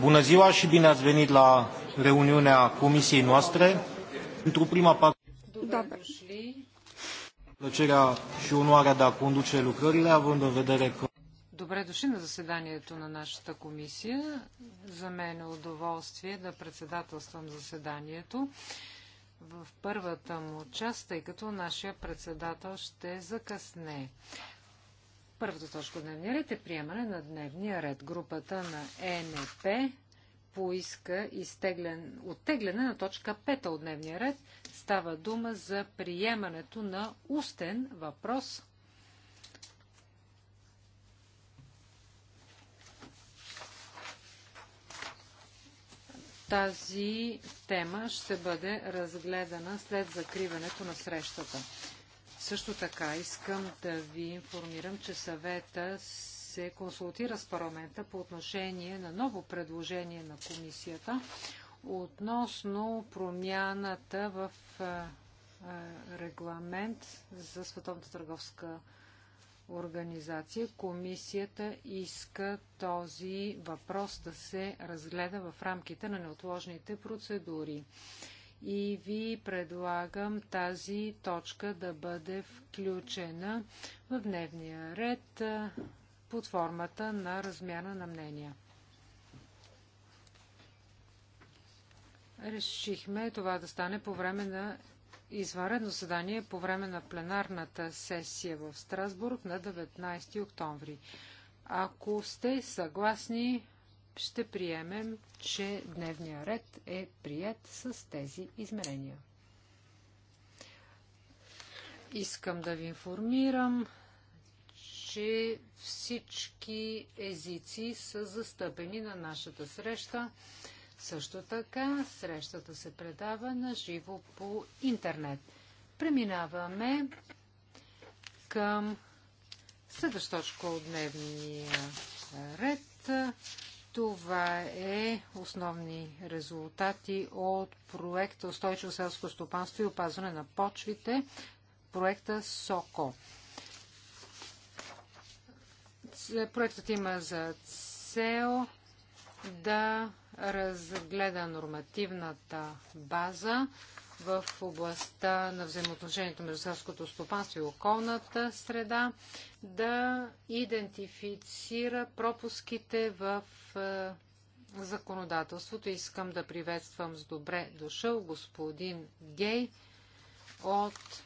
Bună ziua și bine ați venit la reuniunea comisiei noastre. Într-o prima parte, da. plăcerea și onoarea de a conduce lucrările, având în vedere că... Добре дошли на заседанието на нашата комисия. За мен е удоволствие да председателствам заседанието в първата му част, тъй като нашия председател ще закъсне. Първата точка от дневния ред е приемане на дневния ред. Групата на ЕНП поиска изтеглен, оттегляне на точка 5 от дневния ред. Става дума за приемането на устен въпрос. Тази тема ще бъде разгледана след закриването на срещата. Също така искам да ви информирам, че съвета се консултира с парламента по отношение на ново предложение на комисията относно промяната в регламент за Световната търговска организация. Комисията иска този въпрос да се разгледа в рамките на неотложните процедури и ви предлагам тази точка да бъде включена в дневния ред под формата на размяна на мнения. Решихме това да стане по време на извънредно съдание по време на пленарната сесия в Страсбург на 19 октомври. Ако сте съгласни, ще приемем, че дневния ред е прият с тези измерения. Искам да ви информирам, че всички езици са застъпени на нашата среща. Също така, срещата се предава на живо по интернет. Преминаваме към следваща точка от дневния ред това е основни резултати от проекта Устойчиво селско стопанство и опазване на почвите, проекта СОКО. Проектът има за цел да разгледа нормативната база в областта на взаимоотношението между селското стопанство и околната среда, да идентифицира пропуските в е, законодателството. Искам да приветствам с добре дошъл господин Гей от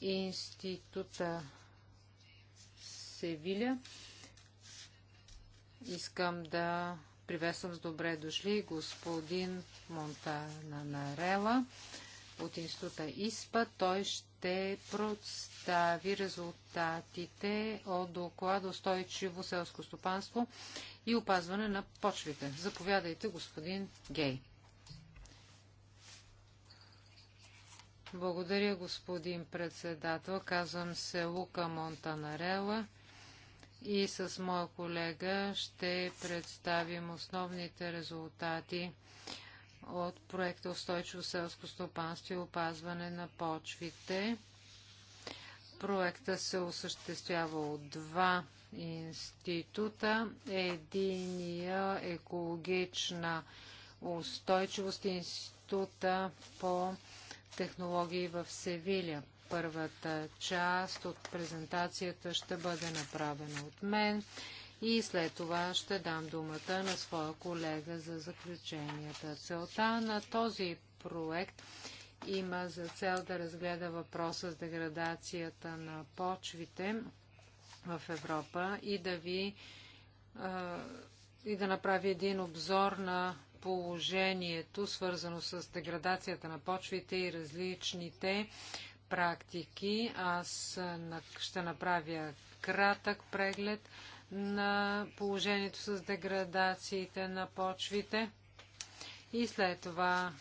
Института Севиля. Искам да Приветствам с добре дошли господин Монтанарела от института ИСПА. Той ще представи резултатите от доклада Устойчиво селско стопанство и опазване на почвите. Заповядайте, господин Гей. Благодаря, господин председател. Казвам се Лука Монтанарела и с моя колега ще представим основните резултати от проекта Устойчиво селско стопанство и опазване на почвите. Проекта се осъществява от два института. Единия екологична устойчивост института по технологии в Севиля. Първата част от презентацията ще бъде направена от мен и след това ще дам думата на своя колега за заключенията. Целта на този проект има за цел да разгледа въпроса с деградацията на почвите в Европа и да ви и да направи един обзор на положението, свързано с деградацията на почвите и различните практики. Аз е, ще направя кратък преглед на положението с деградациите на почвите и след това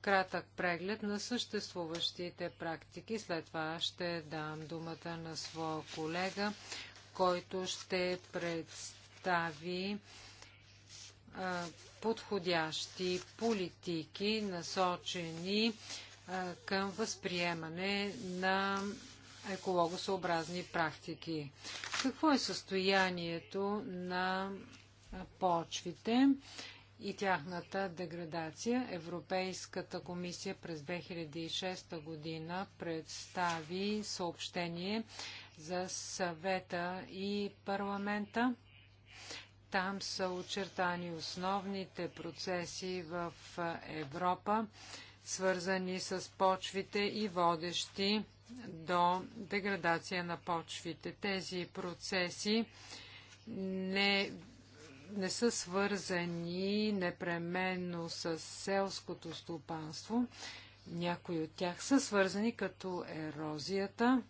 кратък преглед на съществуващите практики. След това ще дам думата на своя колега, който ще представи е, подходящи политики, насочени към възприемане на екологосъобразни практики. Какво е състоянието на почвите и тяхната деградация? Европейската комисия през 2006 година представи съобщение за съвета и парламента. Там са очертани основните процеси в Европа свързани с почвите и водещи до деградация на почвите. Тези процеси не, не са свързани непременно с селското стопанство. Някои от тях са свързани като ерозията,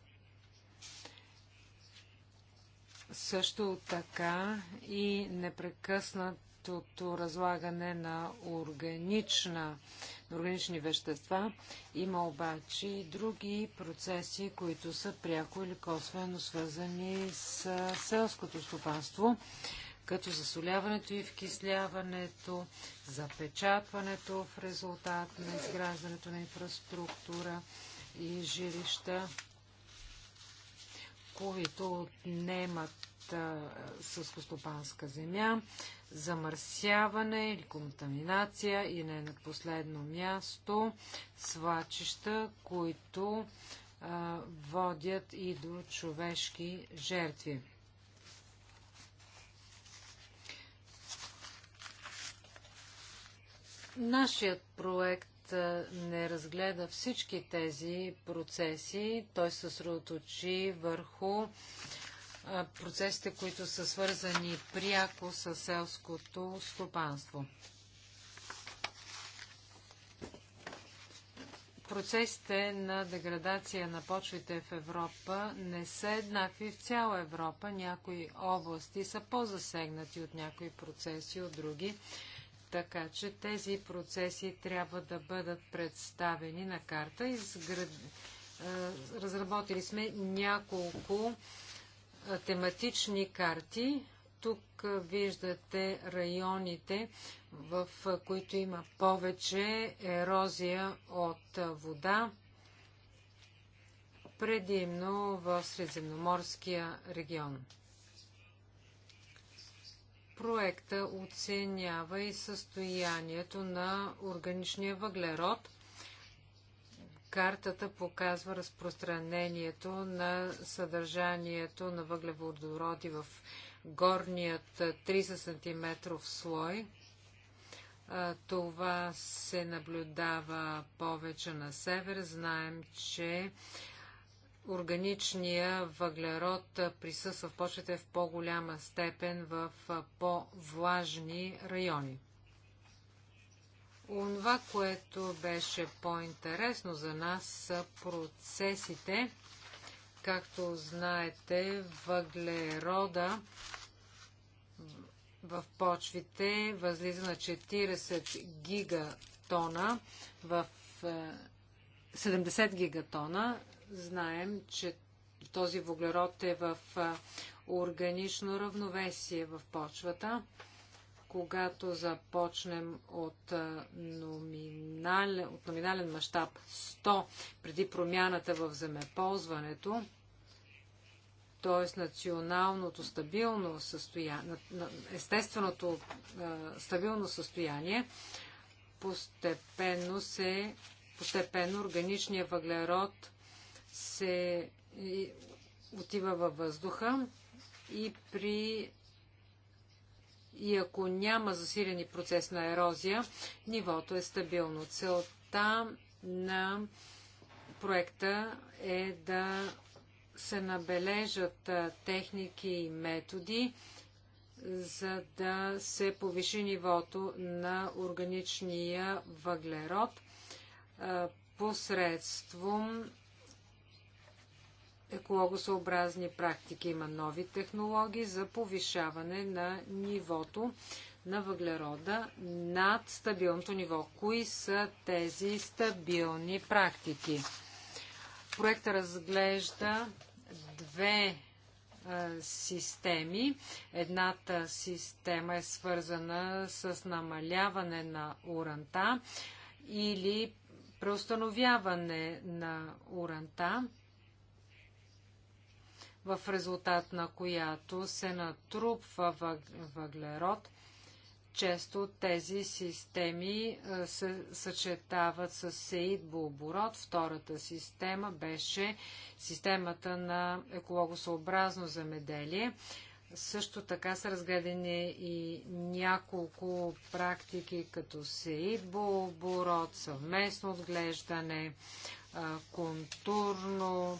също така и непрекъснат честото разлагане на, органична, на органични вещества. Има обаче и други процеси, които са пряко или косвено свързани с селското стопанство, като засоляването и вкисляването, запечатването в резултат на изграждането на инфраструктура и жилища, които отнемат съскостопанска земя, замърсяване или контаминация и не на последно място свачища, които а, водят и до човешки жертви. Нашият проект не разгледа всички тези процеси. Той се съсредоточи върху процесите, които са свързани пряко с селското стопанство. Процесите на деградация на почвите в Европа не са еднакви в цяла Европа. Някои области са по-засегнати от някои процеси, от други. Така че тези процеси трябва да бъдат представени на карта. Изгр... Разработили сме няколко тематични карти. Тук виждате районите, в които има повече ерозия от вода, предимно в Средиземноморския регион. Проекта оценява и състоянието на органичния въглерод – Картата показва разпространението на съдържанието на въглеводороди в горният 30 см слой. Това се наблюдава повече на север. Знаем, че органичния въглерод присъства в почвите в по-голяма степен в по-влажни райони. Онова, което беше по-интересно за нас са процесите. Както знаете, въглерода в почвите възлиза на 40 гигатона в 70 е, гигатона. Знаем, че този въглерод е в е, органично равновесие в почвата когато започнем от номинален, от номинален мащаб 100 преди промяната в земеползването, т.е. националното стабилно състояние, естественото стабилно състояние, постепенно се постепенно органичния въглерод се отива във въздуха и при и ако няма засилени процес на ерозия, нивото е стабилно. Целта на проекта е да се набележат техники и методи, за да се повиши нивото на органичния въглерод посредством екологосъобразни практики. Има нови технологии за повишаване на нивото на въглерода над стабилното ниво. Кои са тези стабилни практики? Проектът разглежда две системи. Едната система е свързана с намаляване на уранта или преустановяване на уранта в резултат на която се натрупва въглерод. Често тези системи е, се съчетават с Булбород. Втората система беше системата на екологосъобразно замеделие. Също така са разгледани и няколко практики, като Сеид Булбород, съвместно отглеждане, контурно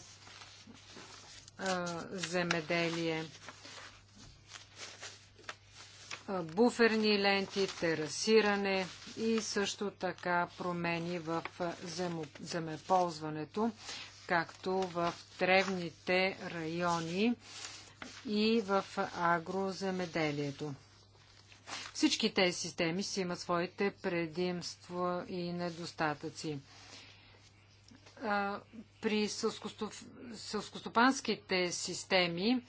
земеделие. Буферни ленти, терасиране и също така промени в земеползването, както в древните райони и в агроземеделието. Всички тези системи си имат своите предимства и недостатъци. При сълскостопанските системи,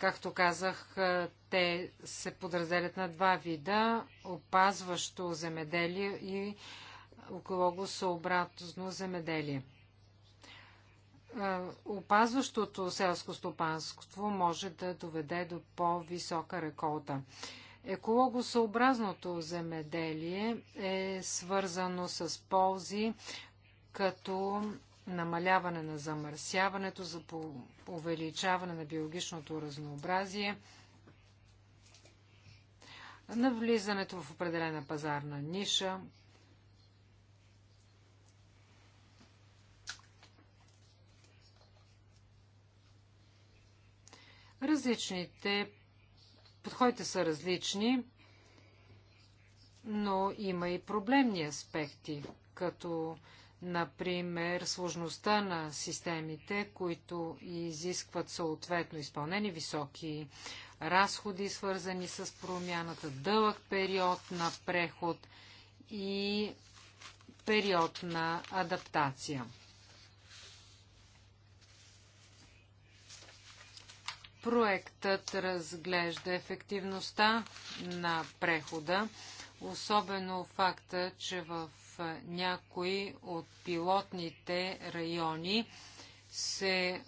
както казах, те се подразделят на два вида – опазващо земеделие и окологосъобразно земеделие. Опазващото селско стопанство може да доведе до по-висока реколта. Екологосъобразното земеделие е свързано с ползи като намаляване на замърсяването, за увеличаване на биологичното разнообразие, на влизането в определена пазарна ниша, различните подходите са различни, но има и проблемни аспекти, като Например, сложността на системите, които изискват съответно изпълнени високи разходи, свързани с промяната, дълъг период на преход и период на адаптация. Проектът разглежда ефективността на прехода, особено факта, че в някои от пилотните райони се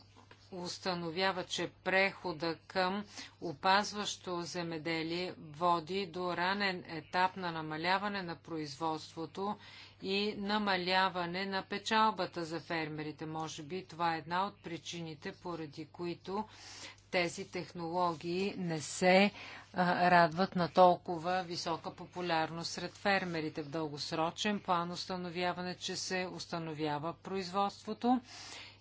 установява, че прехода към опазващо земеделие води до ранен етап на намаляване на производството и намаляване на печалбата за фермерите. Може би това е една от причините, поради които тези технологии не се радват на толкова висока популярност сред фермерите. В дългосрочен план установяване, че се установява производството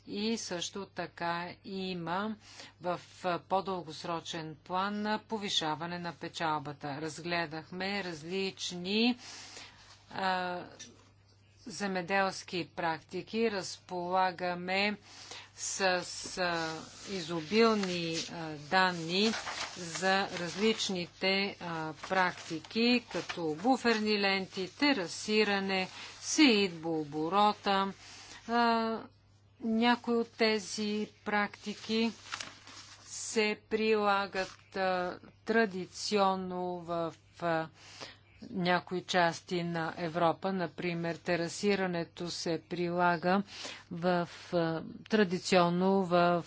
и също така има в по-дългосрочен план повишаване на печалбата. Разгледахме различни а, земеделски практики, разполагаме с изобилни данни за различните практики, като буферни ленти, терасиране, сеидбо оборота. Някои от тези практики се прилагат традиционно в някои части на Европа. Например, терасирането се прилага в, традиционно в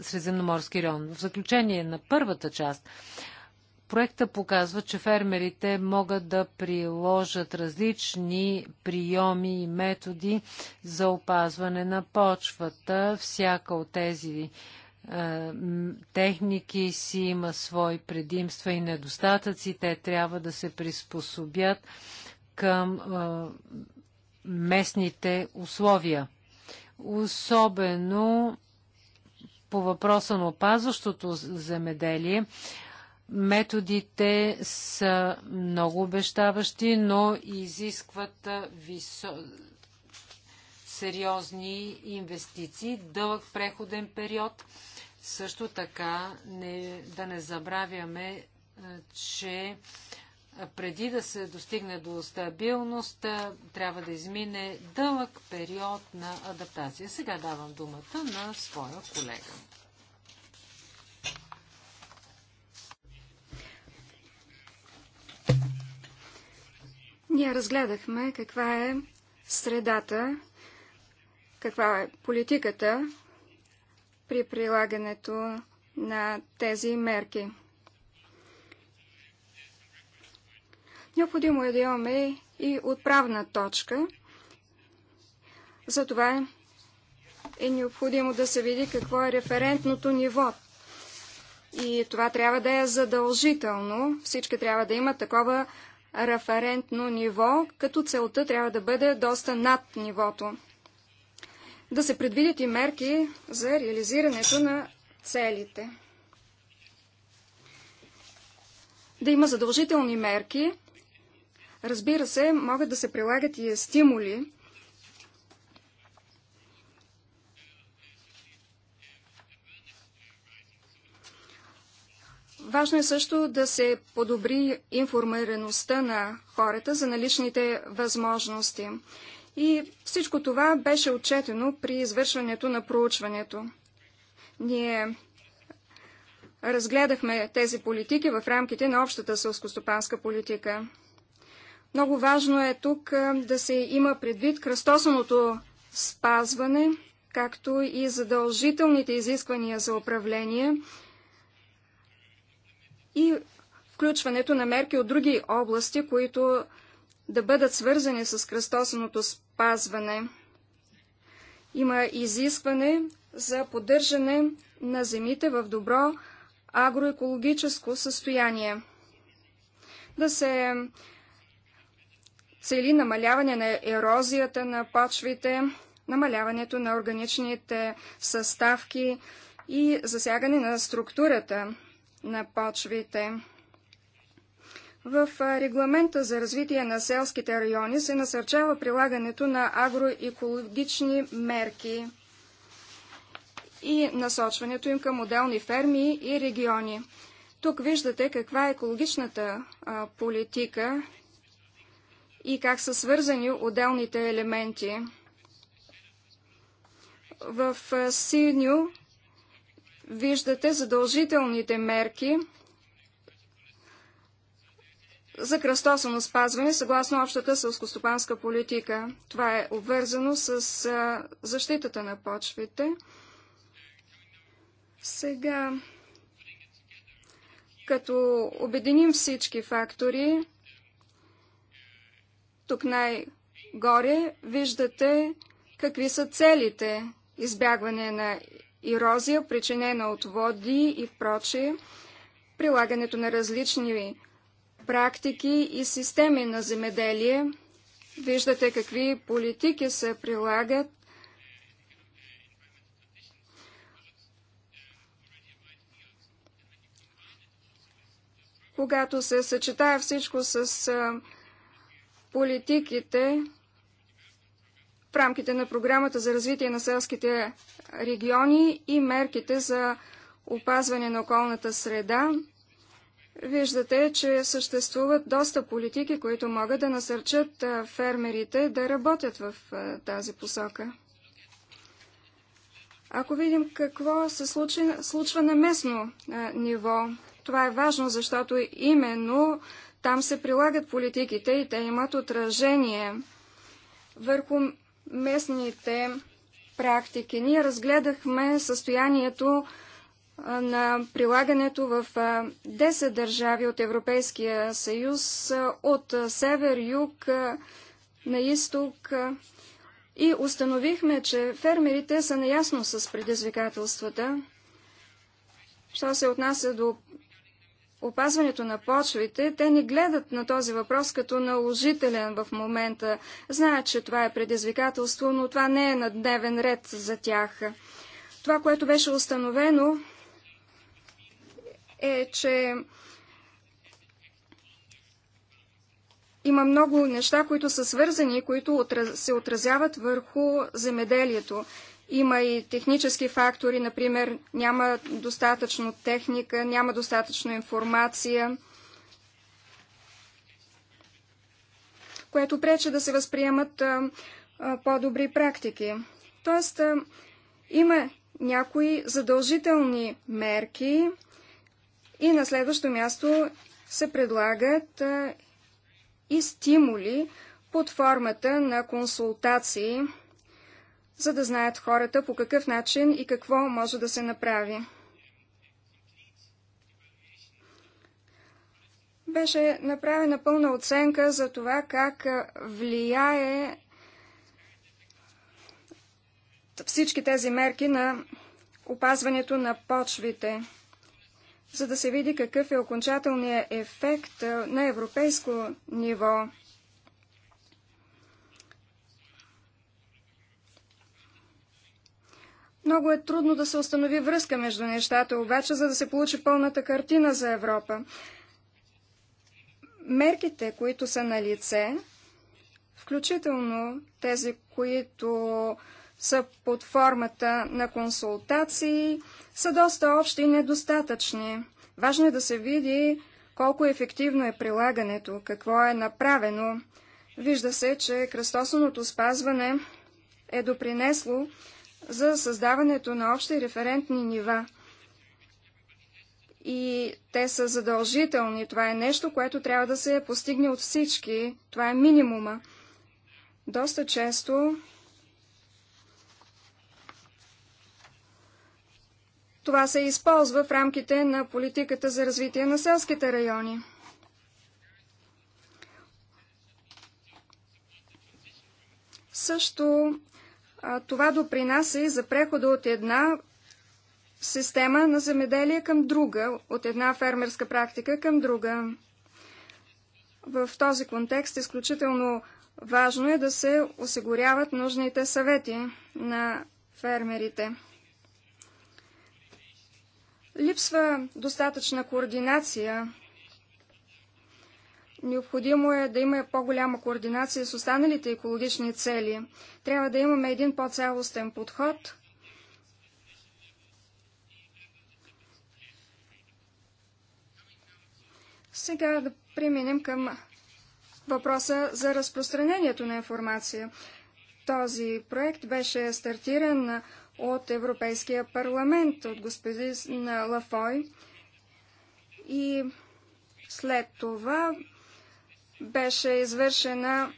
Средиземноморски район. В заключение на първата част, проекта показва, че фермерите могат да приложат различни приеми и методи за опазване на почвата. Всяка от тези техники си има свои предимства и недостатъци. Те трябва да се приспособят към местните условия. Особено по въпроса на опазващото земеделие, методите са много обещаващи, но изискват висо... сериозни инвестиции, дълъг преходен период – също така не, да не забравяме, е, че е, преди да се достигне до стабилност, е, трябва да измине дълъг период на адаптация. Сега давам думата на своя колега. Ние разгледахме каква е средата, каква е политиката, при прилагането на тези мерки. Необходимо е да имаме и отправна точка. Затова е необходимо да се види какво е референтното ниво. И това трябва да е задължително. Всички трябва да имат такова референтно ниво, като целта трябва да бъде доста над нивото да се предвидят и мерки за реализирането на целите. Да има задължителни мерки. Разбира се, могат да се прилагат и стимули. Важно е също да се подобри информираността на хората за наличните възможности. И всичко това беше отчетено при извършването на проучването. Ние разгледахме тези политики в рамките на общата сълскостопанска политика. Много важно е тук да се има предвид кръстосаното спазване, както и задължителните изисквания за управление и включването на мерки от други области, които да бъдат свързани с кръстосаното спазване. Има изискване за поддържане на земите в добро агроекологическо състояние. Да се цели намаляване на ерозията на почвите, намаляването на органичните съставки и засягане на структурата на почвите. В регламента за развитие на селските райони се насърчава прилагането на агроекологични мерки и насочването им към отделни ферми и региони. Тук виждате каква е екологичната а, политика и как са свързани отделните елементи. В синьо виждате задължителните мерки – за кръстосано спазване съгласно общата сълскостопанска политика. Това е обвързано с защитата на почвите. Сега, като обединим всички фактори, тук най-горе виждате какви са целите. Избягване на ерозия, причинена от води и прочие, прилагането на различни практики и системи на земеделие. Виждате какви политики се прилагат. Когато се съчетая всичко с политиките в рамките на програмата за развитие на селските региони и мерките за опазване на околната среда, Виждате, че съществуват доста политики, които могат да насърчат фермерите да работят в тази посока. Ако видим какво се случва, случва на местно ниво, това е важно, защото именно там се прилагат политиките и те имат отражение върху местните практики. Ние разгледахме състоянието на прилагането в 10 държави от Европейския съюз, от север, юг, на изток и установихме, че фермерите са наясно с предизвикателствата. Що се отнася до опазването на почвите, те не гледат на този въпрос като наложителен в момента. Знаят, че това е предизвикателство, но това не е на дневен ред за тях. Това, което беше установено, е, че има много неща, които са свързани, които се отразяват върху земеделието. Има и технически фактори, например, няма достатъчно техника, няма достатъчно информация, което пречи да се възприемат по-добри практики. Тоест, има някои задължителни мерки, и на следващо място се предлагат и стимули под формата на консултации, за да знаят хората по какъв начин и какво може да се направи. Беше направена пълна оценка за това как влияе всички тези мерки на опазването на почвите за да се види какъв е окончателният ефект на европейско ниво. Много е трудно да се установи връзка между нещата, обаче, за да се получи пълната картина за Европа. Мерките, които са на лице, включително тези, които са под формата на консултации, са доста общи и недостатъчни. Важно е да се види колко ефективно е прилагането, какво е направено. Вижда се, че кръстосаното спазване е допринесло за създаването на общи референтни нива. И те са задължителни. Това е нещо, което трябва да се постигне от всички. Това е минимума. Доста често Това се използва в рамките на политиката за развитие на селските райони. Също това допринася и за прехода от една система на земеделие към друга, от една фермерска практика към друга. В този контекст изключително важно е да се осигуряват нужните съвети на фермерите. Липсва достатъчна координация. Необходимо е да има по-голяма координация с останалите екологични цели. Трябва да имаме един по-цялостен подход. Сега да преминем към въпроса за разпространението на информация. Този проект беше стартиран от Европейския парламент, от господин Лафой. И след това беше извършена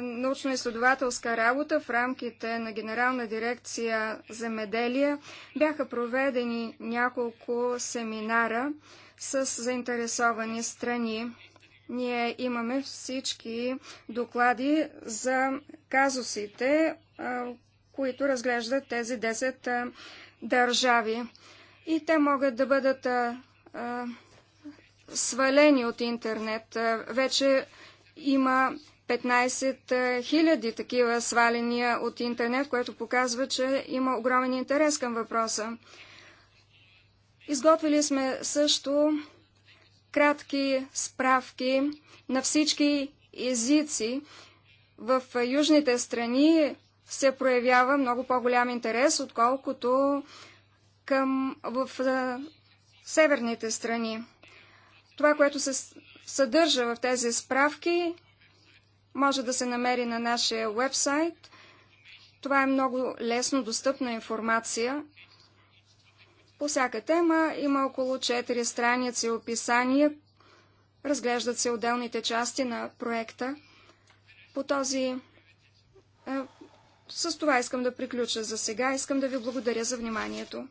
научно-изследователска работа в рамките на Генерална дирекция земеделие. Бяха проведени няколко семинара с заинтересовани страни. Ние имаме всички доклади за казусите, които разглеждат тези 10 държави. И те могат да бъдат свалени от интернет. Вече има 15 000 такива сваления от интернет, което показва, че има огромен интерес към въпроса. Изготвили сме също кратки справки на всички езици. В южните страни се проявява много по-голям интерес, отколкото към, в северните страни. Това, което се съдържа в тези справки, може да се намери на нашия вебсайт. Това е много лесно достъпна информация по всяка тема има около 4 страници описания, разглеждат се отделните части на проекта. По този... Е, с това искам да приключа за сега. Искам да ви благодаря за вниманието.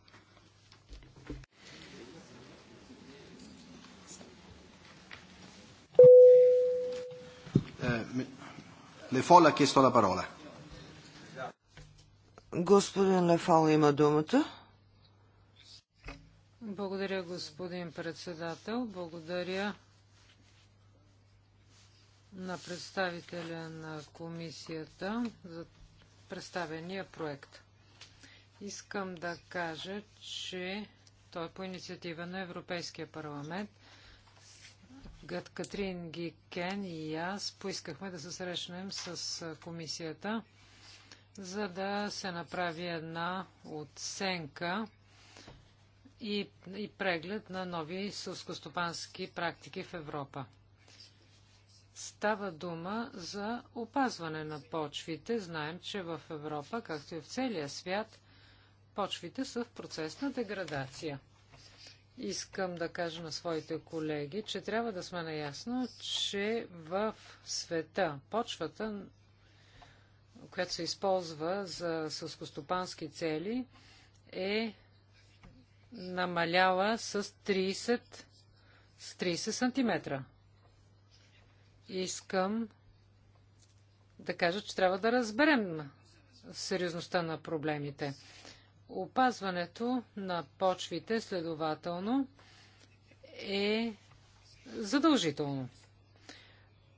Le ha chiesto la parola. Господин Лефол има думата. Благодаря, господин председател. Благодаря на представителя на комисията за представения проект. Искам да кажа, че той е по инициатива на Европейския парламент. Гът Катрин Гикен и аз поискахме да се срещнем с комисията, за да се направи една оценка и, и преглед на нови сълскостопански практики в Европа. Става дума за опазване на почвите. Знаем, че в Европа, както и в целия свят, почвите са в процес на деградация. Искам да кажа на своите колеги, че трябва да сме наясно, че в света почвата, която се използва за сълскостопански цели, е Намалява с 30, с 30 см. Искам да кажа, че трябва да разберем сериозността на проблемите. Опазването на почвите, следователно, е задължително.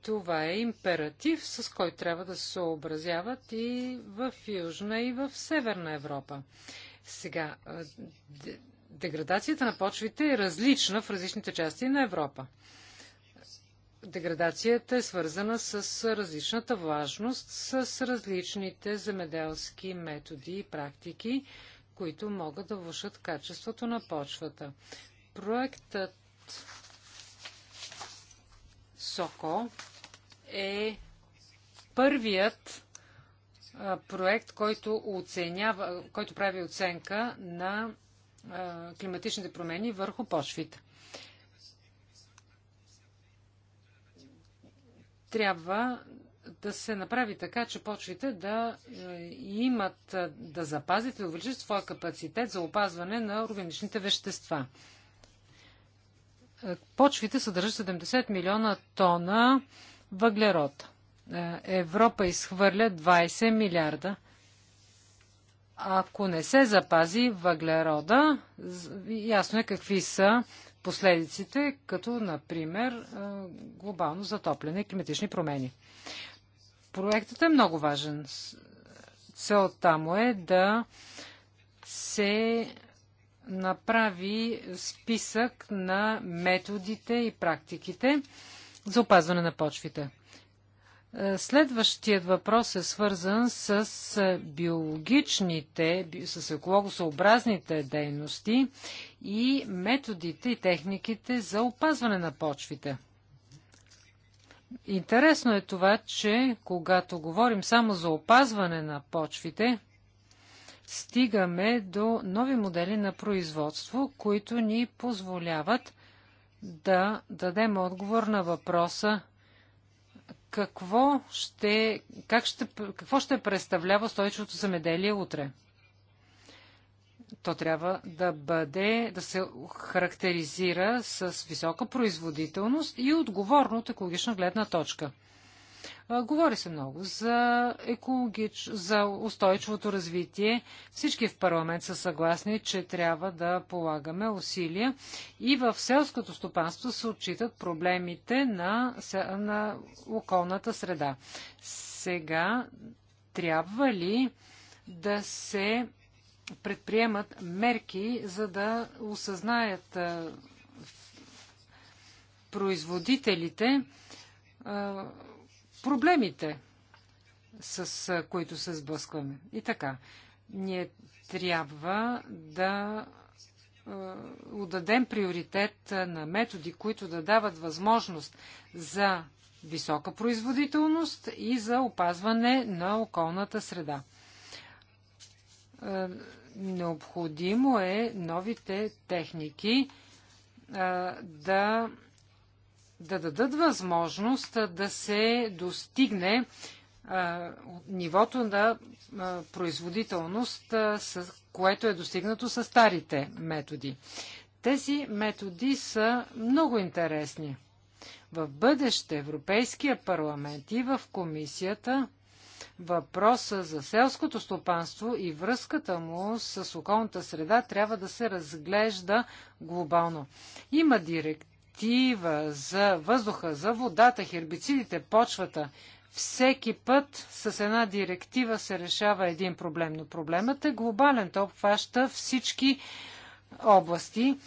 Това е императив, с който трябва да се съобразяват и в Южна, и в Северна Европа. Сега, деградацията на почвите е различна в различните части на Европа. Деградацията е свързана с различната влажност, с различните земеделски методи и практики, които могат да влушат качеството на почвата. Проектът СОКО е първият проект, който, оценява, който прави оценка на климатичните промени върху почвите. Трябва да се направи така, че почвите да имат, да запазят и увеличат своя капацитет за опазване на органичните вещества. Почвите съдържат 70 милиона тона въглерод. Европа изхвърля 20 милиарда ако не се запази въглерода, ясно е какви са последиците, като, например, глобално затопляне и климатични промени. Проектът е много важен. Целта му е да се направи списък на методите и практиките за опазване на почвите. Е, следващият въпрос е свързан с е, биологичните, с екологосъобразните дейности и методите и техниките за опазване на почвите. Интересно е това, че когато говорим само за опазване на почвите, стигаме до нови модели на производство, които ни позволяват да дадем отговор на въпроса какво ще, как ще, какво ще представлява устойчивото замеделие утре? То трябва да бъде, да се характеризира с висока производителност и отговорно от екологична гледна точка. Говори се много за, екологич, за устойчивото развитие. Всички в парламент са съгласни, че трябва да полагаме усилия и в селското стопанство се отчитат проблемите на, на околната среда. Сега трябва ли да се предприемат мерки, за да осъзнаят производителите проблемите, с които се сблъскваме. И така, ние трябва да отдадем приоритет на методи, които да дават възможност за висока производителност и за опазване на околната среда. Необходимо е новите техники да да дадат възможност да се достигне нивото на производителност, което е достигнато с старите методи. Тези методи са много интересни. В бъдеще Европейския парламент и в комисията въпроса за селското стопанство и връзката му с околната среда трябва да се разглежда глобално. Има директ, директива за въздуха, за водата, хербицидите, почвата, всеки път с една директива се решава един проблем, но проблемът е глобален. Той обхваща всички области.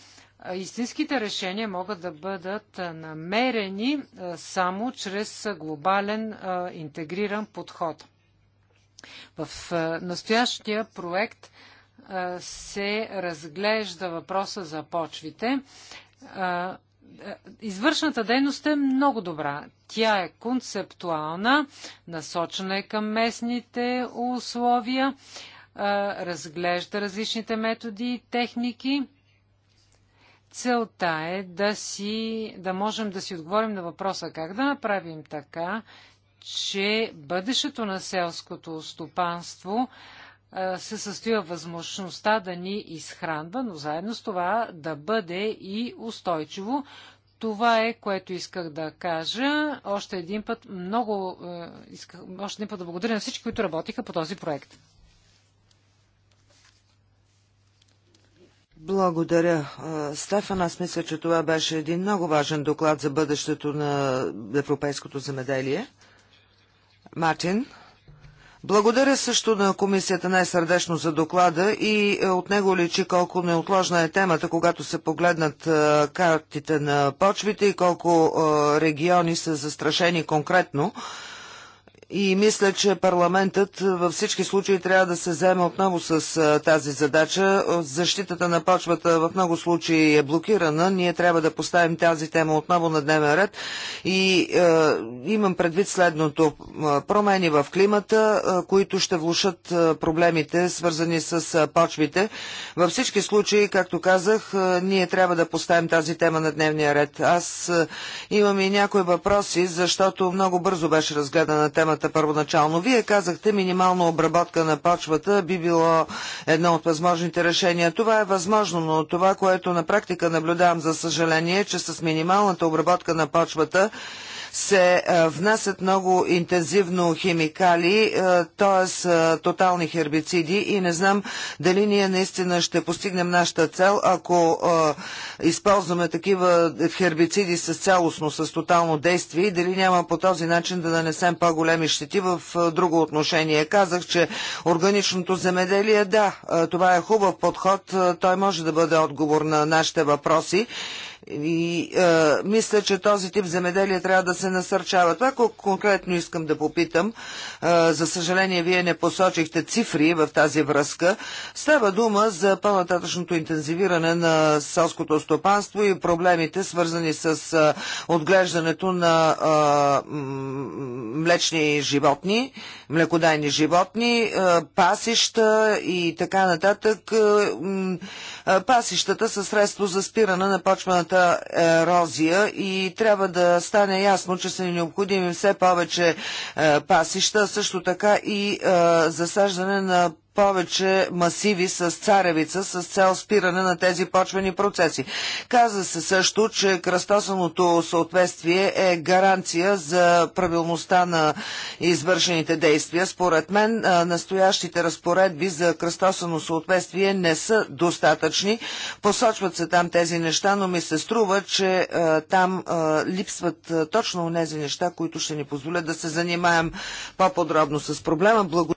Истинските решения могат да бъдат намерени само чрез глобален интегриран подход. В настоящия проект се разглежда въпроса за почвите е, извършната дейност е много добра. Тя е концептуална, насочена е към местните условия, е, разглежда различните методи и техники. Целта е да, си, да можем да си отговорим на въпроса как да направим така, че бъдещето на селското стопанство се състоя възможността да ни изхранва, но заедно с това да бъде и устойчиво. Това е, което исках да кажа. Още един път много исках, още един път да благодаря на всички, които работиха по този проект. Благодаря, Стефан. Аз мисля, че това беше един много важен доклад за бъдещето на европейското земеделие. Мартин. Благодаря също на комисията най-сърдечно за доклада и е, от него личи колко неотложна е темата, когато се погледнат е, картите на почвите и колко е, региони са застрашени конкретно. И мисля, че парламентът във всички случаи трябва да се заеме отново с тази задача. Защитата на почвата в много случаи е блокирана. Ние трябва да поставим тази тема отново на дневен ред. И е, имам предвид следното. Промени в климата, които ще влушат проблемите, свързани с почвите. Във всички случаи, както казах, ние трябва да поставим тази тема на дневния ред. Аз имам и някои въпроси, защото много бързо беше разгледана темата почвата първоначално. Вие казахте, минимална обработка на почвата би било едно от възможните решения. Това е възможно, но това, което на практика наблюдавам за съжаление, е, че с минималната обработка на почвата се е, внасят много интензивно химикали, т.е. Е, тотални хербициди и не знам дали ние наистина ще постигнем нашата цел, ако е, използваме такива хербициди с цялостно, с тотално действие и дали няма по този начин да нанесем по-големи щети в друго отношение. Казах, че органичното земеделие, да, това е хубав подход, той може да бъде отговор на нашите въпроси. И е, мисля, че този тип земеделие трябва да се насърчава. Това конкретно искам да попитам. Е, за съжаление, вие не посочихте цифри в тази връзка. Става дума за по-нататъчното интензивиране на селското стопанство и проблемите, свързани с е, отглеждането на е, млечни животни, млекодайни животни, е, пасища и така нататък. Е, Пасищата са средство за спиране на почвената ерозия и трябва да стане ясно, че са ни необходими все повече пасища, също така и засаждане на повече масиви с царевица с цел спиране на тези почвени процеси. Каза се също, че кръстосаното съответствие е гаранция за правилността на извършените действия. Според мен настоящите разпоредби за кръстосано съответствие не са достатъчни. Посочват се там тези неща, но ми се струва, че там липсват точно тези неща, които ще ни позволят да се занимаем по-подробно с проблема. Благодаря.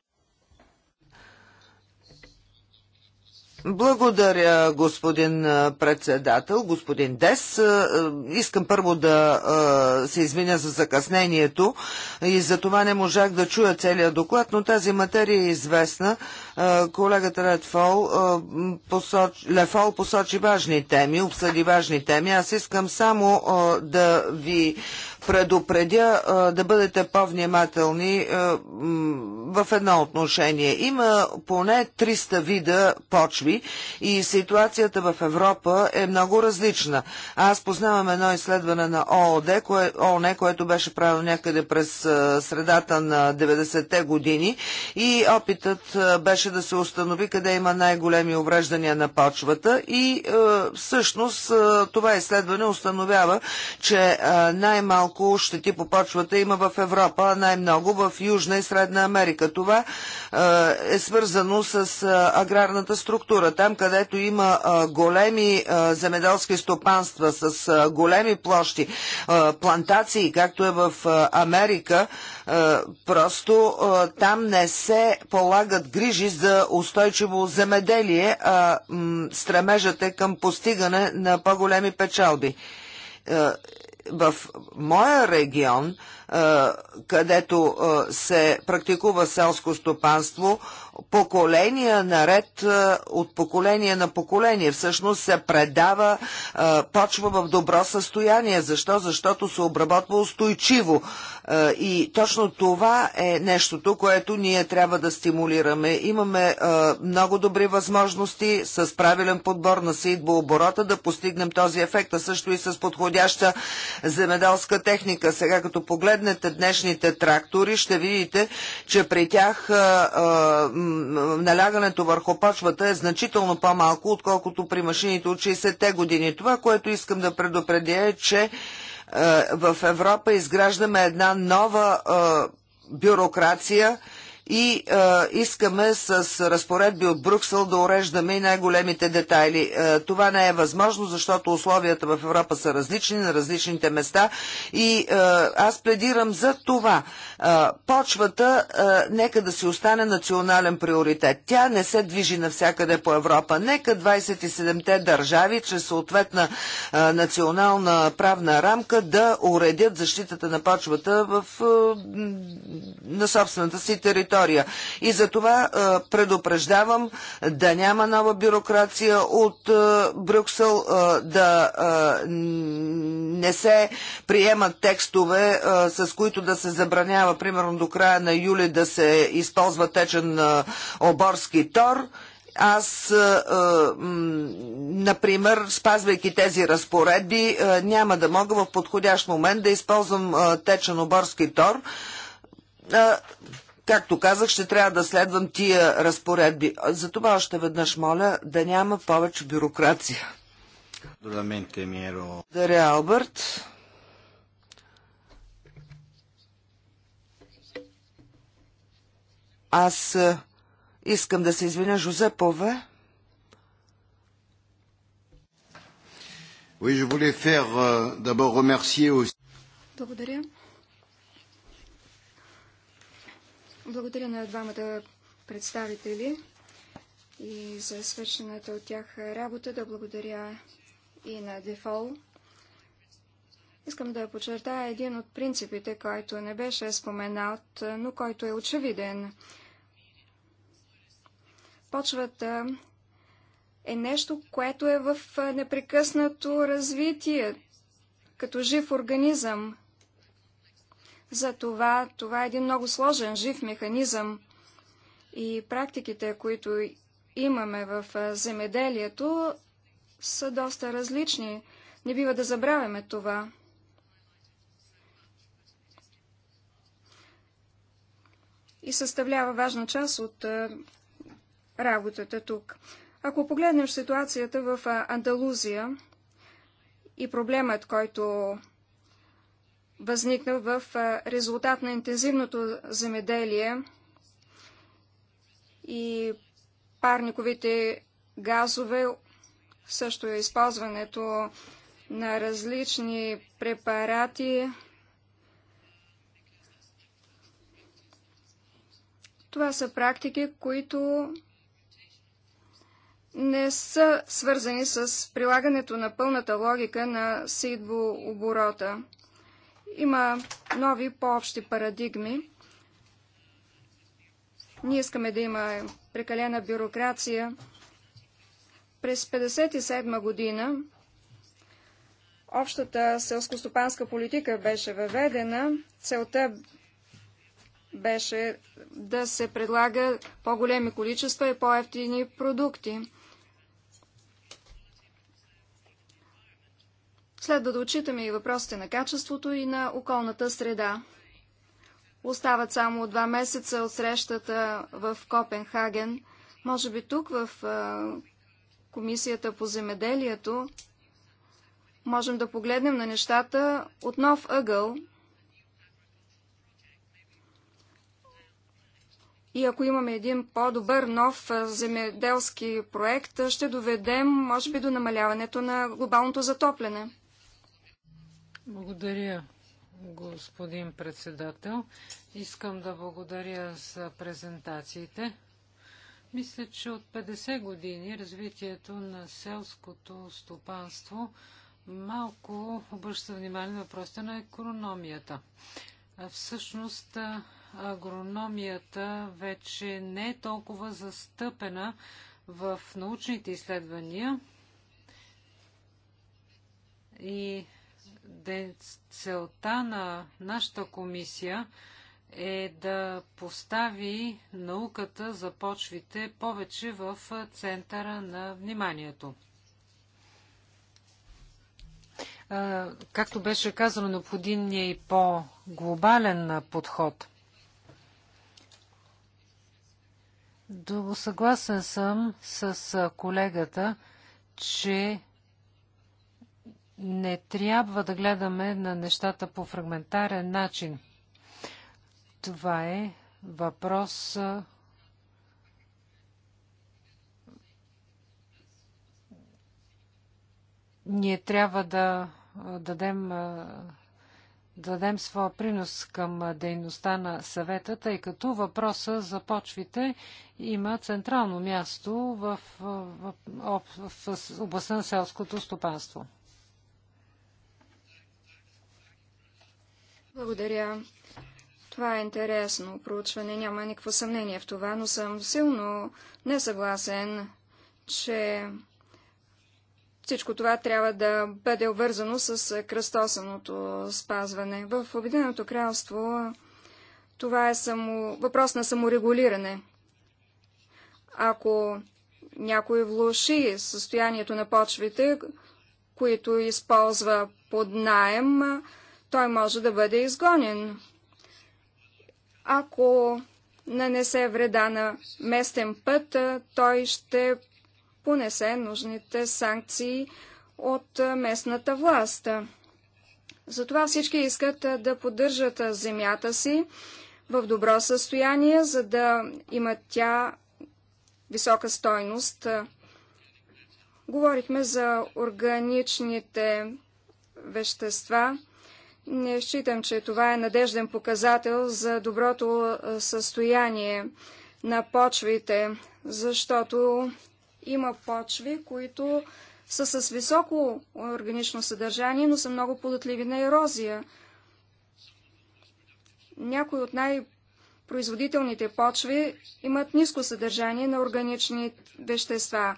Благодаря, господин председател, господин Дес. Искам първо да се извиня за закъснението и за това не можах да чуя целият доклад, но тази материя е известна. Колегата Лефол посочи, Лефол посочи важни теми, обсъди важни теми. Аз искам само да ви предупредя да бъдете по-внимателни в едно отношение. Има поне 300 вида почви и ситуацията в Европа е много различна. Аз познавам едно изследване на ООД, кое, ООН, което беше правено някъде през средата на 90-те години и опитът беше да се установи къде има най-големи увреждания на почвата и всъщност това изследване установява, че най-малко колко щети по почвата има в Европа, най-много в Южна и Средна Америка. Това е свързано с аграрната структура. Там, където има големи земеделски стопанства с големи площи, плантации, както е в Америка, просто там не се полагат грижи за устойчиво земеделие, а стремежът е към постигане на по-големи печалби в моя регион, където се практикува селско стопанство, поколения наред, е, от поколение на поколение. Всъщност се предава е, почва в добро състояние. Защо? Защото се обработва устойчиво. Е, и точно това е нещото, което ние трябва да стимулираме. Имаме много добри възможности с правилен подбор на оборота да постигнем този ефект, а също и с подходяща земеделска техника. Сега като погледнете днешните трактори, ще видите, че при тях налягането върху почвата е значително по-малко, отколкото при машините от 60-те години. Това, което искам да предупредя е, че е, в Европа изграждаме една нова е, бюрокрация, и а, е, искаме с разпоредби от Брюксел да уреждаме и най-големите детайли. А, е, това не е възможно, защото условията в Европа са различни на различните места и а, е, аз пледирам за това. А, почвата а, нека да си остане национален приоритет. Тя не се движи навсякъде по Европа. Нека 27-те държави, чрез съответна а, национална правна рамка, да уредят защитата на почвата в, а, на собствената си територия територия. И за това предупреждавам да няма нова бюрокрация от Брюксел, да не се приемат текстове, с които да се забранява, примерно до края на юли, да се използва течен оборски тор аз, например, спазвайки тези разпоредби, няма да мога в подходящ момент да използвам течен оборски тор както казах, ще трябва да следвам тия разпоредби. Затова още веднъж моля да няма повече бюрокрация. Е Благодаря, Алберт. Аз е, искам да се извиня Жозепове. Euh, Благодаря. Благодаря на двамата представители и за свършената от тях работа. Да благодаря и на Дефол. Искам да подчертая един от принципите, който не беше споменат, но който е очевиден. Почвата е нещо, което е в непрекъснато развитие, като жив организъм. За това, това е един много сложен, жив механизъм и практиките, които имаме в земеделието, са доста различни. Не бива да забравяме това. И съставлява важна част от работата тук. Ако погледнем ситуацията в Андалузия и проблемът, който възникнал в резултат на интензивното земеделие и парниковите газове, също е използването на различни препарати. Това са практики, които не са свързани с прилагането на пълната логика на сейдбооборота. оборота. Има нови по-общи парадигми. Ние искаме да има прекалена бюрокрация. През 1957 година общата селскостопанска политика беше въведена. Целта беше да се предлага по-големи количества и по-ефтини продукти. Следва да отчитаме и въпросите на качеството и на околната среда. Остават само два месеца от срещата в Копенхаген. Може би тук в Комисията по земеделието можем да погледнем на нещата от нов ъгъл. И ако имаме един по-добър нов земеделски проект, ще доведем, може би, до намаляването на глобалното затопляне. Благодаря, господин председател. Искам да благодаря за презентациите. Мисля, че от 50 години развитието на селското стопанство малко обръща внимание на въпросите на економията. Всъщност, агрономията вече не е толкова застъпена в научните изследвания и целта на нашата комисия е да постави науката за почвите повече в центъра на вниманието. Както беше казано, необходим е и по-глобален подход. Съгласен съм с колегата, че не трябва да гледаме на нещата по фрагментарен начин. Това е въпрос, ние трябва да дадем, да дадем своя принос към дейността на съвета, тъй като въпроса за почвите има централно място в, в, в, в областта на селското стопанство. Благодаря. Това е интересно проучване, няма никакво съмнение в това, но съм силно несъгласен, че всичко това трябва да бъде обвързано с кръстосаното спазване. В Обединеното кралство това е само... въпрос на саморегулиране. Ако някой влуши състоянието на почвите, които използва под найем, той може да бъде изгонен. Ако нанесе вреда на местен път, той ще понесе нужните санкции от местната власт. Затова всички искат да поддържат земята си в добро състояние, за да има тя висока стойност. Говорихме за органичните вещества – не считам, че това е надежден показател за доброто състояние на почвите, защото има почви, които са с високо органично съдържание, но са много податливи на ерозия. Някои от най-производителните почви имат ниско съдържание на органични вещества.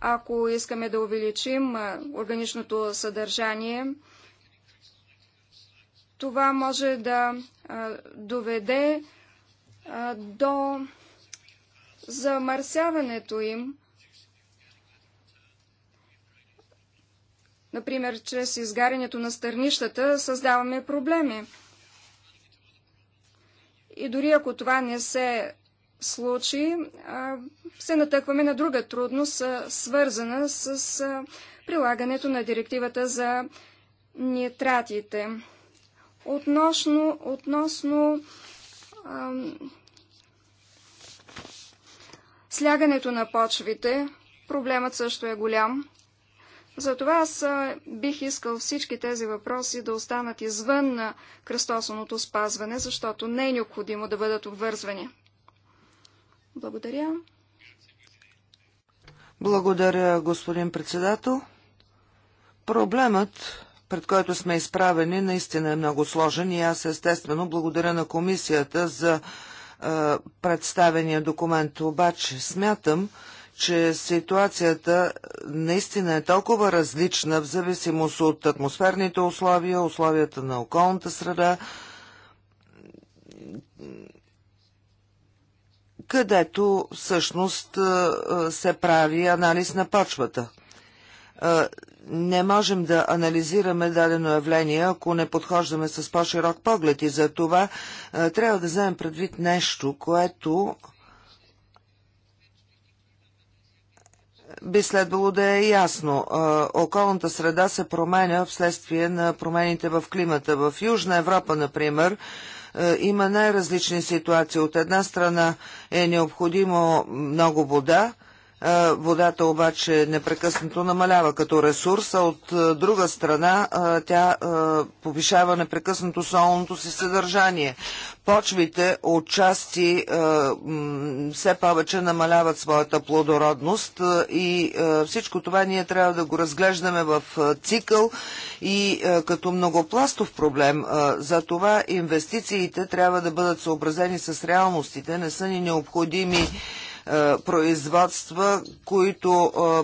Ако искаме да увеличим органичното съдържание, това може да доведе до замърсяването им, Например, чрез изгарянето на стърнищата създаваме проблеми. И дори ако това не се случи, се натъкваме на друга трудност, свързана с прилагането на директивата за нитратите относно, относно ам, слягането на почвите. Проблемът също е голям. Затова аз бих искал всички тези въпроси да останат извън на кръстосаното спазване, защото не е необходимо да бъдат обвързвани. Благодаря. Благодаря, господин председател. Проблемът пред който сме изправени, наистина е много сложен и аз естествено благодаря на комисията за е, представения документ. Обаче смятам, че ситуацията наистина е толкова различна в зависимост от атмосферните условия, условията на околната среда, където всъщност е, се прави анализ на почвата. Е, не можем да анализираме дадено явление, ако не подхождаме с по-широк поглед и за това е, трябва да вземем предвид нещо, което би следвало да е ясно. Е, околната среда се променя вследствие на промените в климата. В Южна Европа, например, е, има най-различни ситуации. От една страна е необходимо много вода, Водата обаче непрекъснато намалява като ресурс, а от друга страна тя повишава непрекъснато солното си съдържание. Почвите от части все повече намаляват своята плодородност и всичко това ние трябва да го разглеждаме в цикъл и като многопластов проблем. За това инвестициите трябва да бъдат съобразени с реалностите, не са ни необходими е, производства, които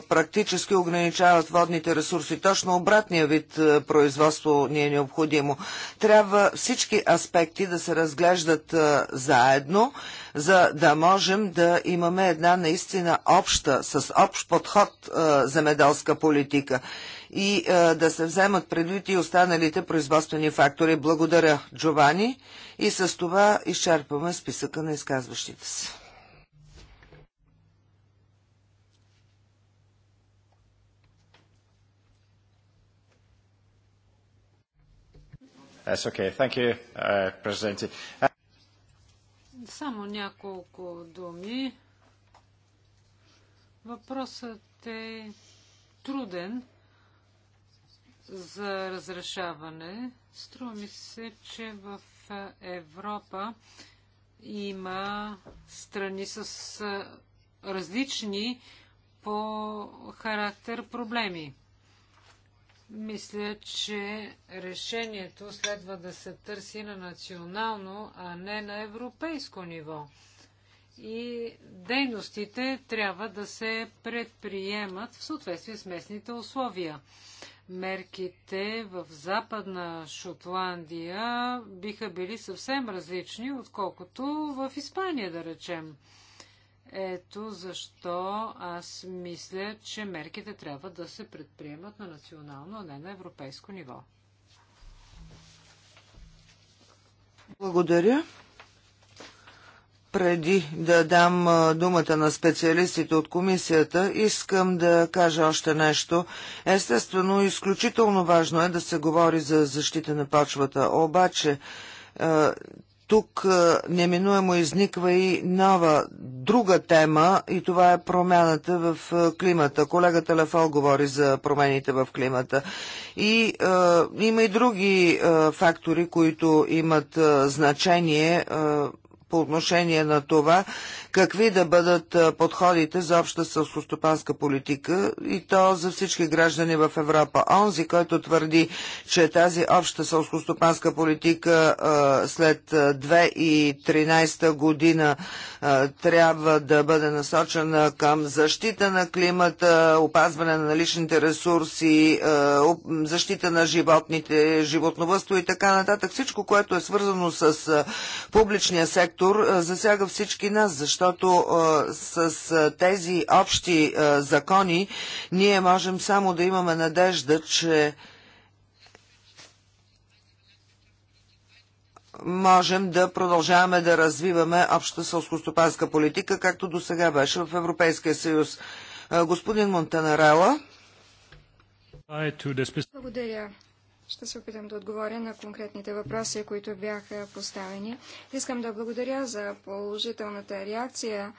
е, практически ограничават водните ресурси. Точно обратния вид е, производство ни е необходимо. Трябва всички аспекти да се разглеждат заедно, за да можем да имаме една наистина обща, с общ подход земеделска политика и да се вземат предвид и останалите производствени фактори. Благодаря, Джовани. И с това изчерпваме списъка на изказващите се. That's okay. Thank you, uh, Само няколко думи. Въпросът е труден за разрешаване. Струва ми се, че в Европа има страни с различни по характер проблеми. Мисля, че решението следва да се търси на национално, а не на европейско ниво. И дейностите трябва да се предприемат в съответствие с местните условия. Мерките в Западна Шотландия биха били съвсем различни, отколкото в Испания, да речем. Ето защо аз мисля, че мерките трябва да се предприемат на национално, а не на европейско ниво. Благодаря. Преди да дам думата на специалистите от комисията, искам да кажа още нещо. Естествено, изключително важно е да се говори за защита на почвата, обаче тук неминуемо изниква и нова, друга тема и това е промяната в климата. Колегата Лефол говори за промените в климата. И е, има и други е, фактори, които имат е, значение. Е, по отношение на това какви да бъдат подходите за обща сълскостопанска политика и то за всички граждани в Европа. Онзи, който твърди, че тази обща сълскостопанска политика след 2013 година трябва да бъде насочена към защита на климата, опазване на наличните ресурси, защита на животните, животновъство и така нататък. Всичко, което е свързано с публичния сектор, сектор засяга всички нас, защото с тези общи закони ние можем само да имаме надежда, че можем да продължаваме да развиваме обща сълскостопанска политика, както до сега беше в Европейския съюз. Господин Монтанарела. Благодаря. Ще се опитам да отговоря на конкретните въпроси, които бяха поставени. Искам да благодаря за положителната реакция,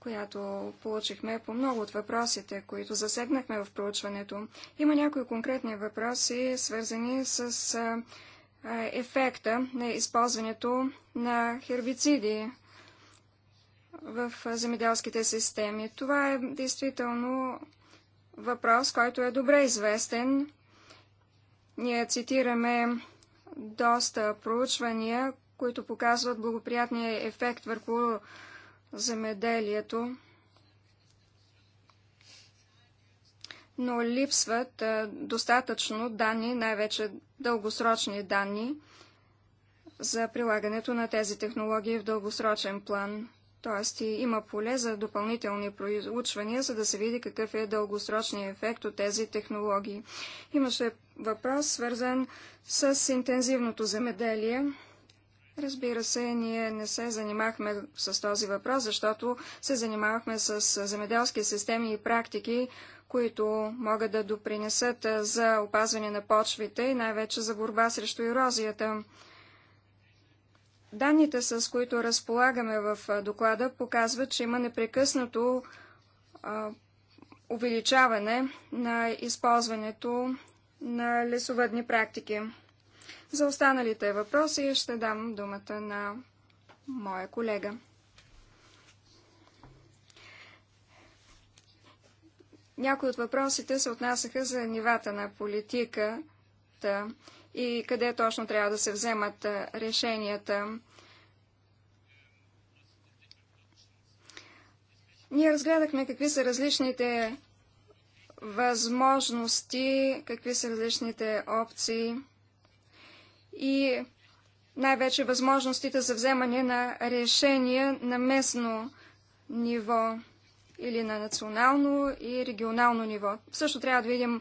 която получихме по много от въпросите, които засегнахме в проучването. Има някои конкретни въпроси, свързани с ефекта на използването на хербициди в земеделските системи. Това е действително въпрос, който е добре известен ние цитираме доста проучвания, които показват благоприятния ефект върху земеделието, но липсват достатъчно данни, най-вече дългосрочни данни за прилагането на тези технологии в дългосрочен план. Тоест има поле за допълнителни проучвания, за да се види какъв е дългосрочният ефект от тези технологии. Имаше въпрос, свързан с интензивното земеделие. Разбира се, ние не се занимахме с този въпрос, защото се занимавахме с земеделски системи и практики, които могат да допринесат за опазване на почвите и най-вече за борба срещу ерозията. Данните, с които разполагаме в доклада, показват, че има непрекъснато увеличаване на използването на лесовъдни практики. За останалите въпроси ще дам думата на моя колега. Някои от въпросите се отнасяха за нивата на политиката и къде точно трябва да се вземат решенията. Ние разгледахме какви са различните възможности, какви са различните опции и най-вече възможностите за вземане на решения на местно ниво или на национално и регионално ниво. Също трябва да видим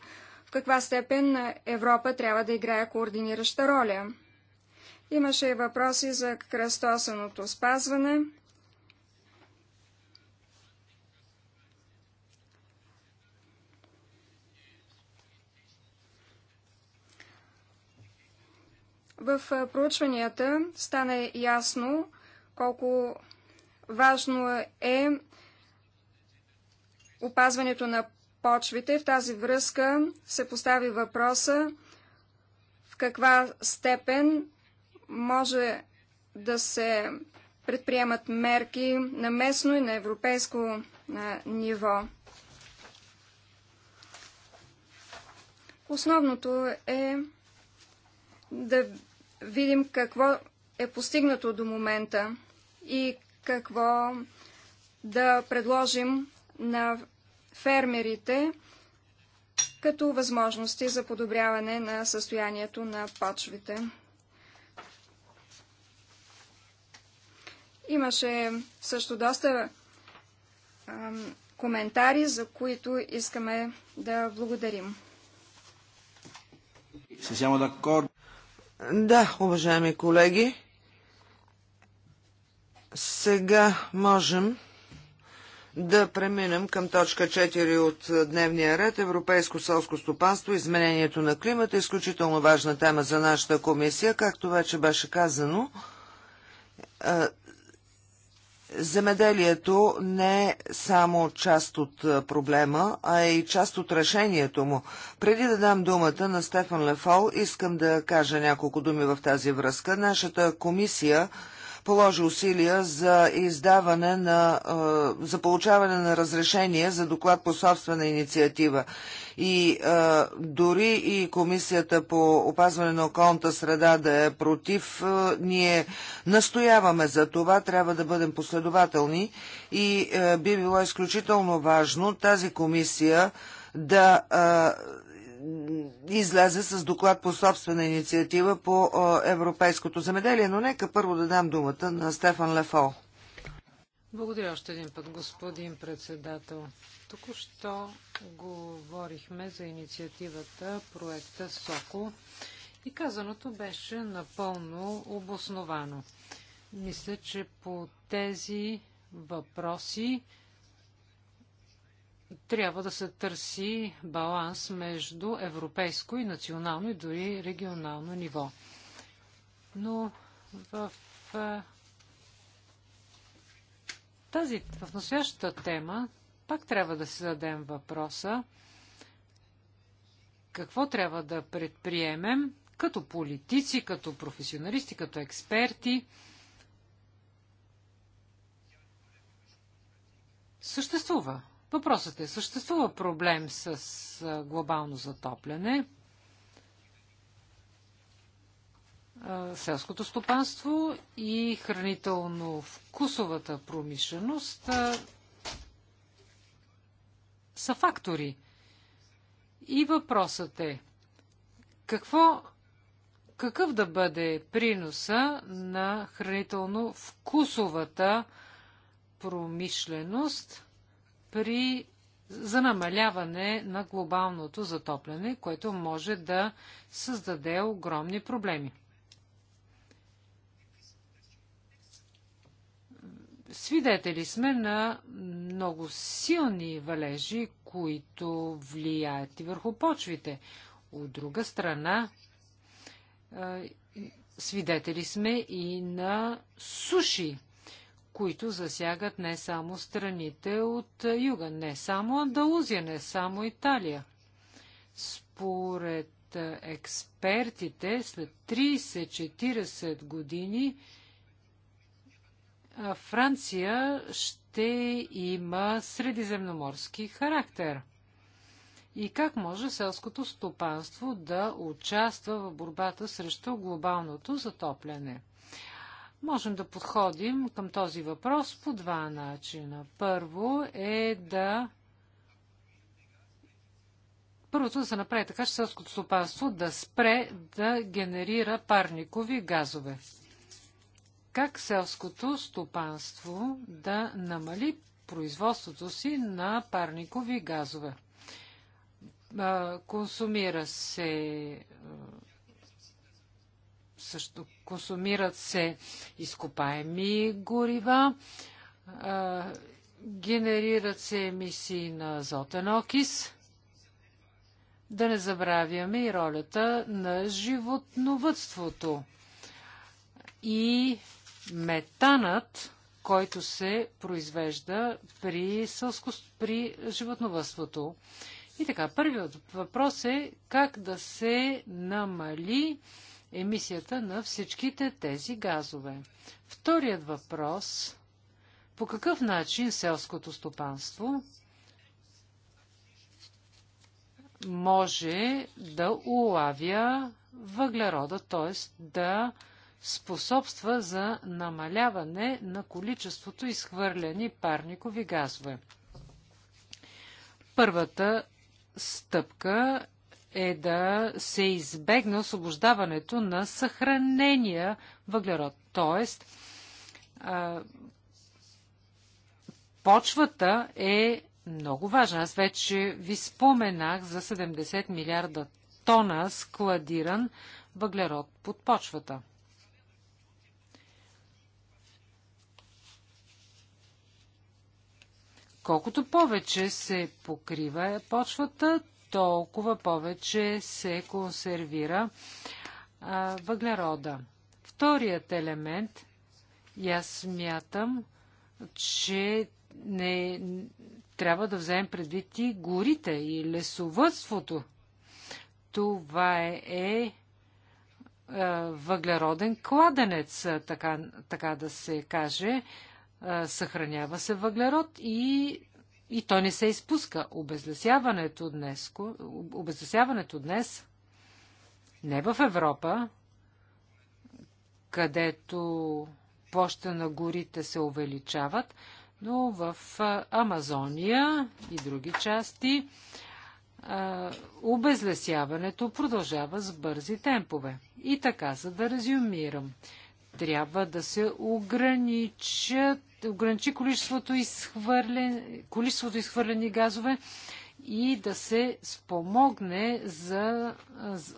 каква степен Европа трябва да играе координираща роля. Имаше и въпроси за кръстосаното спазване. В проучванията стана ясно колко важно е опазването на почвите. В тази връзка се постави въпроса в каква степен може да се предприемат мерки на местно и на европейско ниво. Основното е да видим какво е постигнато до момента и какво да предложим на фермерите като възможности за подобряване на състоянието на почвите. Имаше също доста ам, коментари, за които искаме да благодарим. Да, уважаеми колеги, сега можем да преминем към точка 4 от дневния ред Европейско селско стопанство, изменението на климата, изключително важна тема за нашата комисия, както вече беше казано. Земеделието не е само част от проблема, а е и част от решението му. Преди да дам думата на Стефан Лефол, искам да кажа няколко думи в тази връзка. Нашата комисия положи усилия за издаване на, за получаване на разрешение за доклад по собствена инициатива. И дори и Комисията по опазване на околната среда да е против, ние настояваме за това, трябва да бъдем последователни и би било изключително важно тази комисия да излезе с доклад по собствена инициатива по европейското замеделие, но нека първо да дам думата на Стефан Лефо. Благодаря още един път, господин председател. Току-що говорихме за инициативата проекта СОКО и казаното беше напълно обосновано. Мисля, че по тези въпроси трябва да се търси баланс между европейско и национално и дори регионално ниво. Но в тази, в настоящата тема пак трябва да се зададем въпроса какво трябва да предприемем като политици, като професионалисти, като експерти. Съществува Въпросът е, съществува проблем с глобално затопляне, селското стопанство и хранително-вкусовата промишленост са фактори. И въпросът е, какво, какъв да бъде приноса на хранително-вкусовата промишленост при за намаляване на глобалното затопляне, което може да създаде огромни проблеми. Свидетели сме на много силни валежи, които влияят и върху почвите. От друга страна, свидетели сме и на суши, които засягат не само страните от юга, не само Андалузия, не само Италия. Според експертите, след 30-40 години Франция ще има средиземноморски характер. И как може селското стопанство да участва в борбата срещу глобалното затопляне? Можем да подходим към този въпрос по два начина. Първо е да Първото да се направи така, че селското стопанство да спре да генерира парникови газове. Как селското стопанство да намали производството си на парникови газове? Консумира се също консумират се изкопаеми горива, генерират се емисии на азотен окис. Да не забравяме и ролята на животновътството. И метанът, който се произвежда при, сълско, при животновътството. И така, първият въпрос е как да се намали емисията на всичките тези газове. Вторият въпрос по какъв начин селското стопанство може да улавя въглерода, т.е. да способства за намаляване на количеството изхвърляни парникови газове. Първата стъпка е да се избегне освобождаването на съхранения въглерод. Тоест, а, почвата е много важна. Аз вече ви споменах за 70 милиарда тона складиран въглерод под почвата. Колкото повече се покрива почвата, толкова повече се консервира а, въглерода. Вторият елемент, и аз смятам, че не трябва да вземем предвид и горите и лесовътството. Това е, е въглероден кладенец, така, така да се каже. Съхранява се въглерод и и той не се изпуска. Обезлесяването днес, обезлесяването днес не в Европа, където площа на горите се увеличават, но в Амазония и други части обезлесяването продължава с бързи темпове. И така, за да резюмирам, трябва да се ограничат ограничи количеството, изхвърлен, количеството изхвърлени газове и да се спомогне за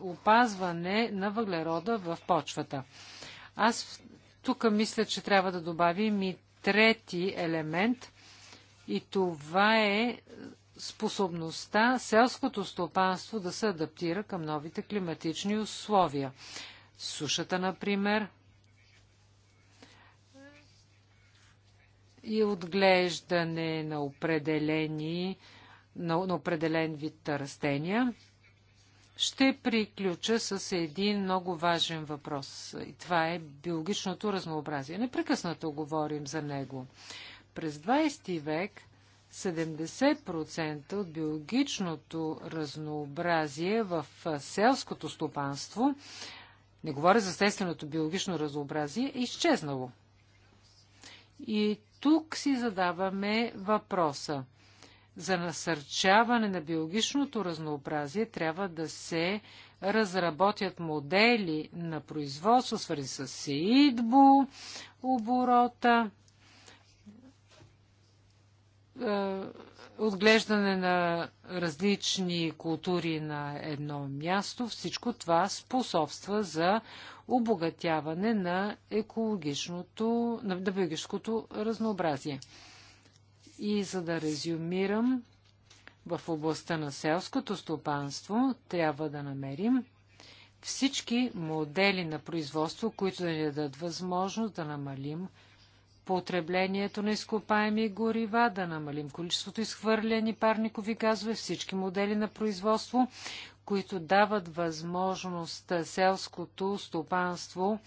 опазване на въглерода в почвата. Аз тук мисля, че трябва да добавим и трети елемент и това е способността селското стопанство да се адаптира към новите климатични условия. Сушата, например, и отглеждане на, определени, на, на определен вид растения. Ще приключа с един много важен въпрос. И това е биологичното разнообразие. Непрекъснато говорим за него. През 20 век 70% от биологичното разнообразие в селското стопанство, не говоря за естественото биологично разнообразие, е изчезнало. И тук си задаваме въпроса. За насърчаване на биологичното разнообразие трябва да се разработят модели на производство, свързани с сеидбо, оборота, е, отглеждане на различни култури на едно място. Всичко това способства за обогатяване на екологичното, на биологическото разнообразие. И за да резюмирам, в областта на селското стопанство трябва да намерим всички модели на производство, които да ни дадат възможност да намалим потреблението на изкопаеми горива, да намалим количеството изхвърляни парникови газове, всички модели на производство, които дават възможност селското стопанство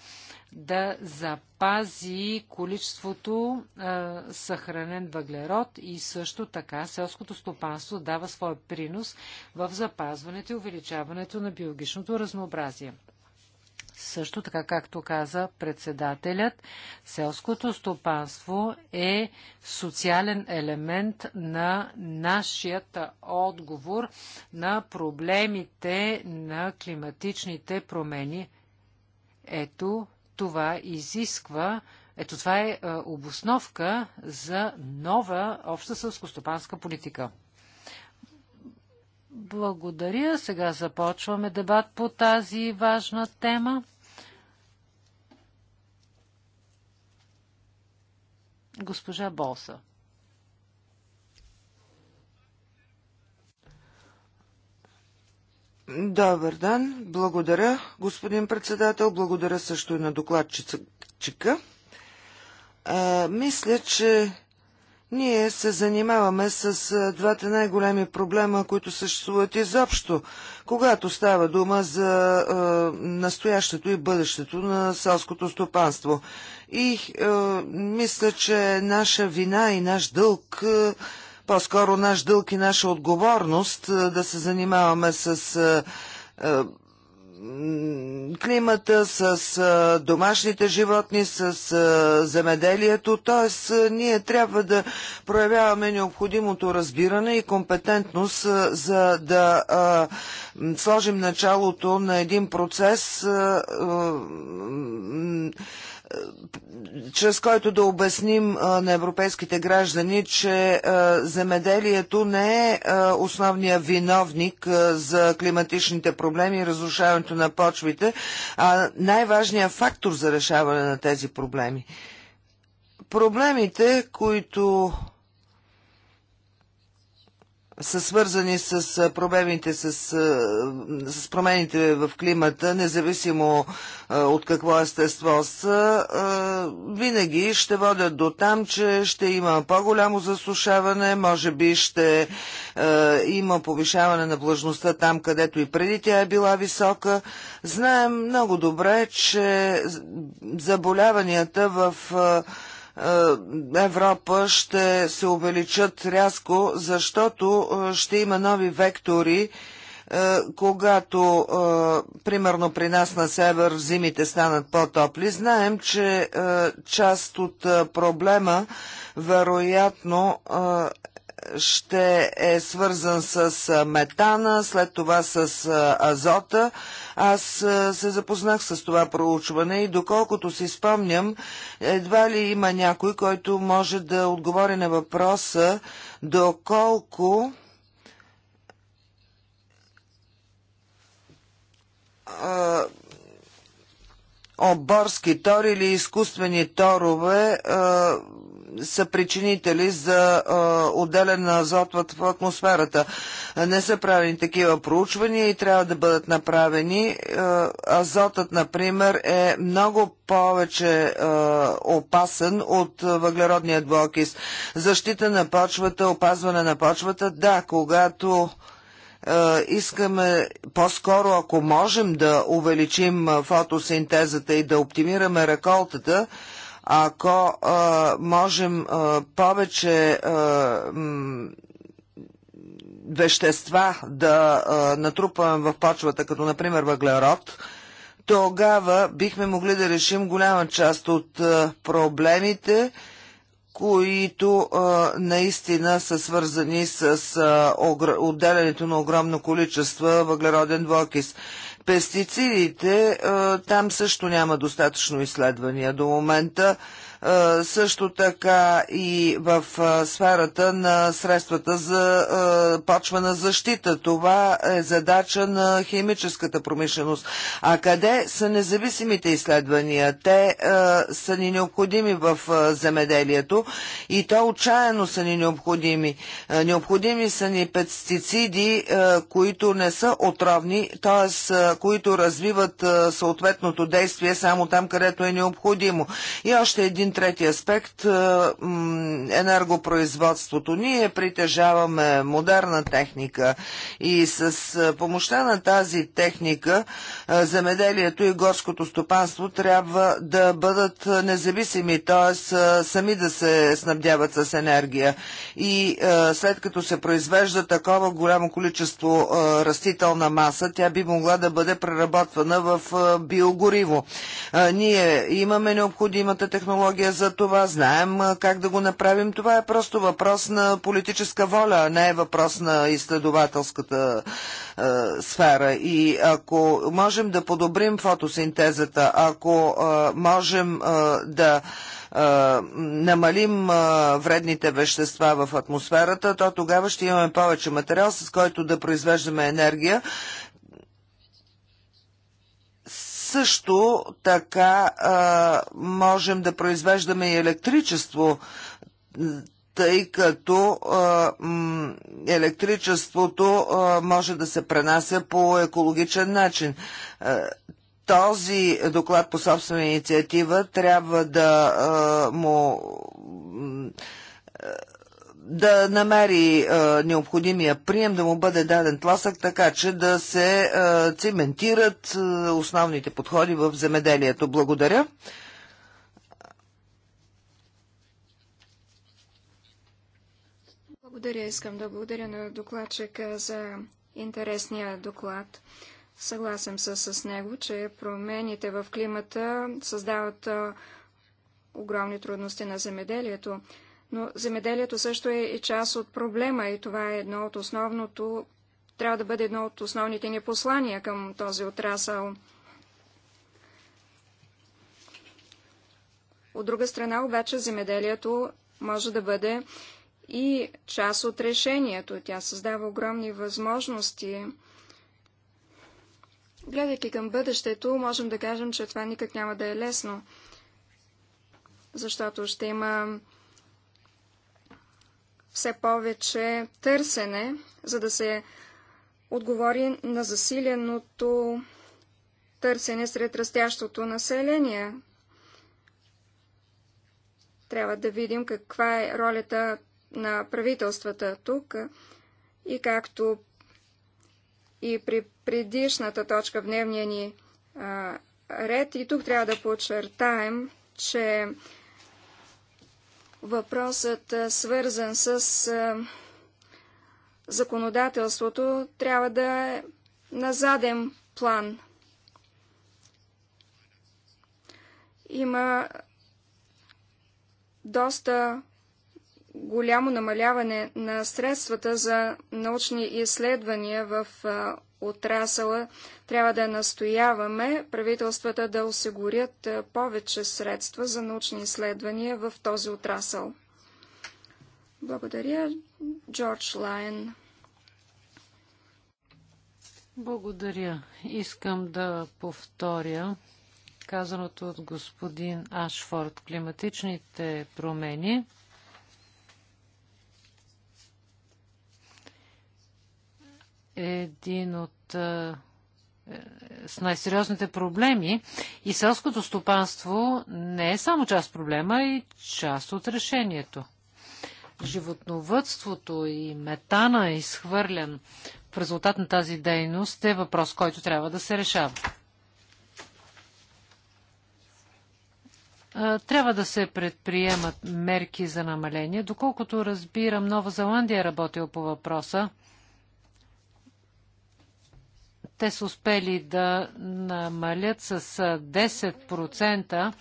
да запази количеството е, съхранен въглерод и също така селското стопанство дава своя принос в запазването и увеличаването на биологичното разнообразие. Също така, както каза председателят, селското стопанство е социален елемент на нашият отговор на проблемите на климатичните промени. Ето, това изисква ето това е, е обосновка за нова обща сълско-стопанска политика. Благодаря. Сега започваме дебат по тази важна тема. Госпожа Боса. Добър ден. Благодаря, господин председател. Благодаря също и на докладчика. мисля, че ние се занимаваме с двата най-големи проблема, които съществуват изобщо, когато става дума за е, настоящето и бъдещето на селското стопанство. И е, мисля, че наша вина и наш дълг, е, по-скоро наш дълг и наша отговорност е, да се занимаваме с. Е, климата, с домашните животни, с земеделието. Т.е. ние трябва да проявяваме необходимото разбиране и компетентност, за да сложим началото на един процес чрез който да обясним на европейските граждани, че земеделието не е основния виновник за климатичните проблеми и разрушаването на почвите, а най-важният фактор за решаване на тези проблеми. Проблемите, които са свързани с проблемите с, с промените в климата, независимо от какво естество са, винаги ще водят до там, че ще има по-голямо засушаване, може би ще има повишаване на влажността там, където и преди тя е била висока. Знаем много добре, че заболяванията в е, Европа ще се увеличат рязко, защото е, ще има нови вектори, е, когато, примерно при нас на север, зимите станат по-топли. Знаем, че част от проблема вероятно ще е свързан с метана, след това с азота. Аз се запознах с това проучване и доколкото си спомням, едва ли има някой, който може да отговори на въпроса доколко оборски тор или изкуствени торове а, са причинители за отделен на азот в атмосферата. Не са правени такива проучвания и трябва да бъдат направени. Азотът, например, е много повече опасен от въглеродния двуокис. Защита на почвата, опазване на почвата, да, когато искаме по-скоро, ако можем да увеличим фотосинтезата и да оптимираме реколтата, ако а, можем а, повече а, вещества да а, натрупваме в почвата, като например въглерод, тогава бихме могли да решим голяма част от а, проблемите, които а, наистина са свързани с а, огр... отделянето на огромно количество въглероден двокис пестицидите, там също няма достатъчно изследвания до момента също така и в сферата на средствата за почва на защита. Това е задача на химическата промишленост. А къде са независимите изследвания? Те са ни необходими в земеделието и то отчаяно са ни необходими. Необходими са ни пестициди, които не са отровни, т.е. които развиват съответното действие само там, където е необходимо. И още един един трети аспект е, енергопроизводството. Ние притежаваме модерна техника и с е, помощта на тази техника е, земеделието и горското стопанство трябва да бъдат независими, т.е. сами да се снабдяват с енергия. И след като се произвежда такова голямо количество растителна маса, тя би могла да бъде преработвана в биогориво. Ние имаме необходимата технология технология за това, знаем как да го направим. Това е просто въпрос на политическа воля, а не е въпрос на изследователската е, сфера. И ако можем да подобрим фотосинтезата, ако е, можем е, да намалим вредните вещества в атмосферата, то тогава ще имаме повече материал, с който да произвеждаме енергия също така а, можем да произвеждаме и електричество, тъй като а, м, електричеството а, може да се пренася по екологичен начин. този доклад по собствена инициатива трябва да а, му. А, да намери е, необходимия прием, да му бъде даден тласък, така че да се е, циментират е, основните подходи в земеделието. Благодаря. Благодаря. Искам да благодаря на докладчика за интересния доклад. Съгласен съм с него, че промените в климата създават огромни трудности на земеделието. Но земеделието също е и част от проблема и това е едно от основното, трябва да бъде едно от основните ни послания към този отрасъл. От друга страна обаче земеделието може да бъде и част от решението. Тя създава огромни възможности. Гледайки към бъдещето, можем да кажем, че това никак няма да е лесно, защото ще има все повече търсене, за да се отговори на засиленото търсене сред растящото население. Трябва да видим каква е ролята на правителствата тук и както и при предишната точка в дневния ни а, ред. И тук трябва да подчертаем, че въпросът, свързан с законодателството, трябва да е на заден план. Има доста голямо намаляване на средствата за научни изследвания в отрасъла трябва да настояваме правителствата да осигурят е, повече средства за научни изследвания в този отрасъл. Благодаря, Джордж Лайн. Благодаря. Искам да повторя казаното от господин Ашфорд. Климатичните промени един от е, с най-сериозните проблеми и селското стопанство не е само част проблема, а и част от решението. Животновътството и метана е изхвърлен в резултат на тази дейност е въпрос, който трябва да се решава. Трябва да се предприемат мерки за намаление. Доколкото разбирам, Нова Зеландия е работила по въпроса. Те са успели да намалят с 10%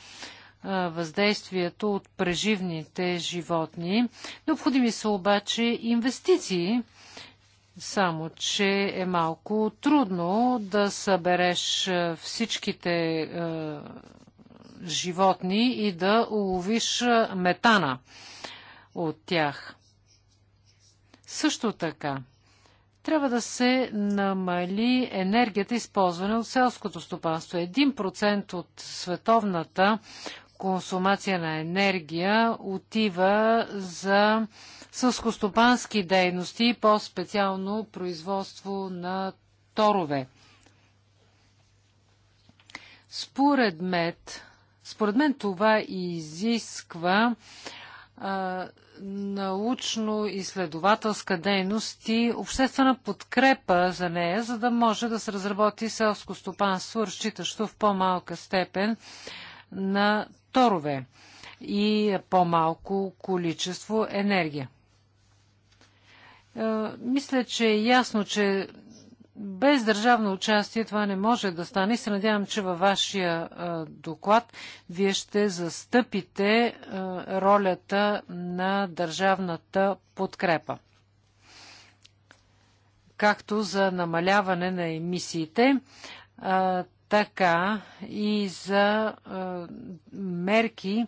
въздействието от преживните животни. Необходими са обаче инвестиции, само че е малко трудно да събереш всичките животни и да уловиш метана от тях. Също така, трябва да се намали енергията, използвана от селското стопанство. 1% от световната консумация на енергия отива за сълскостопански дейности, по-специално производство на торове. Според мен, според мен това изисква а, научно-изследователска дейност и обществена подкрепа за нея, за да може да се разработи селско стопанство, разчитащо в по-малка степен на торове и по-малко количество енергия. Е, мисля, че е ясно, че без държавно участие това не може да стане и се надявам, че във вашия доклад вие ще застъпите ролята на държавната подкрепа както за намаляване на емисиите, а, така и за а, мерки,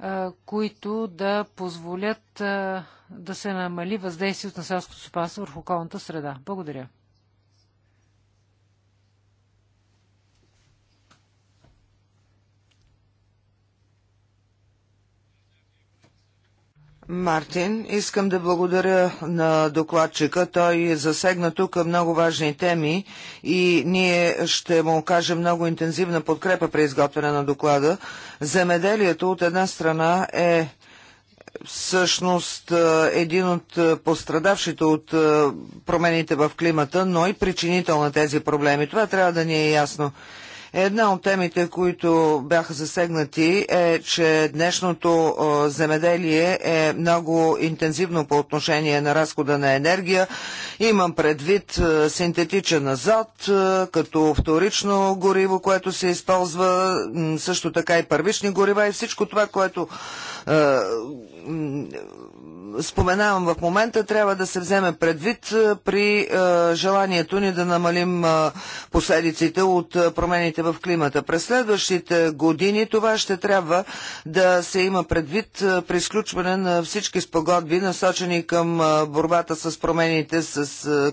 а, които да позволят да се намали въздействието на селското стопанство върху околната среда. Благодаря. Мартин, искам да благодаря на докладчика. Той засегна тук много важни теми и ние ще му окажем много интензивна подкрепа при изготвяне на доклада. Земеделието от една страна е всъщност е, един от е, пострадавшите от е, промените в климата, но и причинител на тези проблеми. Това трябва да ни е ясно. Една от темите, които бяха засегнати е, че днешното земеделие е много интензивно по отношение на разхода на енергия. Имам предвид синтетичен азот като вторично гориво, което се използва, също така и първични горива и всичко това, което споменавам в момента, трябва да се вземе предвид при желанието ни да намалим последиците от промените в климата. През следващите години това ще трябва да се има предвид при изключване на всички спогодби, насочени към борбата с промените с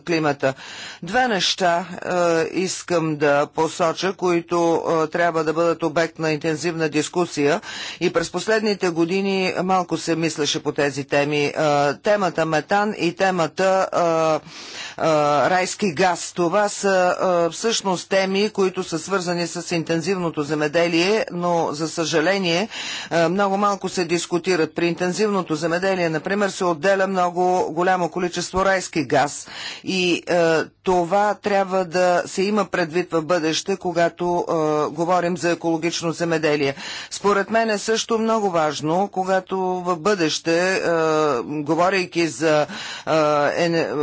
климата. Две неща искам да посоча, които трябва да бъдат обект на интензивна дискусия и през последните години малко се мислеше по тези теми Темата метан и темата райски газ. Това са всъщност теми, които са свързани с интензивното земеделие, но за съжаление много малко се дискутират. При интензивното земеделие, например, се отделя много голямо количество райски газ и това трябва да се има предвид в бъдеще, когато говорим за екологично земеделие. Според мен е също много важно, когато в бъдеще говорейки за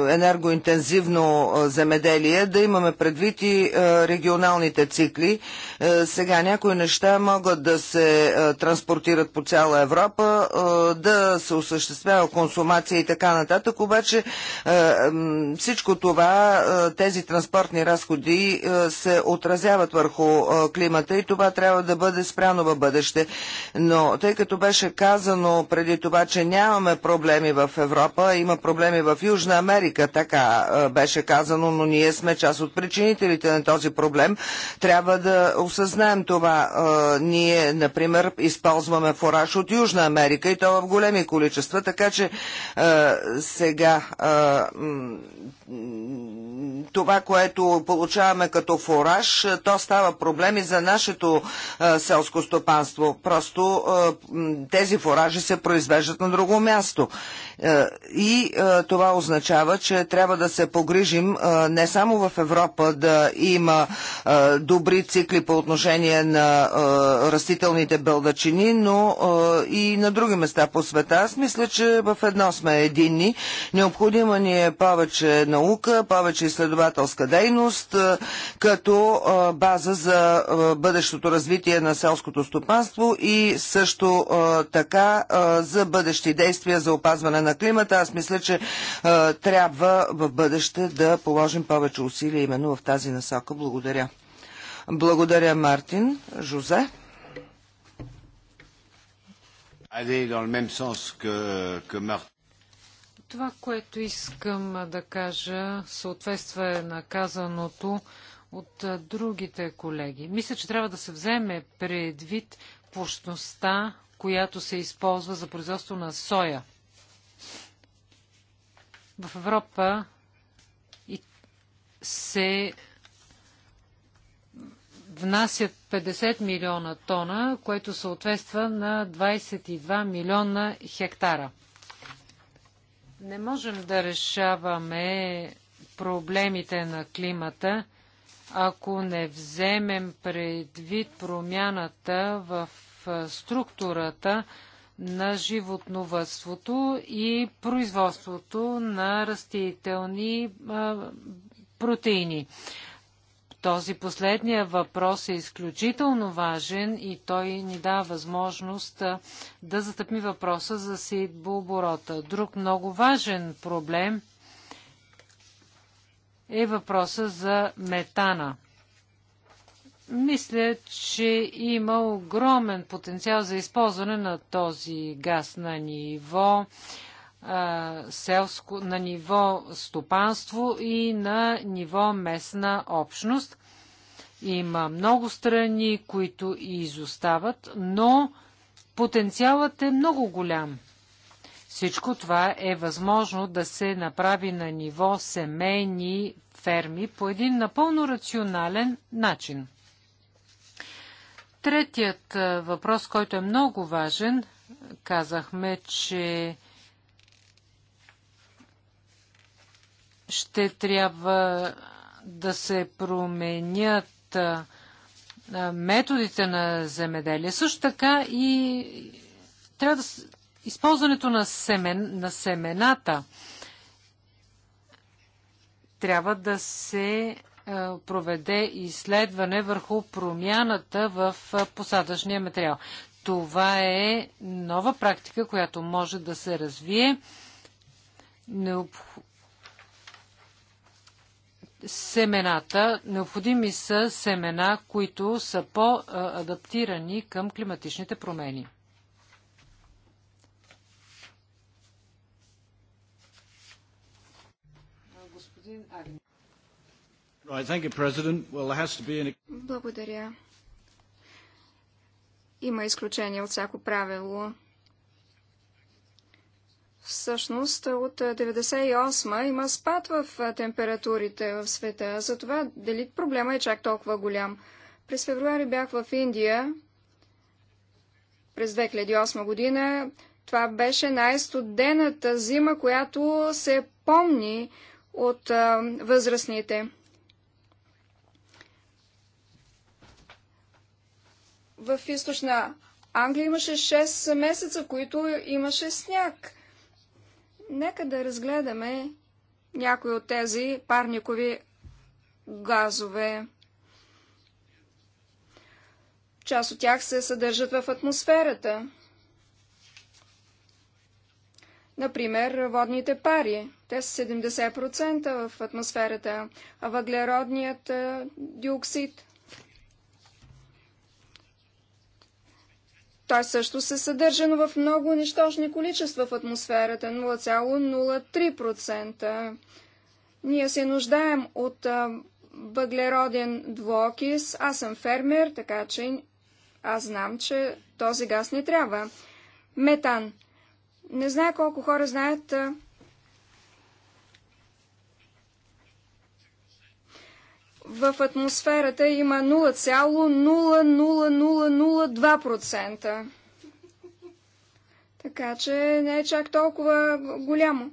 енергоинтензивно земеделие, да имаме предвид и регионалните цикли. Сега някои неща могат да се транспортират по цяла Европа, да се осъществява консумация и така нататък, обаче всичко това, тези транспортни разходи се отразяват върху климата и това трябва да бъде спряно в бъдеще. Но тъй като беше казано преди това, че нямаме проблем проблеми в Европа, има проблеми в Южна Америка, така беше казано, но ние сме част от причинителите на този проблем. Трябва да осъзнаем това. Ние, например, използваме фораж от Южна Америка и то в големи количества, така че сега това, което получаваме като фораж, е, то става проблем и за нашето е, селско стопанство. Просто е, тези форажи се произвеждат на друго място. И това означава, че трябва да се погрижим не само в Европа да има добри цикли по отношение на растителните бълдачини, но и на други места по света. Аз мисля, че в едно сме единни. Необходима ни е повече наука, повече изследователство изследователска дейност като база за бъдещото развитие на селското стопанство и също така за бъдещи действия за опазване на климата. Аз мисля, че трябва в бъдеще да положим повече усилия именно в тази насока. Благодаря. Благодаря, Мартин. Жозе? Allez dans le même sens que, que Martin. Това, което искам да кажа, съответства на казаното от другите колеги. Мисля, че трябва да се вземе предвид площността, която се използва за производство на соя. В Европа се внасят 50 милиона тона, което съответства на 22 милиона хектара. Не можем да решаваме проблемите на климата, ако не вземем предвид промяната в структурата на животновътството и производството на растителни протеини. Този последния въпрос е изключително важен и той ни дава възможност да затъпми въпроса за оборота. Друг много важен проблем е въпроса за метана. Мисля, че има огромен потенциал за използване на този газ на ниво селско, на ниво стопанство и на ниво местна общност. Има много страни, които изостават, но потенциалът е много голям. Всичко това е възможно да се направи на ниво семейни ферми по един напълно рационален начин. Третият въпрос, който е много важен, казахме, че ще трябва да се променят методите на земеделие. Също така и трябва да използването на, семен, на семената трябва да се проведе изследване върху промяната в посадъчния материал. Това е нова практика, която може да се развие семената. Необходими са семена, които са по-адаптирани към климатичните промени. Благодаря. Има изключение от всяко правило. Всъщност от 1998 е, има спад в е, температурите в света, затова дали проблема е чак толкова голям. През февруари бях в Индия през 2008 година. Това беше най-студената зима, която се помни от а, е, възрастните. В източна Англия имаше 6 месеца, които имаше сняг. Нека да разгледаме някои от тези парникови газове. Част от тях се съдържат в атмосферата. Например, водните пари. Те са 70% в атмосферата, а въглеродният диоксид Той също се съдържа но в много нищожни количества в атмосферата 0,03%. Ние се нуждаем от а, въглероден двуокис. Аз съм фермер, така че аз знам, че този газ не трябва. Метан. Не знае колко хора знаят а, в атмосферата има 0,00002%. Така че не е чак толкова голямо.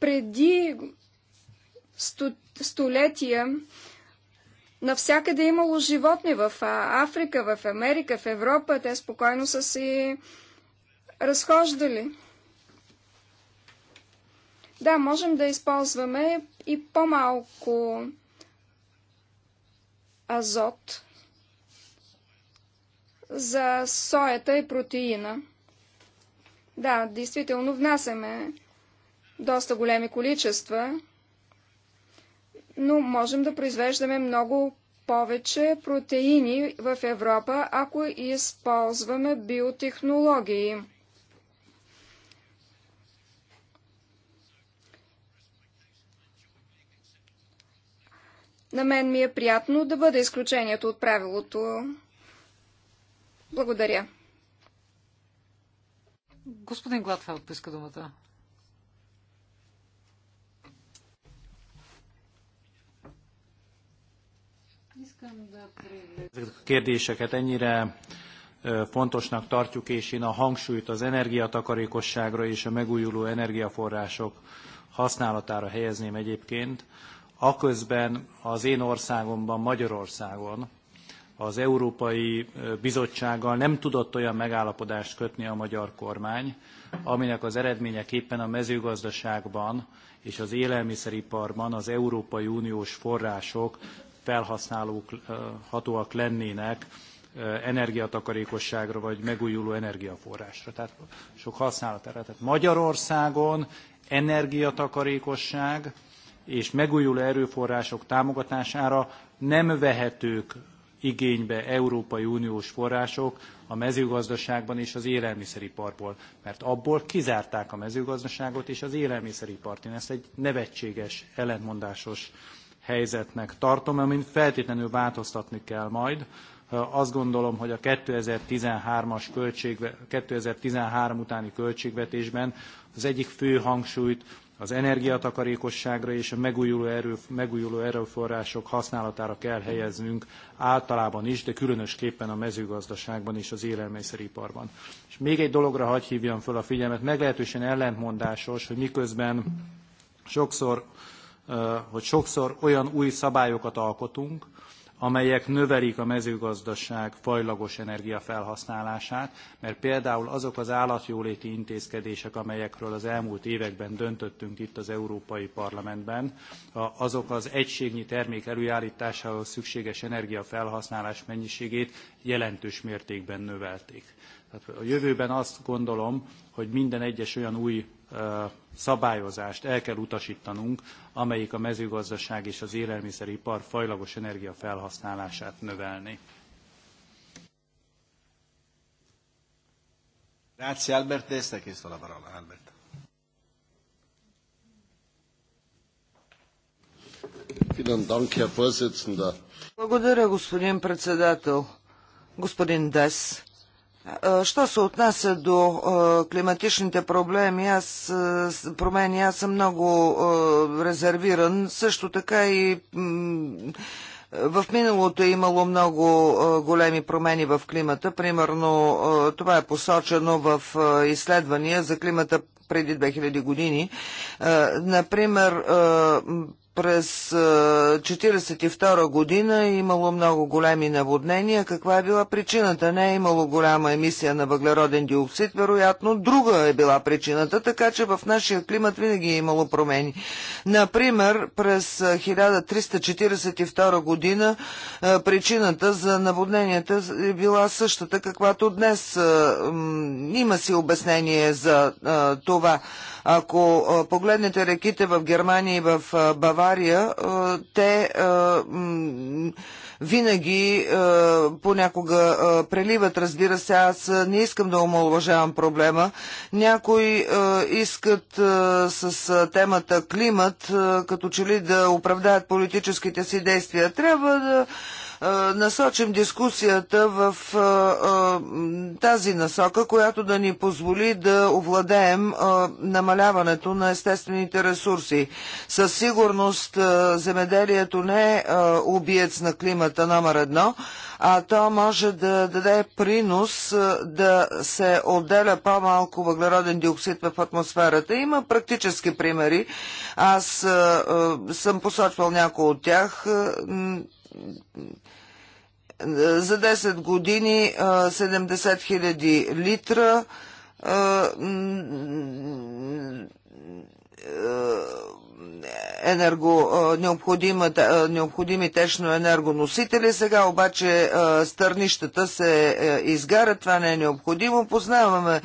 Преди столетия навсякъде е имало животни в Африка, в Америка, в Европа. Те спокойно са си разхождали. Да, можем да използваме и по-малко азот за соята и протеина. Да, действително внасяме доста големи количества, но можем да произвеждаме много повече протеини в Европа, ако използваме биотехнологии. На мен ми е приятно да бъде изключението от правилото. Благодаря. Господин Гладфелд поиска думата. kérdéseket ennyire fontosnak tartjuk, és én a hangsúlyt az energiatakarékosságra és a megújuló energiaforrások használatára helyezném egyébként. Aközben az én országomban, Magyarországon az Európai Bizottsággal nem tudott olyan megállapodást kötni a magyar kormány, aminek az eredményeképpen a mezőgazdaságban és az élelmiszeriparban az Európai Uniós források felhasználók hatóak lennének energiatakarékosságra vagy megújuló energiaforrásra, tehát sok erre. Tehát Magyarországon energiatakarékosság, és megújuló erőforrások támogatására nem vehetők igénybe Európai Uniós források a mezőgazdaságban és az élelmiszeriparból, mert abból kizárták a mezőgazdaságot és az élelmiszeripart. Én ezt egy nevetséges, ellentmondásos helyzetnek tartom, amin feltétlenül változtatni kell majd. Azt gondolom, hogy a 2013-as költség, 2013 utáni költségvetésben az egyik fő hangsúlyt az energiatakarékosságra és a megújuló, erő, megújuló erőforrások használatára kell helyeznünk általában is, de különösképpen a mezőgazdaságban és az élelmiszeriparban. És még egy dologra hagy hívjam föl a figyelmet, meglehetősen ellentmondásos, hogy miközben sokszor, hogy sokszor olyan új szabályokat alkotunk, amelyek növelik a mezőgazdaság fajlagos energiafelhasználását, mert például azok az állatjóléti intézkedések, amelyekről az elmúlt években döntöttünk itt az Európai Parlamentben, azok az egységnyi termék előállításához szükséges energiafelhasználás mennyiségét jelentős mértékben növelték. Tehát a jövőben azt gondolom, hogy minden egyes olyan új szabályozást el kell utasítanunk, amelyik a mezőgazdaság és az élelmiszeripar fajlagos energia felhasználását növelni. Grazie Albert, chiesto la parola. Albert. Благодаря, господин председател. Господин Дес, Що се отнася до климатичните проблеми, аз, промени, аз съм много резервиран. Също така и в миналото е имало много големи промени в климата. Примерно това е посочено в изследвания за климата преди 2000 години. Например, през 1942 година е имало много големи наводнения. Каква е била причината? Не е имало голяма емисия на въглероден диоксид, вероятно друга е била причината, така че в нашия климат винаги е имало промени. Например, през 1342 година причината за наводненията е била същата, каквато днес има си обяснение за това. Ако погледнете реките в Германия и в Бавария, те винаги понякога преливат. Разбира се, аз не искам да омалуважавам проблема. Някои искат с темата климат, като че ли да оправдаят политическите си действия. Трябва да е, насочим дискусията в е, е, тази насока, която да ни позволи да овладеем намаляването на естествените ресурси. Със сигурност земеделието не е убиец на климата номер едно, а то може да даде принос да се отделя по-малко въглероден диоксид в атмосферата. Има практически примери. Аз съм посочвал някои от тях за 10 години 70 хиляди литра енерго, необходими течно енергоносители. Сега обаче стърнищата се е, изгарят, това не е необходимо. Познаваме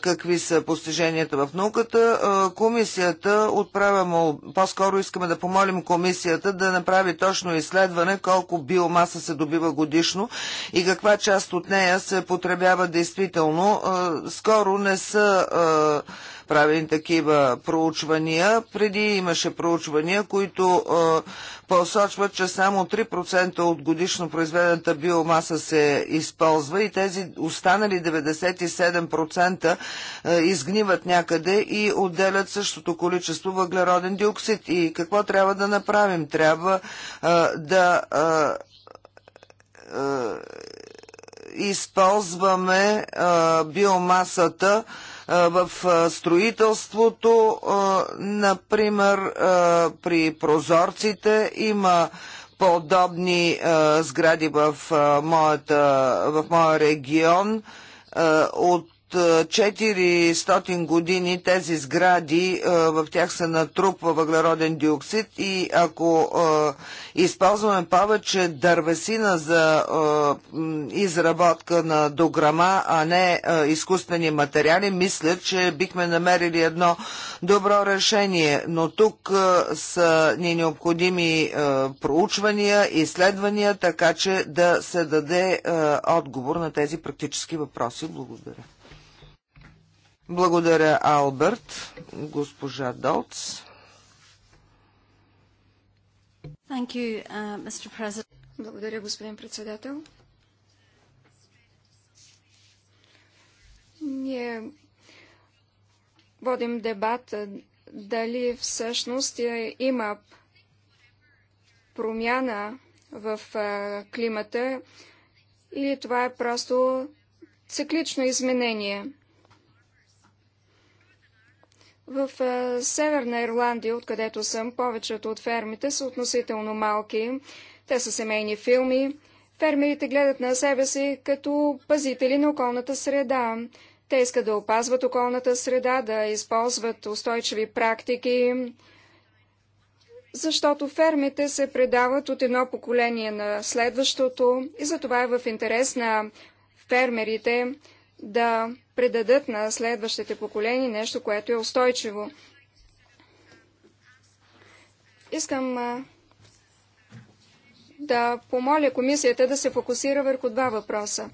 какви са постиженията в науката. Комисията отправя, по-скоро искаме да помолим комисията да направи точно изследване колко биомаса се добива годишно и каква част от нея се потребява действително. Скоро не са правени такива проучвания. Преди имаше проучвания, които е, посочват, че само 3% от годишно произведената биомаса се използва и тези останали 97% изгниват някъде и отделят същото количество въглероден диоксид. И какво трябва да направим? Трябва да използваме а, биомасата в строителството, например при прозорците има подобни сгради в, моята, в моя регион от 400 години тези сгради, в тях се натрупва въглероден диоксид и ако използваме повече дървесина за изработка на дограма, а не изкуствени материали, мисля, че бихме намерили едно добро решение. Но тук са ни необходими проучвания, изследвания, така че да се даде отговор на тези практически въпроси. Благодаря. Благодаря, Алберт. Госпожа Долц. Uh, Благодаря, господин председател. Ние водим дебат дали всъщност е, има промяна в климата или това е просто циклично изменение – в Северна Ирландия, откъдето съм, повечето от фермите са относително малки. Те са семейни филми. Фермерите гледат на себе си като пазители на околната среда. Те искат да опазват околната среда, да използват устойчиви практики, защото фермите се предават от едно поколение на следващото и затова е в интерес на фермерите да предадат на следващите поколения нещо, което е устойчиво. Искам да помоля комисията да се фокусира върху два въпроса.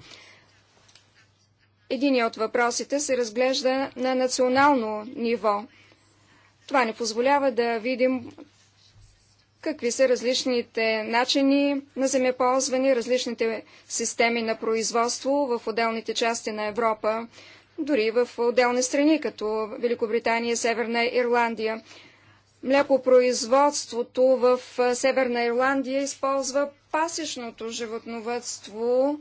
Единият от въпросите се разглежда на национално ниво. Това ни позволява да видим какви са различните начини на земеползване, различните системи на производство в отделните части на Европа, дори в отделни страни, като Великобритания Северна Ирландия. Млекопроизводството в Северна Ирландия използва пасечното животновътство,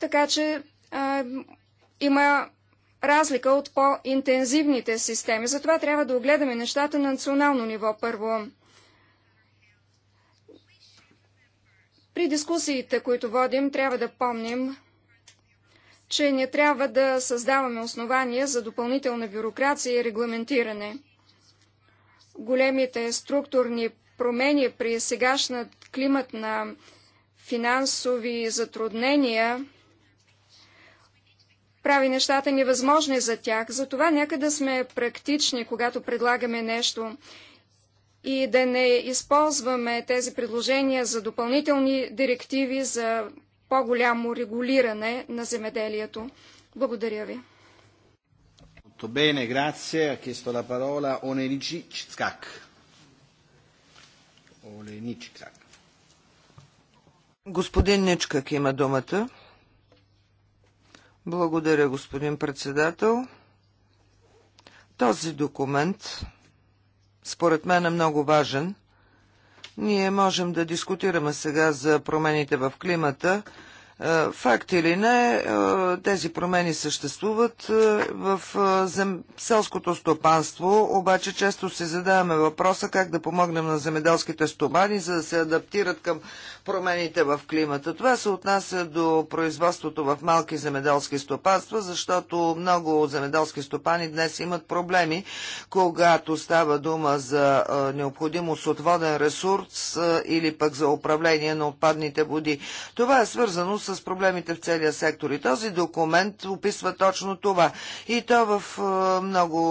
така че а, има разлика от по-интензивните системи. Затова трябва да огледаме нещата на национално ниво първо. При дискусиите, които водим, трябва да помним, че не трябва да създаваме основания за допълнителна бюрокрация и регламентиране. Големите структурни промени при сегашна климат на финансови затруднения прави нещата невъзможни за тях. Затова нека да сме практични, когато предлагаме нещо и да не използваме тези предложения за допълнителни директиви за по-голямо регулиране на земеделието. Благодаря ви. Bene, grazie. Ha chiesto la parola Господин Ничкак има думата. Благодаря, господин председател. Този документ, според мен, е много важен. Ние можем да дискутираме сега за промените в климата – е, факт или не, е, тези промени съществуват е, в селското стопанство, обаче често се задаваме въпроса как да помогнем на земеделските стомани, за да се адаптират към промените в климата. Това се отнася до производството в малки земеделски стопанства, защото много земеделски стопани днес имат проблеми, когато става дума за необходимост от воден ресурс или пък за управление на отпадните води. Това е свързано с с проблемите в целия сектор. И този документ описва точно това. И то в е, много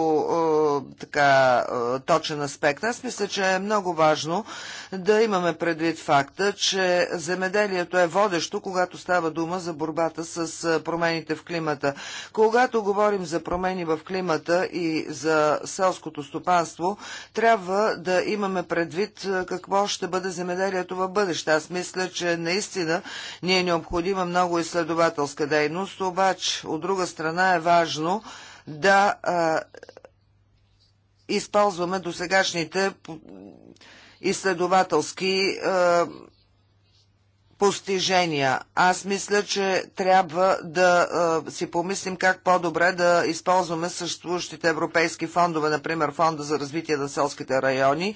е, така е, точен аспект. Аз мисля, че е много важно да имаме предвид факта, че земеделието е водещо, когато става дума за борбата с промените в климата. Когато говорим за промени в климата и за селското стопанство, трябва да имаме предвид какво ще бъде земеделието в бъдеще. Аз мисля, че наистина ни е необходимо необходима много изследователска дейност, обаче от друга страна е важно да а, използваме досегашните изследователски а, постижения. Аз мисля, че трябва да а, си помислим как по-добре да използваме съществуващите европейски фондове, например Фонда за развитие на селските райони,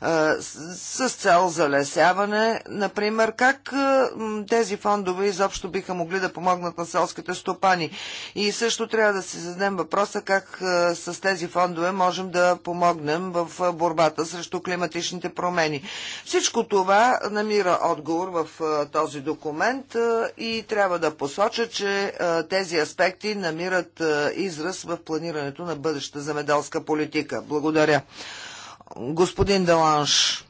а, с, с цел залесяване. Например, как а, тези фондове изобщо биха могли да помогнат на селските стопани. И също трябва да си зададем въпроса как а, с тези фондове можем да помогнем в борбата срещу климатичните промени. Всичко това намира отговор в а, този документ и трябва да посоча, че тези аспекти намират израз в планирането на бъдеща замеделска политика. Благодаря. Господин Деланш.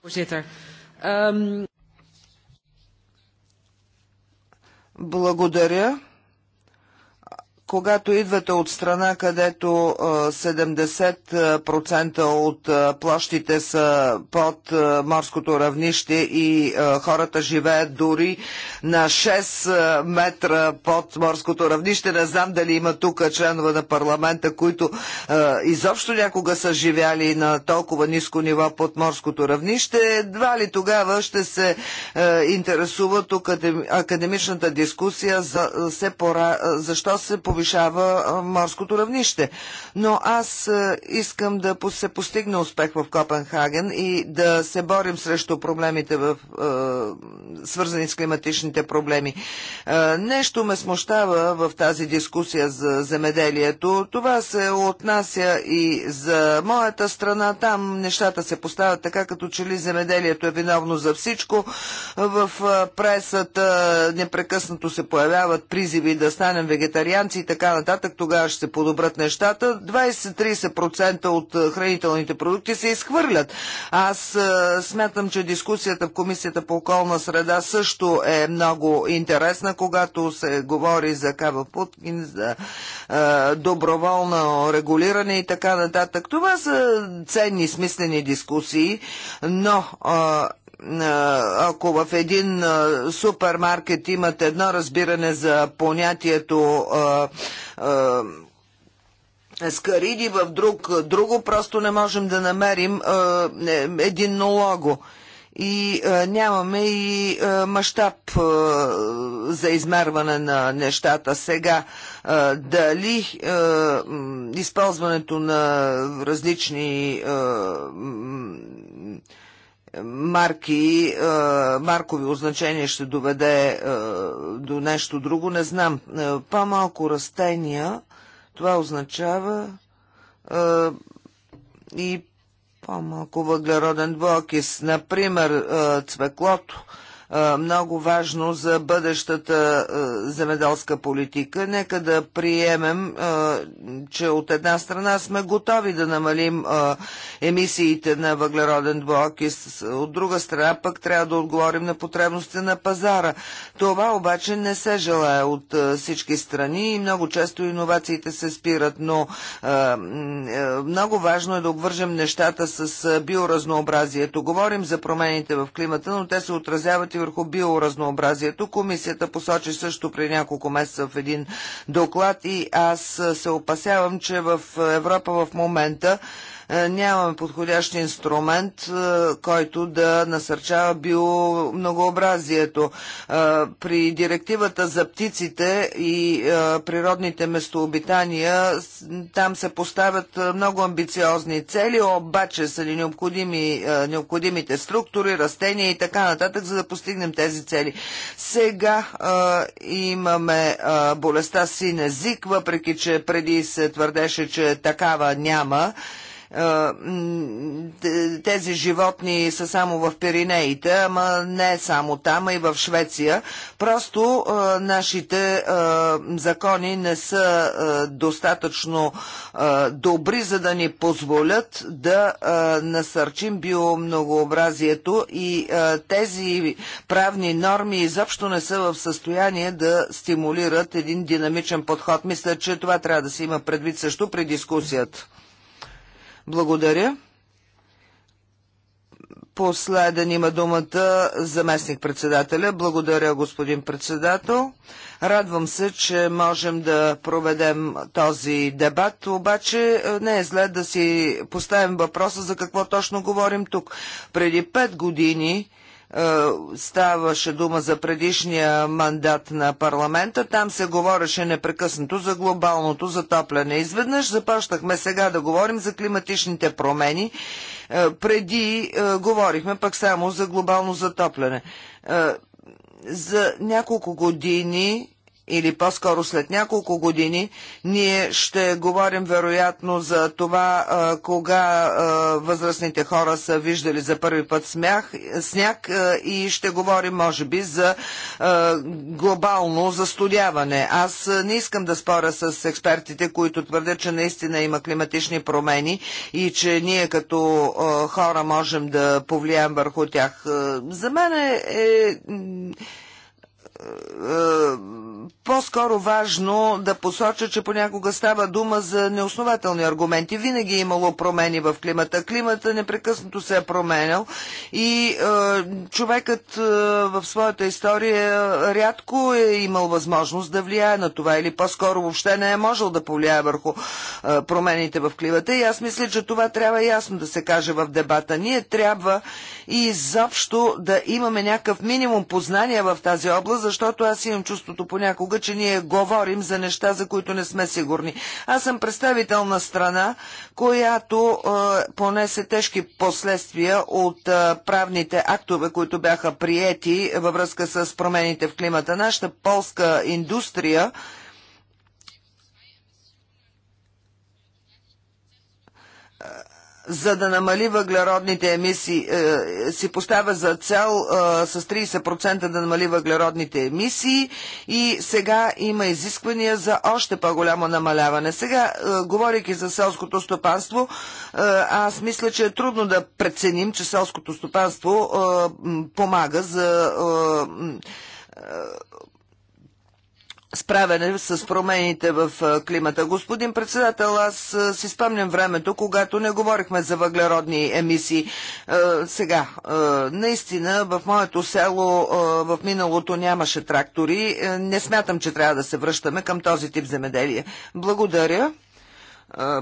Благодаря когато идвате от страна, където 70% от площите са под морското равнище и хората живеят дори на 6 метра под морското равнище, не знам дали има тук членове на парламента, които изобщо някога са живяли на толкова ниско ниво под морското равнище, Два ли тогава ще се интересува тук академичната дискусия за, се пора, защо се повече? повишава морското равнище. Но аз искам да се постигне успех в Копенхаген и да се борим срещу проблемите в, свързани с климатичните проблеми. нещо ме смущава в тази дискусия за земеделието. Това се отнася и за моята страна. Там нещата се поставят така, като че ли земеделието е виновно за всичко. В пресата непрекъснато се появяват призиви да станем вегетарианци така нататък, тогава ще се подобрат нещата. 20-30% от е, хранителните продукти се изхвърлят. Аз е, смятам, че дискусията в Комисията по околна среда също е много интересна, когато се говори за Кава Путкин, за е, доброволно регулиране и така нататък. Това са ценни, смислени дискусии, но ако в един супермаркет имат едно разбиране за понятието скариди, в друг друго, просто не можем да намерим е, един налого и е, нямаме и е, мащаб е, за измерване на нещата сега. Е, дали е, използването на различни е, марки, е, маркови означения ще доведе е, до нещо друго, не знам. Е, по-малко растения, това означава и по-малко въглероден двуокис. Например, цвеклото много важно за бъдещата земеделска политика. Нека да приемем, че от една страна сме готови да намалим емисиите на въглероден двуокис, от друга страна пък трябва да отговорим на потребностите на пазара. Това обаче не се желая от всички страни и много често иновациите се спират, но много важно е да обвържем нещата с биоразнообразието. Говорим за промените в климата, но те се отразяват и въздействие върху биоразнообразието. Комисията посочи също при няколко месеца в един доклад и аз се опасявам, че в Европа в момента е, нямаме подходящ инструмент, е, който да насърчава биомногообразието. Е, при директивата за птиците и природните местообитания там се поставят много амбициозни цели, обаче са ли необходими, необходимите структури, растения и така нататък, за да постигнем тези цели. Сега имаме болестта син език, въпреки че преди се твърдеше, че такава няма. Тези животни са само в Пиринеите, ама не само там, а и в Швеция. Просто нашите закони не са достатъчно добри, за да ни позволят да насърчим биомногообразието и тези правни норми изобщо не са в състояние да стимулират един динамичен подход. Мисля, че това трябва да се има предвид също при дискусията. Благодаря. Последен има думата заместник председателя. Благодаря, господин председател. Радвам се, че можем да проведем този дебат, обаче е, не е зле да си поставим въпроса за какво точно говорим тук. Преди пет години е, ставаше дума за предишния мандат на парламента. Там се говореше непрекъснато за глобалното затопляне. Изведнъж започнахме сега да говорим за климатичните промени. Е, преди е, говорихме пък само за глобално затопляне. За няколко години или по-скоро след няколко години, ние ще говорим вероятно за това, кога възрастните хора са виждали за първи път смях, сняг и ще говорим, може би, за глобално застудяване. Аз не искам да споря с експертите, които твърдят, че наистина има климатични промени и че ние като хора можем да повлияем върху тях. За мен е, е е, е, по-скоро важно да посоча, че понякога става дума за неоснователни аргументи. Винаги е имало промени в климата. Климата непрекъснато се е променял и е, човекът е, в своята история рядко е имал възможност да влияе на това или по-скоро въобще не е можел да повлияе върху е, промените в климата. И аз мисля, че това трябва ясно да се каже в дебата. Ние трябва и изобщо да имаме някакъв минимум познания в тази област, защото аз имам чувството понякога, че ние говорим за неща, за които не сме сигурни. Аз съм представител на страна, която е, понесе тежки последствия от е, правните актове, които бяха приети във връзка с промените в климата. Нашата полска индустрия за да намали въглеродните емисии, е, си поставя за цел е, с 30% да намали въглеродните емисии и сега има изисквания за още по-голямо намаляване. Сега, е, говоряки за селското стопанство, е, аз мисля, че е трудно да преценим, че селското стопанство е, помага за е, справяне с промените в климата. Господин председател, аз си спомням времето, когато не говорихме за въглеродни емисии. Сега, наистина в моето село в миналото нямаше трактори. Не смятам, че трябва да се връщаме към този тип земеделие. Благодаря.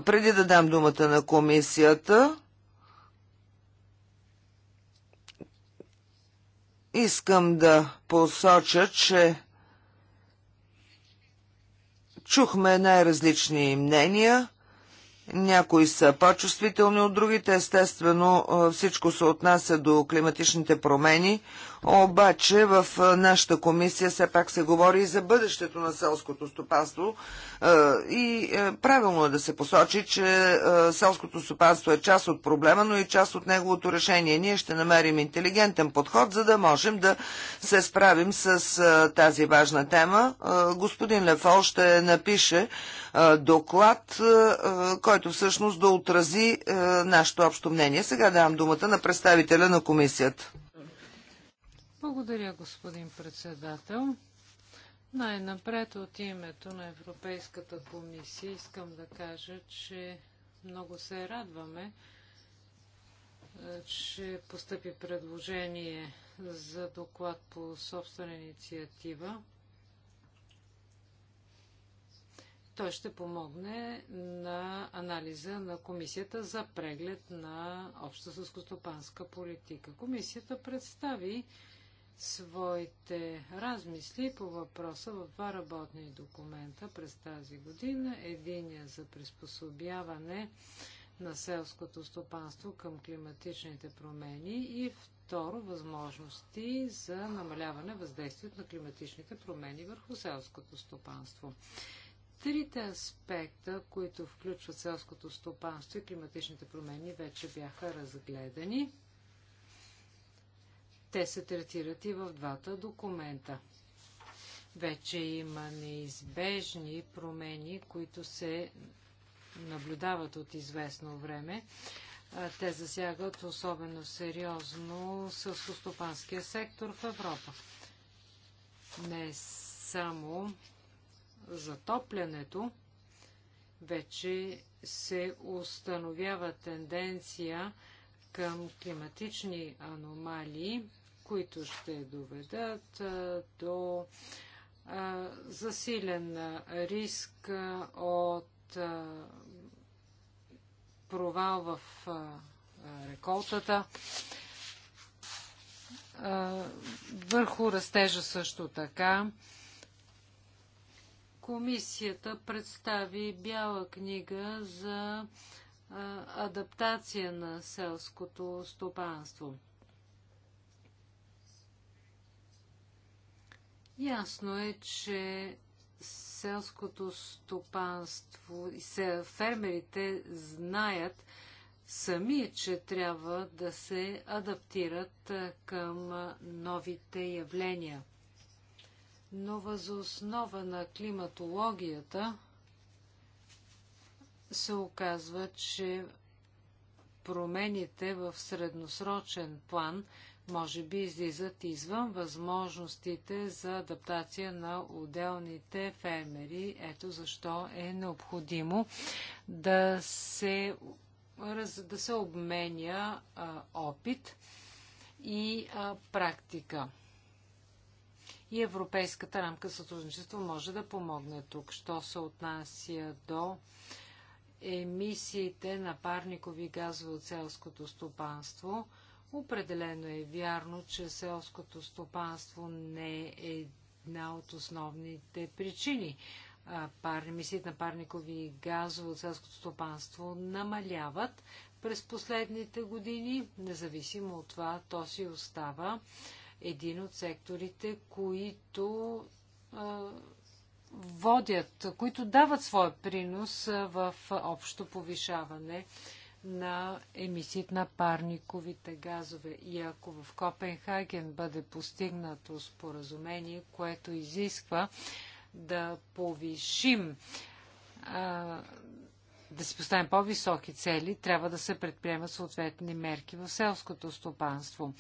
Преди да дам думата на комисията, искам да посоча, че Чухме най-различни мнения. Някои са по-чувствителни от другите. Естествено, всичко се отнася до климатичните промени обаче в нашата комисия все пак се говори и за бъдещето на селското стопанство и е, правилно е да се посочи, че е, селското стопанство е част от проблема, но и част от неговото решение. Ние ще намерим интелигентен подход, за да можем да се справим с е, тази важна тема. Господин Лефол ще напише доклад, който всъщност да отрази нашето общо мнение. Сега давам думата на представителя на комисията. Благодаря, господин председател. Най-напред от името на Европейската комисия искам да кажа, че много се радваме, е, че постъпи предложение за доклад по собствена инициатива. Той ще помогне на анализа на Комисията за преглед на обща съскостопанска политика. Комисията представи своите размисли по въпроса в два работни документа през тази година. Единия за приспособяване на селското стопанство към климатичните промени и второ възможности за намаляване въздействието на климатичните промени върху селското стопанство. Трите аспекта, които включват селското стопанство и климатичните промени, вече бяха разгледани. Те се третират и в двата документа. Вече има неизбежни промени, които се наблюдават от известно време. Те засягат особено сериозно сълскостопанския сектор в Европа. Не само затоплянето, вече се установява тенденция към климатични аномалии, които ще доведат до засилен риск от провал в реколтата. Върху растежа също така. Комисията представи бяла книга за адаптация на селското стопанство. Ясно е, че селското стопанство и фермерите знаят сами, че трябва да се адаптират към новите явления. Но възоснова на климатологията се оказва, че промените в средносрочен план може би излизат извън възможностите за адаптация на отделните фермери. Ето защо е необходимо да се, да се обменя опит и практика. И Европейската рамка сътрудничество може да помогне тук. Що се отнася до емисиите на парникови газове от селското стопанство. Определено е вярно, че селското стопанство не е една от основните причини. емисиите на парникови газове от селското стопанство намаляват през последните години. Независимо от това, то си остава един от секторите, които водят, които дават своя принос в общо повишаване на емисиите на парниковите газове. И ако в Копенхаген бъде постигнато споразумение, което изисква да повишим а, да си поставим по-високи цели, трябва да се предприемат съответни мерки в селското стопанство.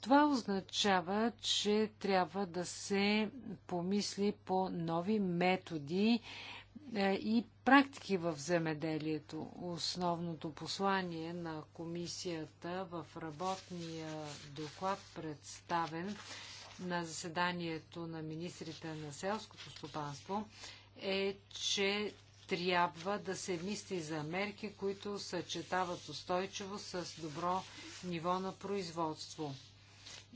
Това означава, че трябва да се помисли по нови методи е, и практики в земеделието. Основното послание на комисията в работния доклад, представен на заседанието на министрите на селското стопанство, е, че трябва да се мисли за мерки, които съчетават устойчиво с добро ниво на производство.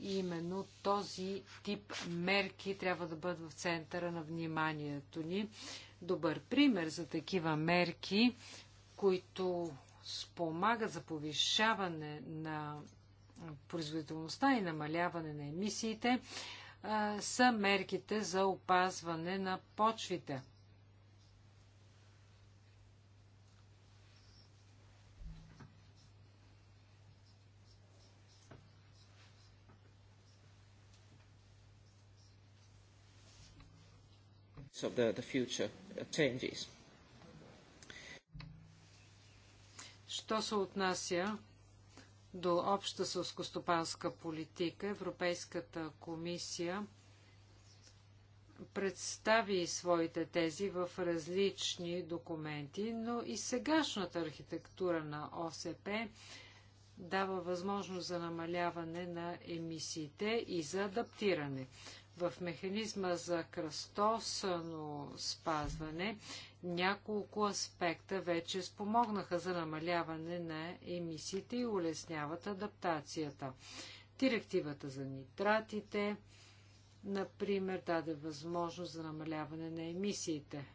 И именно този тип мерки трябва да бъдат в центъра на вниманието ни. Добър пример за такива мерки, които спомагат за повишаване на производителността и намаляване на емисиите, са мерките за опазване на почвите – of the, the future uh, changes. Що се отнася до обща сълскостопанска политика, Европейската комисия представи своите тези в различни документи, но и сегашната архитектура на ОСП дава възможност за намаляване на емисиите и за адаптиране. В механизма за кръстосано спазване няколко аспекта вече спомогнаха за намаляване на емисиите и улесняват адаптацията. Директивата за нитратите, например, даде възможност за намаляване на емисиите.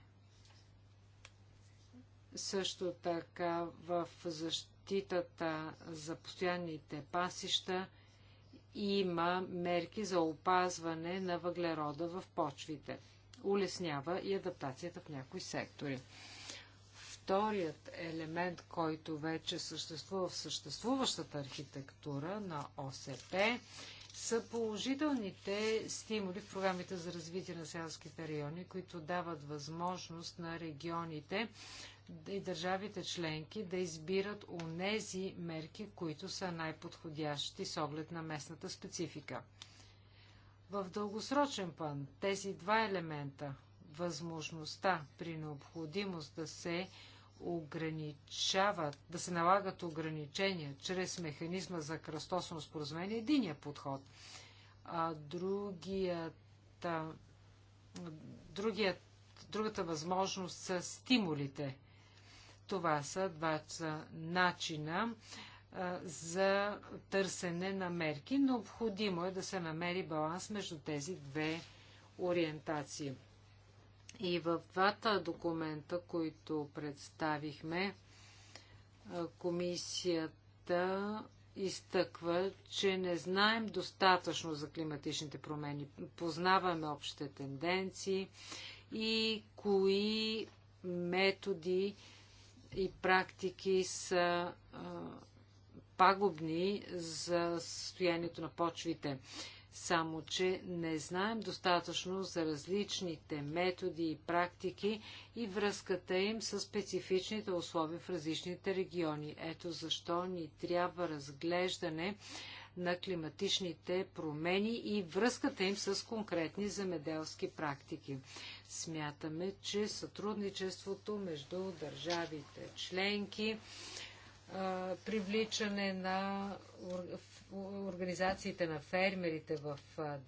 Също така в защитата за постоянните пасища – има мерки за опазване на въглерода в почвите. Улеснява и адаптацията в някои сектори. Вторият елемент, който вече съществува в съществуващата архитектура на ОСП, са положителните стимули в програмите за развитие на селските райони, които дават възможност на регионите и държавите членки да избират онези мерки, които са най-подходящи с оглед на местната специфика. В дългосрочен план тези два елемента възможността при необходимост да се ограничават, да се налагат ограничения чрез механизма за кръстосно споразумение, е единия подход. А другият, другият, другата възможност са стимулите – това са двата начина за търсене на мерки. Необходимо е да се намери баланс между тези две ориентации. И в двата документа, които представихме, комисията изтъква, че не знаем достатъчно за климатичните промени. Познаваме общите тенденции и кои методи и практики са а, пагубни за състоянието на почвите. Само, че не знаем достатъчно за различните методи и практики и връзката им с специфичните условия в различните региони. Ето защо ни трябва разглеждане на климатичните промени и връзката им с конкретни земеделски практики. Смятаме, че сътрудничеството между държавите членки, привличане на организациите на фермерите в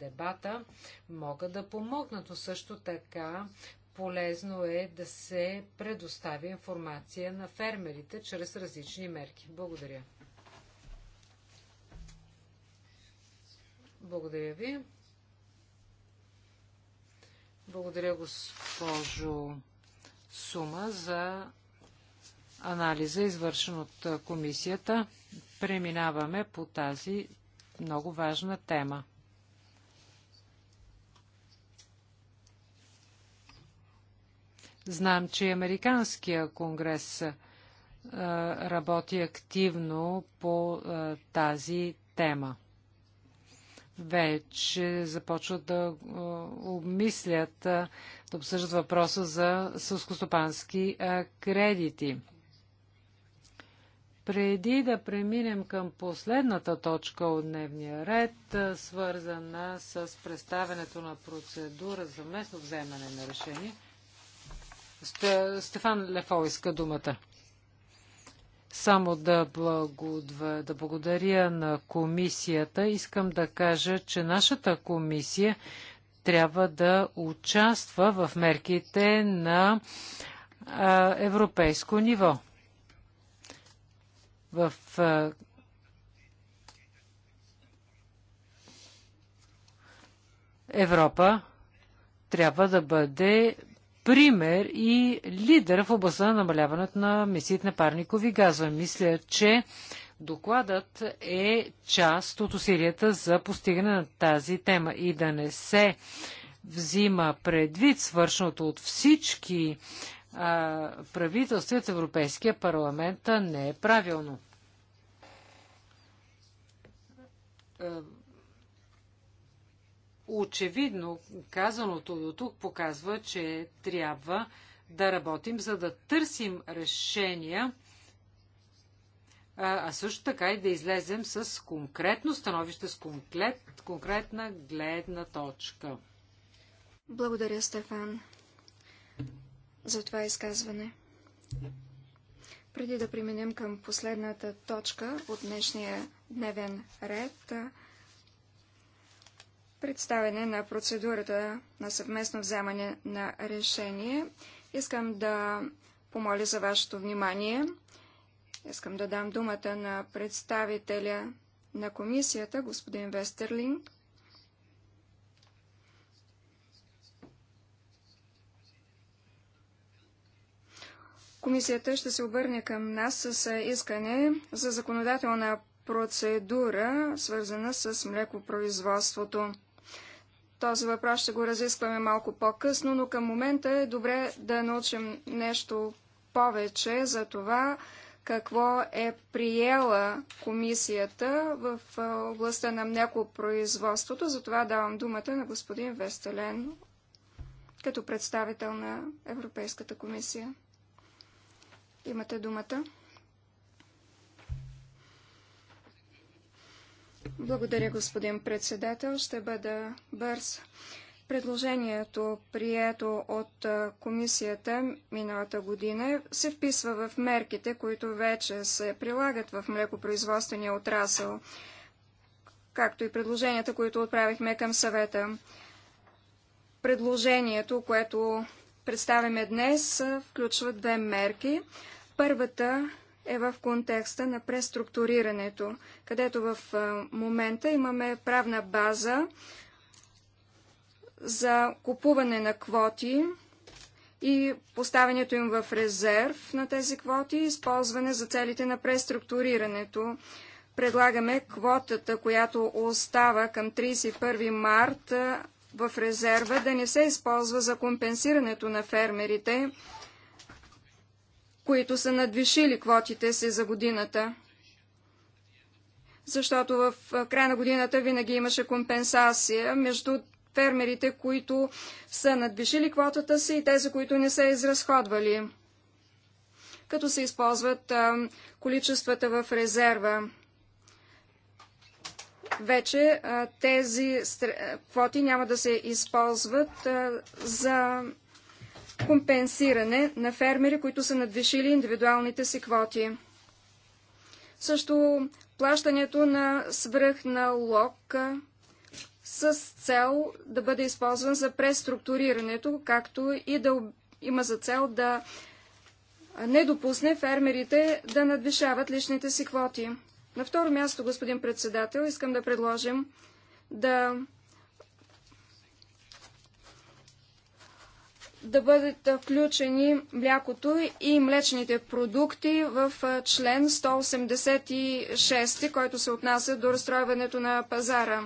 дебата могат да помогнат, но също така полезно е да се предостави информация на фермерите чрез различни мерки. Благодаря. Благодаря ви. Благодаря, госпожо Сума, за анализа, извършен от комисията. Преминаваме по тази много важна тема. Знам, че Американския конгрес работи активно по тази тема вече започват да е, обмислят, е, да обсъждат въпроса за сълскостопански е, кредити. Преди да преминем към последната точка от дневния ред, свързана с представенето на процедура за местно вземане на решение, Стефан Лефо иска думата. Само да, благодва, да благодаря на комисията. Искам да кажа, че нашата комисия трябва да участва в мерките на а, европейско ниво. В а, Европа трябва да бъде пример и лидер в областта на намаляването на мисиите на парникови газове. Мисля, че докладът е част от усилията за постигане на тази тема и да не се взима предвид свършното от всички а, правителства от Европейския парламент не е правилно Очевидно, казаното до тук показва, че трябва да работим, за да търсим решения, а също така и да излезем с конкретно становище, с конкрет, конкретна гледна точка. Благодаря, Стефан, за това изказване. Преди да преминем към последната точка от днешния дневен ред, представяне на процедурата на съвместно вземане на решение. Искам да помоля за вашето внимание. Искам да дам думата на представителя на комисията, господин Вестерлинг. Комисията ще се обърне към нас с искане за законодателна процедура, свързана с млекопроизводството. Този въпрос ще го разискваме малко по-късно, но към момента е добре да научим нещо повече за това, какво е приела комисията в областта на млекопроизводството. Затова давам думата на господин Вестелен като представител на Европейската комисия. Имате думата. Благодаря, господин председател. Ще бъда бърз. Предложението, прието от комисията миналата година, се вписва в мерките, които вече се прилагат в млекопроизводствения отрасъл, както и предложенията, които отправихме към съвета. Предложението, което представяме днес, включва две мерки. Първата е в контекста на преструктурирането, където в момента имаме правна база за купуване на квоти и поставянето им в резерв на тези квоти и използване за целите на преструктурирането. Предлагаме квотата, която остава към 31 марта в резерва, да не се използва за компенсирането на фермерите, които са надвишили квотите си за годината. Защото в края на годината винаги имаше компенсация между фермерите, които са надвишили квотата си и тези, които не са изразходвали, като се използват а, количествата в резерва. Вече а, тези стр... квоти няма да се използват а, за компенсиране на фермери, които са надвишили индивидуалните си квоти. Също плащането на свръхналог с цел да бъде използван за преструктурирането, както и да има за цел да не допусне фермерите да надвишават личните си квоти. На второ място, господин председател, искам да предложим да да бъдат включени млякото и млечните продукти в член 186, който се отнася до разстройването на пазара.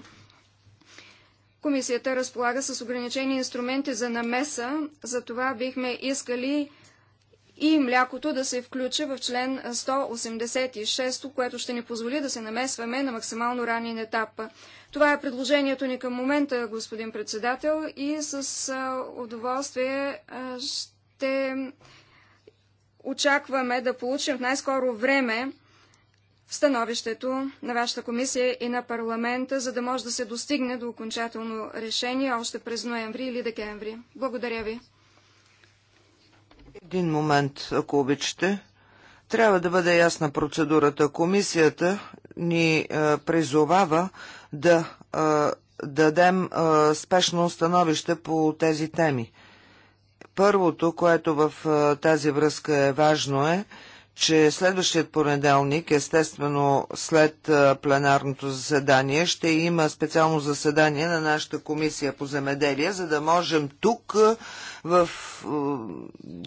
Комисията разполага с ограничени инструменти за намеса, За това бихме искали и млякото да се включи в член 186, което ще ни позволи да се намесваме на максимално ранен етап. Това е предложението ни към момента, господин председател, и с удоволствие ще очакваме да получим в най-скоро време становището на вашата комисия и на парламента, за да може да се достигне до окончателно решение още през ноември или декември. Благодаря ви. Един момент, ако обичате. Трябва да бъде ясна процедурата. Комисията ни е, призовава да е, дадем е, спешно становище по тези теми. Първото, което в тази връзка е важно е, че следващия понеделник, естествено след пленарното заседание, ще има специално заседание на нашата комисия по земеделие, за да можем тук в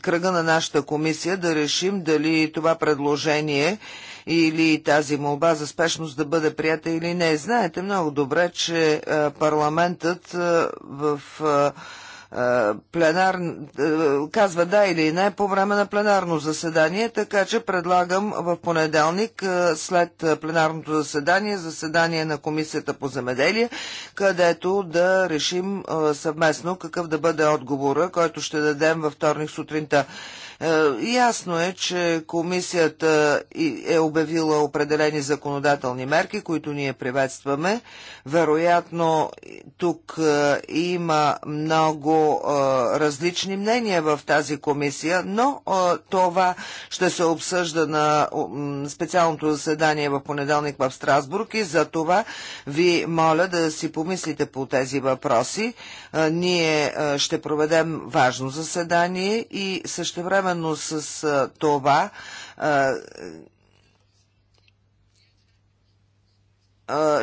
кръга на нашата комисия да решим дали това предложение или тази молба за спешност да бъде прията или не. Знаете много добре, че парламентът в пленар, казва да или не по време на пленарно заседание, така че предлагам в понеделник след пленарното заседание, заседание на Комисията по земеделие, където да решим съвместно какъв да бъде отговора, който ще дадем във вторник сутринта. Е, ясно е, че комисията е обявила определени законодателни мерки, които ние приветстваме. Вероятно, тук е, има много е, различни мнения в тази комисия, но това ще се обсъжда на специалното заседание в понеделник в Страсбург и за това ви моля да си помислите по тези въпроси. Ние ще проведем важно заседание и също време едновременно с това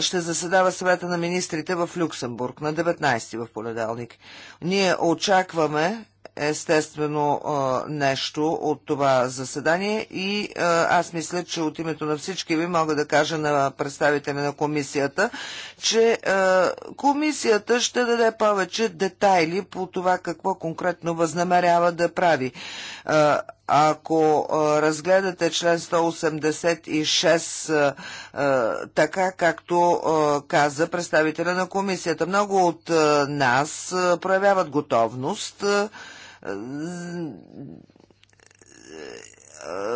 ще заседава съвета на министрите в Люксембург на 19 в понеделник. Ние очакваме естествено нещо от това заседание и аз мисля, че от името на всички ви мога да кажа на представителя на комисията, че комисията ще даде повече детайли по това какво конкретно възнамерява да прави. Ако разгледате член 186 така, както каза представителя на комисията, много от нас проявяват готовност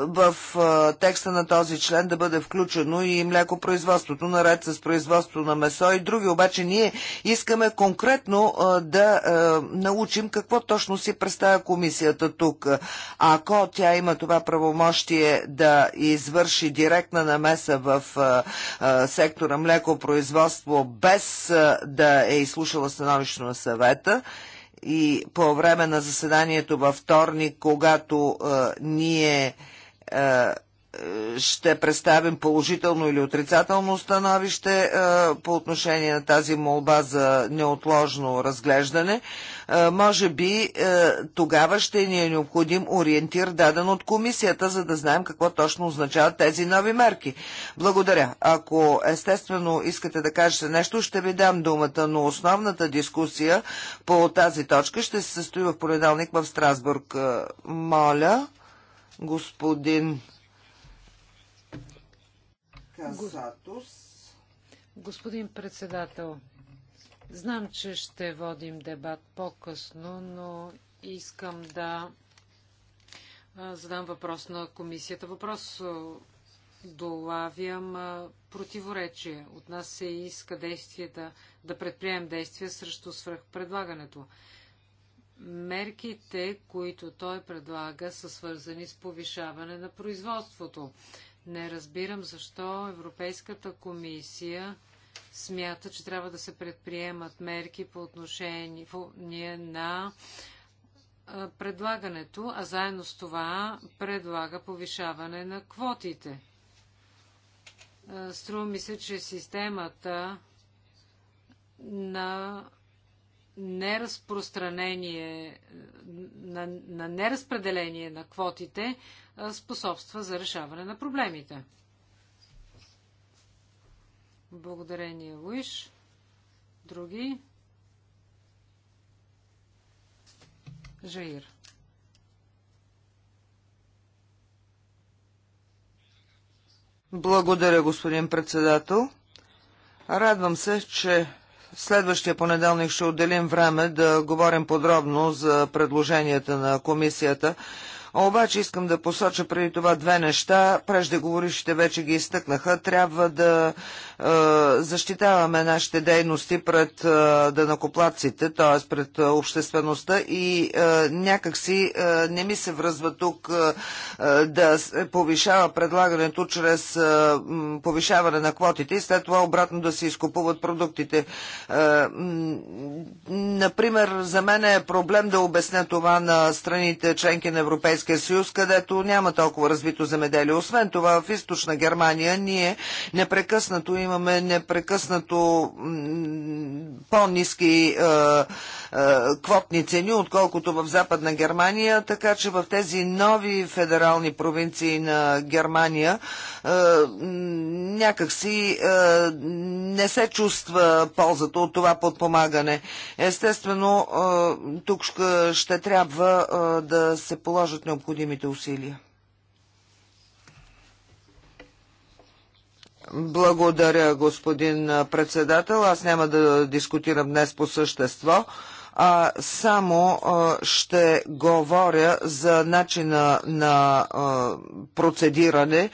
в текста на този член да бъде включено и млекопроизводството, наред с производство на месо и други. Обаче ние искаме конкретно да научим какво точно си представя комисията тук. Ако тя има това правомощие да извърши директна намеса в сектора млекопроизводство без да е изслушала становището на съвета, и по време на заседанието във вторник, когато е, ние е, ще представим положително или отрицателно становище по отношение на тази молба за неотложно разглеждане. Може би тогава ще ни е необходим ориентир даден от комисията, за да знаем какво точно означават тези нови мерки. Благодаря. Ако естествено искате да кажете нещо, ще ви дам думата, но основната дискусия по тази точка ще се състои в понеделник в Страсбург. Моля, господин Господин председател, знам, че ще водим дебат по-късно, но искам да задам въпрос на комисията. Въпрос долавям противоречие. От нас се иска действията, да предприемем действия срещу свръхпредлагането. Мерките, които той предлага, са свързани с повишаване на производството. Не разбирам защо Европейската комисия смята, че трябва да се предприемат мерки по отношение на предлагането, а заедно с това предлага повишаване на квотите. Струва ми се, че системата на неразпространение, на, на неразпределение на квотите способства за решаване на проблемите. Благодарение, Луиш. Други? Жаир. Благодаря, господин председател. Радвам се, че Следващия понеделник ще отделим време да говорим подробно за предложенията на комисията. Обаче искам да посоча преди това две неща. Преждеговорившите вече ги изтъкнаха. Трябва да е, защитаваме нашите дейности пред е, дънакоплаците, т.е. пред е, обществеността и е, някакси е, не ми се връзва тук е, е да повишава предлагането чрез е, повишаване на квотите и след това обратно да се изкупуват продуктите. Е, например, за мен е проблем да обясня това на страните членки на Европейския Европейския съюз, където няма толкова развито земеделие. Освен това, в източна Германия ние непрекъснато имаме непрекъснато по-низки е, е, квотни цени, отколкото в Западна Германия, така че в тези нови федерални провинции на Германия е, някакси е, не се чувства ползата от това подпомагане. Естествено, тук ще трябва да се положат необходимите усилия. Благодаря, господин председател. Аз няма да дискутирам днес по същество а само а, ще говоря за начина на а, процедиране,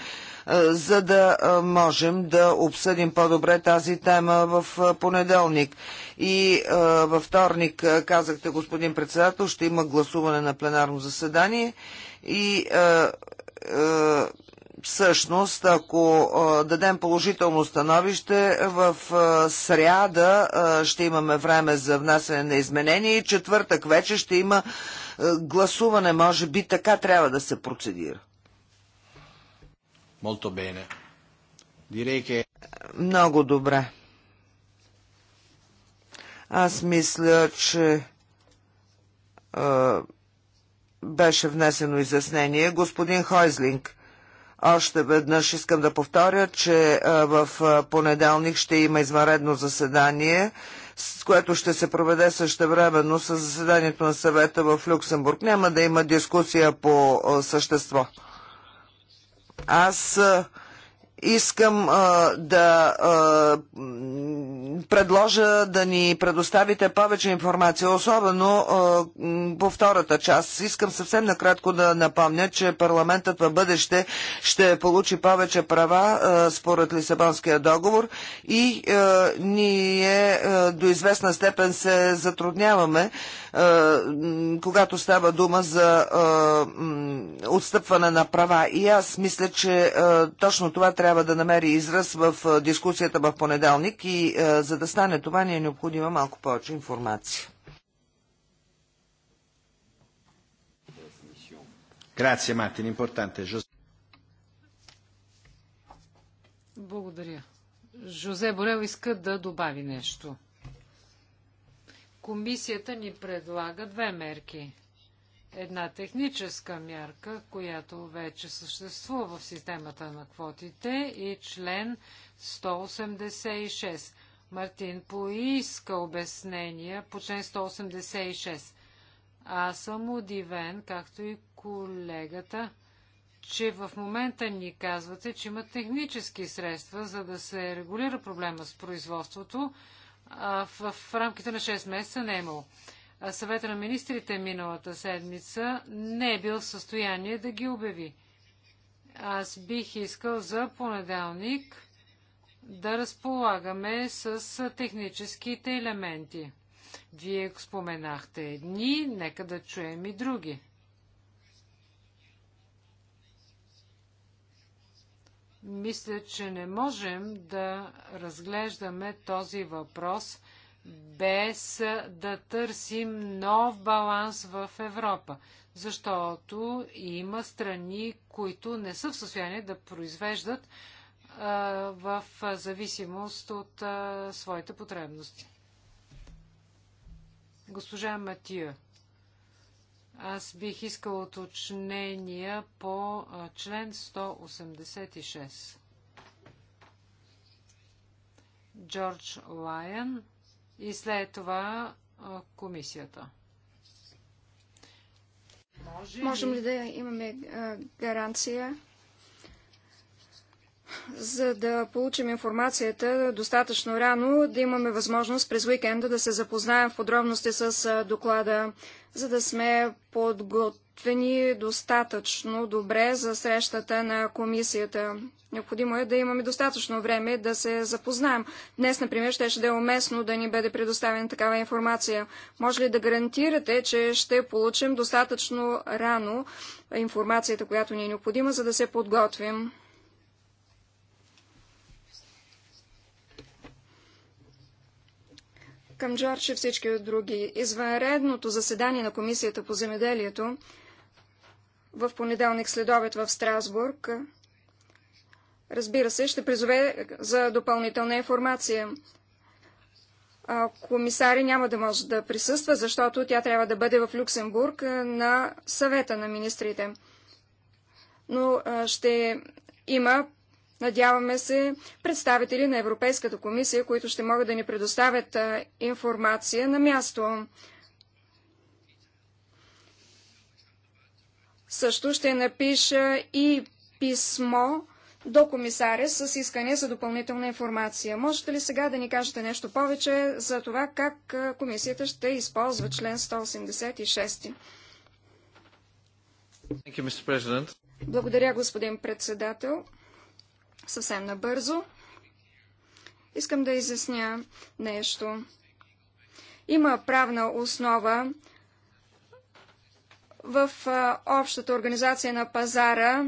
а, за да а, можем да обсъдим по-добре тази тема в а, понеделник. И а, във вторник, а, казахте, господин председател, ще има гласуване на пленарно заседание и а, а всъщност, ако дадем положително становище, в сряда ще имаме време за внасяне на изменения и четвъртък вече ще има гласуване. Може би така трябва да се процедира. Molto bene. Direi che... Много добре. Аз мисля, че беше внесено изяснение. Господин Хойзлинг, още веднъж искам да повторя, че в понеделник ще има извънредно заседание, с което ще се проведе същевременно с заседанието на съвета в Люксембург. Няма да има дискусия по същество. Аз искам да предложа да ни предоставите повече информация, особено е, по втората част. Искам съвсем накратко да напомня, че парламентът в бъдеще ще получи повече права е, според Лисабонския договор и е, ние до известна степен се затрудняваме, когато става дума за отстъпване на права. И аз мисля, че точно това трябва да намери израз в дискусията в понеделник и за да стане това, ни е необходима малко повече информация. Grazie Martin, importante. Благодаря. Жозе Борел иска да добави нещо. Комисията ни предлага две мерки. Една техническа мярка, която вече съществува в системата на квотите и член 186. Мартин поиска обяснения по член 186. Аз съм удивен, както и колегата, че в момента ни казвате, че има технически средства, за да се регулира проблема с производството. А в, в рамките на 6 месеца не е имало. А съвета на министрите миналата седмица не е бил в състояние да ги обяви. Аз бих искал за понеделник да разполагаме с техническите елементи. Вие споменахте едни, нека да чуем и други. Мисля, че не можем да разглеждаме този въпрос без да търсим нов баланс в Европа, защото има страни, които не са в състояние да произвеждат в зависимост от своите потребности. Госпожа Матия, аз бих искал уточнения по член 186. Джордж Лайън и след това комисията. Можем ли да имаме гаранция за да получим информацията достатъчно рано, да имаме възможност през уикенда да се запознаем в подробности с доклада, за да сме подготвени достатъчно добре за срещата на комисията. Необходимо е да имаме достатъчно време да се запознаем. Днес, например, ще, ще да е уместно да ни бъде предоставена такава информация. Може ли да гарантирате, че ще получим достатъчно рано информацията, която ни е необходима, за да се подготвим? към Джордж и всички от други. Извънредното заседание на Комисията по земеделието в понеделник следобед в Страсбург, разбира се, ще призове за допълнителна информация. Комисари няма да може да присъства, защото тя трябва да бъде в Люксембург на съвета на министрите. Но ще има Надяваме се представители на Европейската комисия, които ще могат да ни предоставят информация на място. Също ще напиша и писмо до комисаря с искане за допълнителна информация. Можете ли сега да ни кажете нещо повече за това как комисията ще използва член 186? Благодаря, господин председател съвсем набързо. Искам да изясня нещо. Има правна основа в общата организация на пазара,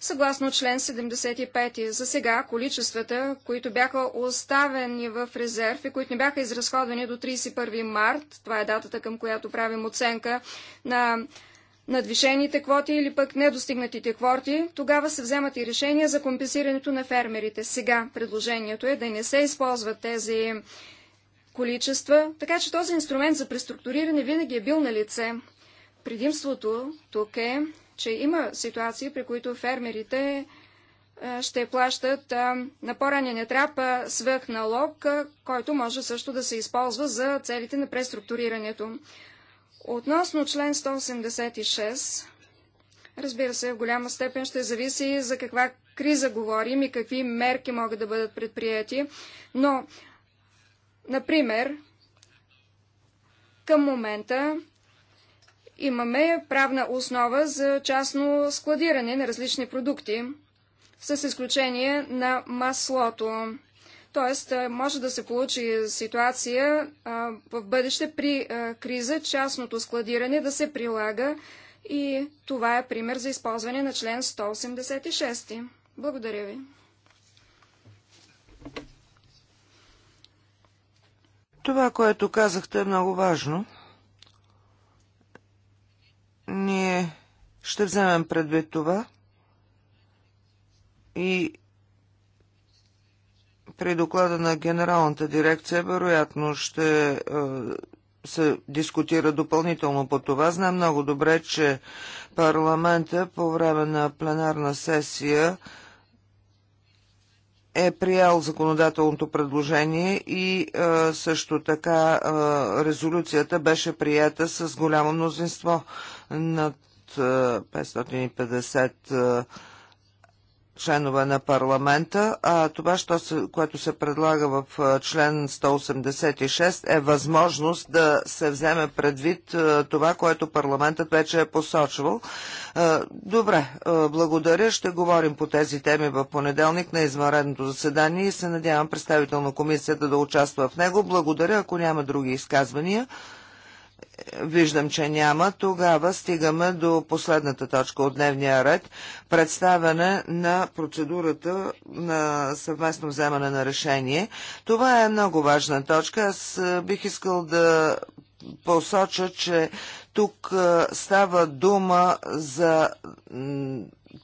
съгласно член 75. За сега количествата, които бяха оставени в резерв и които не бяха изразходвани до 31 март, това е датата към която правим оценка на надвишените квоти или пък недостигнатите квоти, тогава се вземат и решения за компенсирането на фермерите. Сега предложението е да не се използват тези количества, така че този инструмент за преструктуриране винаги е бил на лице. Предимството тук е, че има ситуации, при които фермерите е, ще плащат е, на по-ранен етап е, свърх налог, който може също да се използва за целите на преструктурирането. Относно член 186, разбира се, в голяма степен ще зависи за каква криза говорим и какви мерки могат да бъдат предприяти, но, например, към момента имаме правна основа за частно складиране на различни продукти, с изключение на маслото. Тоест, може да се получи ситуация а, в бъдеще при а, криза частното складиране да се прилага и това е пример за използване на член 186. Благодаря ви. Това, което казахте, е много важно. Ние ще вземем предвид това и при доклада на Генералната дирекция вероятно ще е, се дискутира допълнително по това. Знам много добре, че парламента по време на пленарна сесия е приял законодателното предложение и е, също така е, резолюцията беше прията с голямо мнозинство над 550 членове на парламента, а това, което се предлага в член 186 е възможност да се вземе предвид това, което парламентът вече е посочвал. Добре, благодаря. Ще говорим по тези теми в понеделник на извънредното заседание и се надявам представител на комисията да участва в него. Благодаря, ако няма други изказвания. Виждам, че няма. Тогава стигаме до последната точка от дневния ред – представяне на процедурата на съвместно вземане на решение. Това е много важна точка. Аз бих искал да посоча, че тук става дума за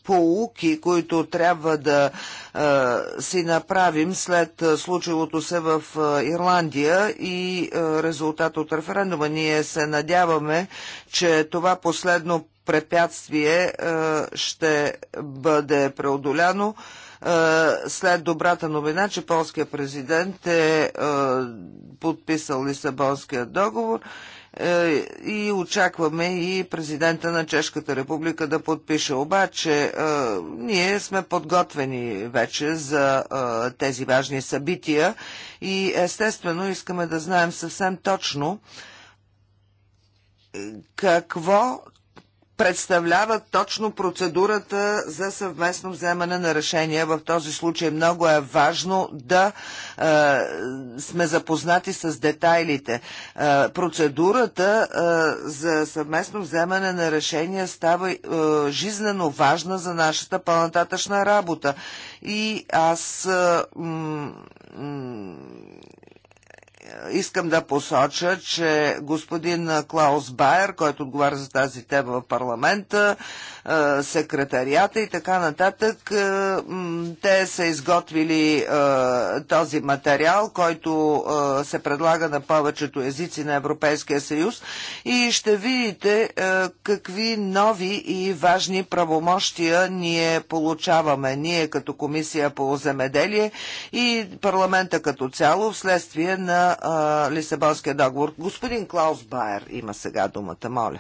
поуки, които трябва да а, си направим след случилото се в Ирландия и а, резултат от референдума. Ние се надяваме, че това последно препятствие а, ще бъде преодоляно след добрата новина, че полския президент е подписал Лисабонския договор е, и очакваме и президента на Чешката република да подпише. Обаче е, ние сме подготвени вече за е, тези важни събития и естествено искаме да знаем съвсем точно какво представляват точно процедурата за съвместно вземане на решения. В този случай много е важно да е, сме запознати с детайлите. Е, процедурата е, за съвместно вземане на решения става е, жизнено важна за нашата по-нататъчна работа. И аз е, искам да посоча, че господин Клаус Байер, който отговаря за тази тема в парламента, секретарията и така нататък. Те са изготвили този материал, който се предлага на повечето езици на Европейския съюз и ще видите какви нови и важни правомощия ние получаваме. Ние като Комисия по земеделие и парламента като цяло вследствие на Лисабонския договор. Господин Клаус Байер има сега думата, моля.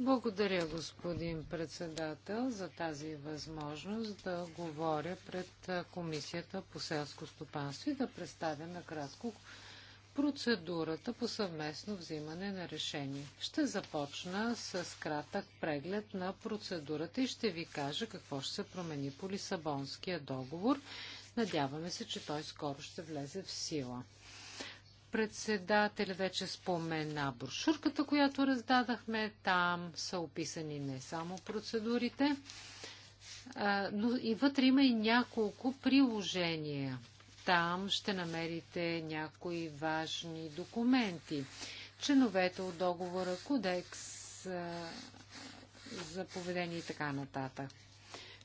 Благодаря, господин председател, за тази възможност да говоря пред Комисията по селско стопанство и да представя накратко процедурата по съвместно взимане на решение. Ще започна с кратък преглед на процедурата и ще ви кажа какво ще се промени по Лисабонския договор. Надяваме се, че той скоро ще влезе в сила. Председателя вече спомена брошурката, която раздадахме. Там са описани не само процедурите, но и вътре има и няколко приложения. Там ще намерите някои важни документи. Чиновете от договора, кодекс за поведение и така нататък.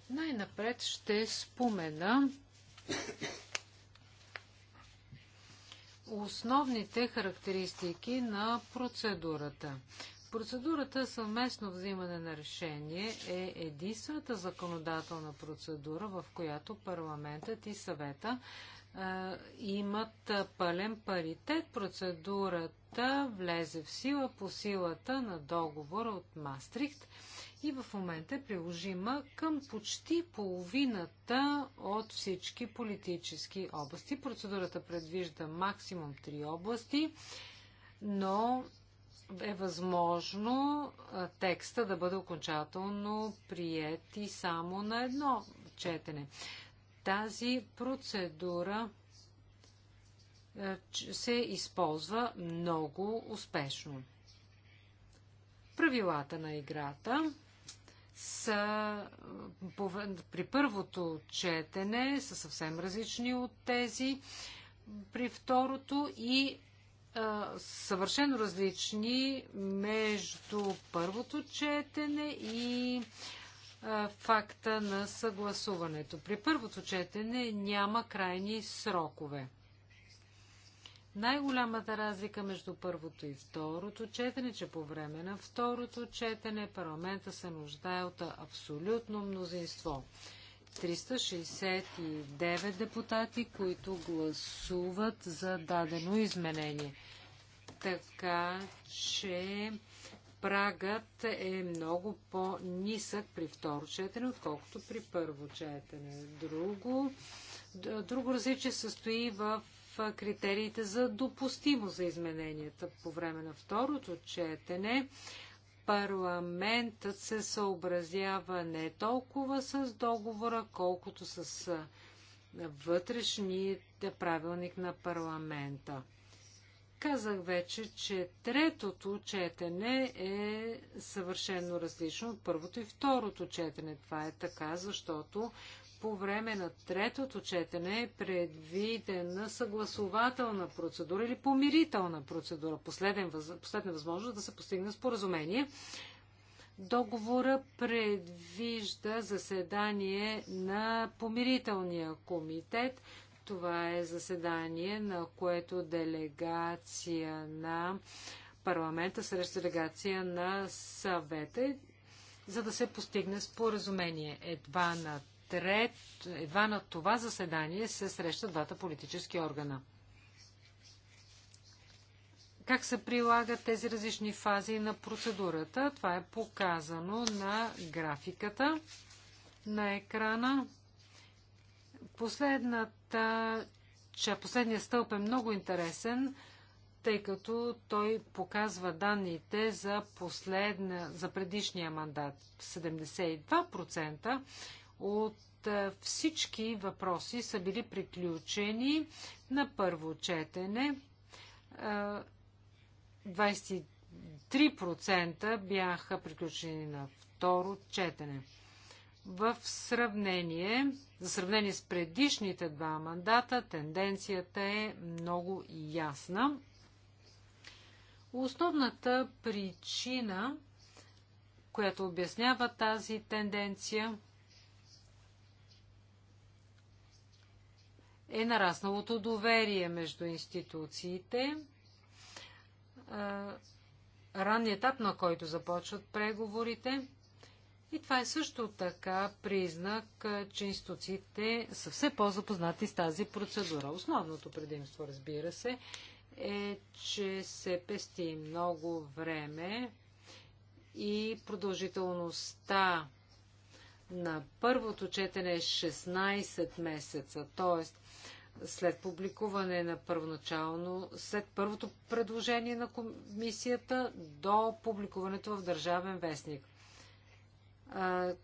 Най-напред ще спомена основните характеристики на процедурата. Процедурата съвместно взимане на решение е единствената законодателна процедура, в която парламентът и съвета имат пълен паритет. Процедурата влезе в сила по силата на договора от Мастрихт и в момента е приложима към почти половината от всички политически области. Процедурата предвижда максимум три области, но е възможно текста да бъде окончателно прият и само на едно четене. Тази процедура е, се използва много успешно. Правилата на играта са е, при първото четене са съвсем различни от тези при второто и а, е, съвършено различни между първото четене и факта на съгласуването. При първото четене няма крайни срокове. Най-голямата разлика между първото и второто четене, че по време на второто четене парламента се нуждае от абсолютно мнозинство. 369 депутати, които гласуват за дадено изменение. Така че прагът е много по-нисък при второ четене, отколкото при първо четене. Друго, друго различие състои в критериите за допустимо за измененията. По време на второто четене парламентът се съобразява не толкова с договора, колкото с вътрешния правилник на парламента. Казах вече, че третото четене е съвършено различно от първото и второто четене. Това е така, защото по време на третото четене е предвидена съгласователна процедура или помирителна процедура, последен, последна възможност да се постигне споразумение. Договора предвижда заседание на помирителния комитет, това е заседание, на което делегация на парламента срещу делегация на съвета, за да се постигне споразумение. Едва на, трет, едва на това заседание се срещат двата политически органа. Как се прилагат тези различни фази на процедурата? Това е показано на графиката на екрана. Последната, че последния стълб е много интересен, тъй като той показва данните за, последна, за предишния мандат. 72% от е, всички въпроси са били приключени на първо четене. 23% е, бяха приключени на второ четене. В сравнение, за сравнение с предишните два мандата, тенденцията е много ясна. Основната причина, която обяснява тази тенденция, е нарасналото доверие между институциите, е, ранният етап, на който започват преговорите – и това е също така признак, че институциите са все по-запознати с тази процедура. Основното предимство, разбира се, е, че се пести много време и продължителността на първото четене е 16 месеца, т.е. след публикуване на първоначално, след първото предложение на комисията до публикуването в Държавен вестник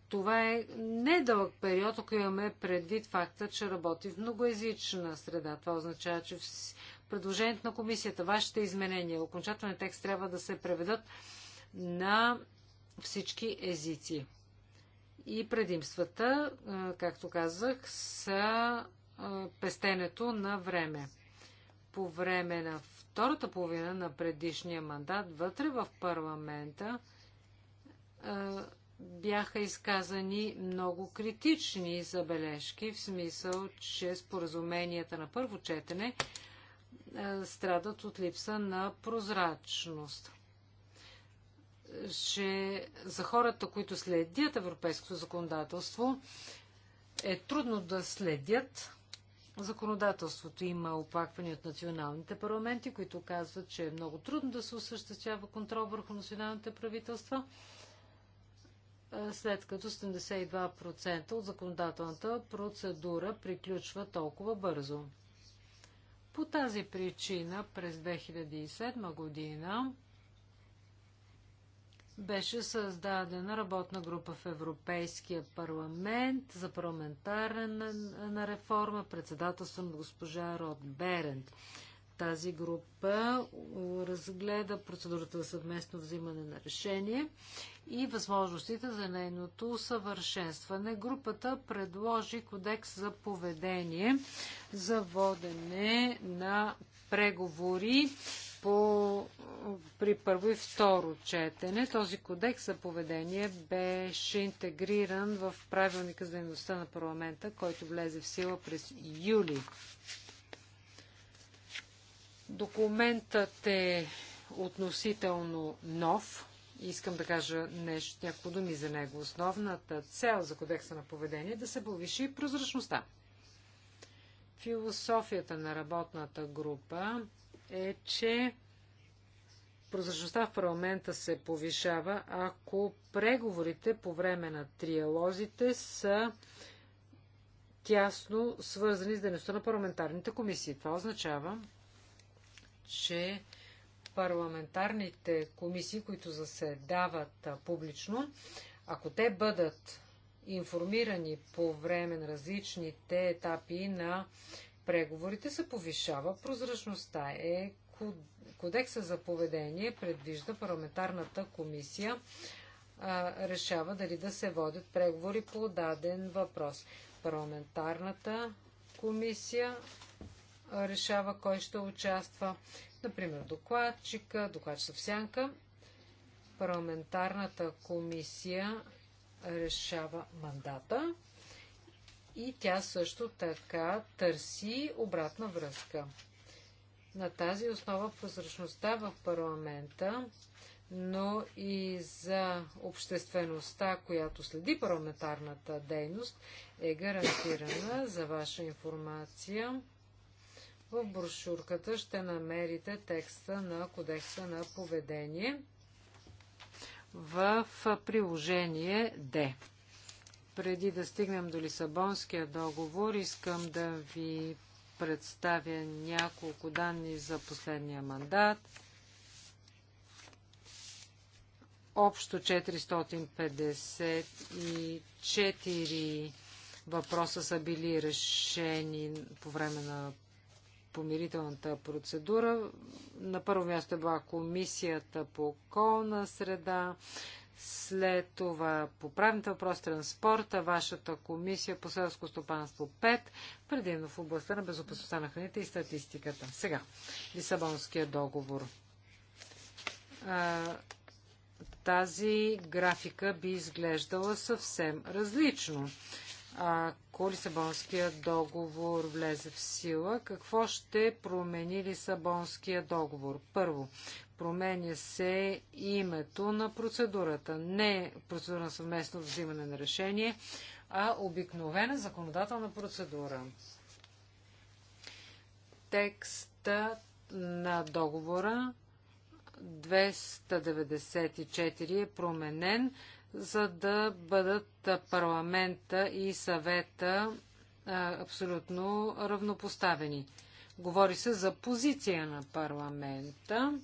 това е недълъг период, ако имаме предвид факта, че работи в многоязична среда. Това означава, че в предложението на комисията, вашите изменения, окончателен текст трябва да се преведат на всички езици. И предимствата, както казах, са пестенето на време. По време на втората половина на предишния мандат, вътре в парламента, бяха изказани много критични забележки, в смисъл, че споразуменията на първо четене е, страдат от липса на прозрачност. Че за хората, които следят европейското законодателство, е трудно да следят законодателството. Има оплаквания от националните парламенти, които казват, че е много трудно да се осъществява контрол върху националните правителства след като 72% от законодателната процедура приключва толкова бързо. По тази причина през 2007 година беше създадена работна група в Европейския парламент за парламентарна реформа, председателство на госпожа Род Берент. Тази група разгледа процедурата за съвместно взимане на решение и възможностите за нейното усъвършенстване. Групата предложи кодекс за поведение за водене на преговори по, при първо и второ четене. Този кодекс за поведение беше интегриран в правилника за дейността на парламента, който влезе в сила през юли Документът е относително нов. Искам да кажа нещо, някакво думи за него. Основната цел за кодекса на поведение е да се повиши прозрачността. Философията на работната група е, че прозрачността в парламента се повишава, ако преговорите по време на триалозите са тясно свързани с дейността на парламентарните комисии. Това означава, че парламентарните комисии, които заседават публично, ако те бъдат информирани по време на различните етапи на преговорите, се повишава прозрачността. Е, кодекса за поведение предвижда парламентарната комисия а, решава дали да се водят преговори по даден въпрос. Парламентарната комисия решава кой ще участва. Например, докладчика, докладчица в сянка. Парламентарната комисия решава мандата и тя също така търси обратна връзка. На тази основа прозрачността в парламента, но и за обществеността, която следи парламентарната дейност, е гарантирана за ваша информация. В брошурката ще намерите текста на Кодекса на поведение в приложение Д. Преди да стигнем до Лисабонския договор, искам да ви представя няколко данни за последния мандат. Общо 454 въпроса са били решени по време на помирителната процедура. На първо място е била комисията по околна среда, след това по правните въпроси транспорта, вашата комисия по селско стопанство 5, предимно в областта на безопасността на храните и статистиката. Сега, Лисабонския договор. А, тази графика би изглеждала съвсем различно. А, ако Лисабонския договор влезе в сила, какво ще промени Лисабонския договор? Първо, променя се името на процедурата. Не процедура на съвместно взимане на решение, а обикновена законодателна процедура. Текста на договора 294 е променен за да бъдат парламента и съвета абсолютно равнопоставени. Говори се за позиция на парламента.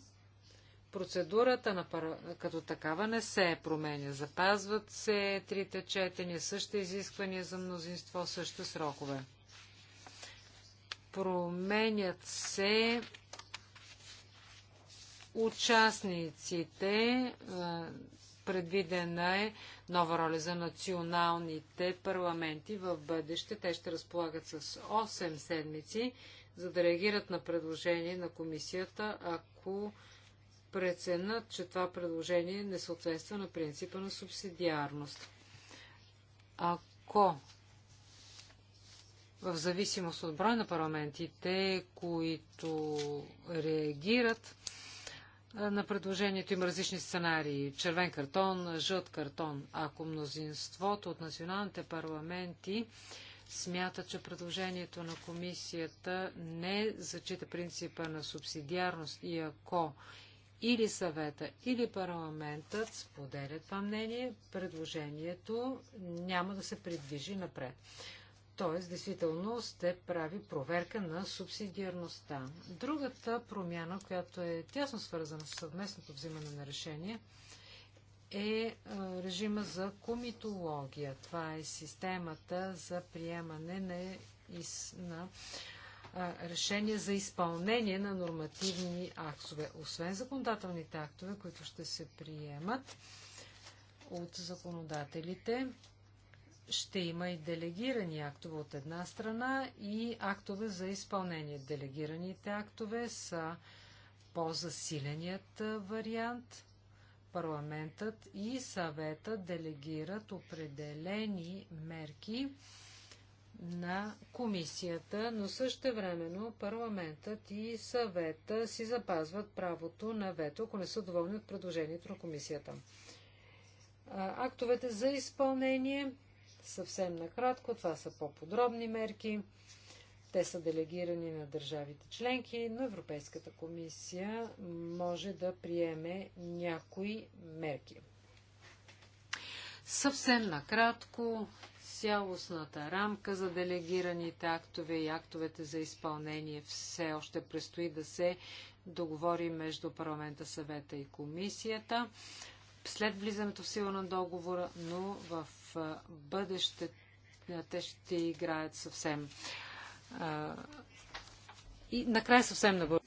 Процедурата на пар... като такава не се променя. Запазват се трите четения, същите изисквания за мнозинство, същите срокове. Променят се участниците, Предвидена е нова роля за националните парламенти в бъдеще. Те ще разполагат с 8 седмици, за да реагират на предложение на комисията, ако преценят, че това предложение не съответства на принципа на субсидиарност. Ако в зависимост от броя на парламентите, които реагират, на предложението има различни сценарии. Червен картон, жълт картон. Ако мнозинството от националните парламенти смята, че предложението на комисията не зачита принципа на субсидиарност и ако или съвета, или парламентът споделят това мнение, предложението няма да се придвижи напред. Тоест, действително сте прави проверка на субсидиарността. Другата промяна, която е тясно свързана с съвместното взимане на решение, е, е режима за комитология. Това е системата за приемане на, из, на решения за изпълнение на нормативни актове. Освен законодателните актове, които ще се приемат от законодателите, ще има и делегирани актове от една страна и актове за изпълнение. Делегираните актове са по-засиленият вариант. Парламентът и съвета делегират определени мерки на комисията, но също времено парламентът и съвета си запазват правото на вето, ако не са доволни от предложението на комисията. Актовете за изпълнение Съвсем накратко, това са по-подробни мерки. Те са делегирани на държавите членки, но Европейската комисия може да приеме някои мерки. Съвсем накратко, цялостната рамка за делегираните актове и актовете за изпълнение все още предстои да се договори между парламента, съвета и комисията след влизането в сила на договора, но в бъдеще те ще играят съвсем. И накрая съвсем на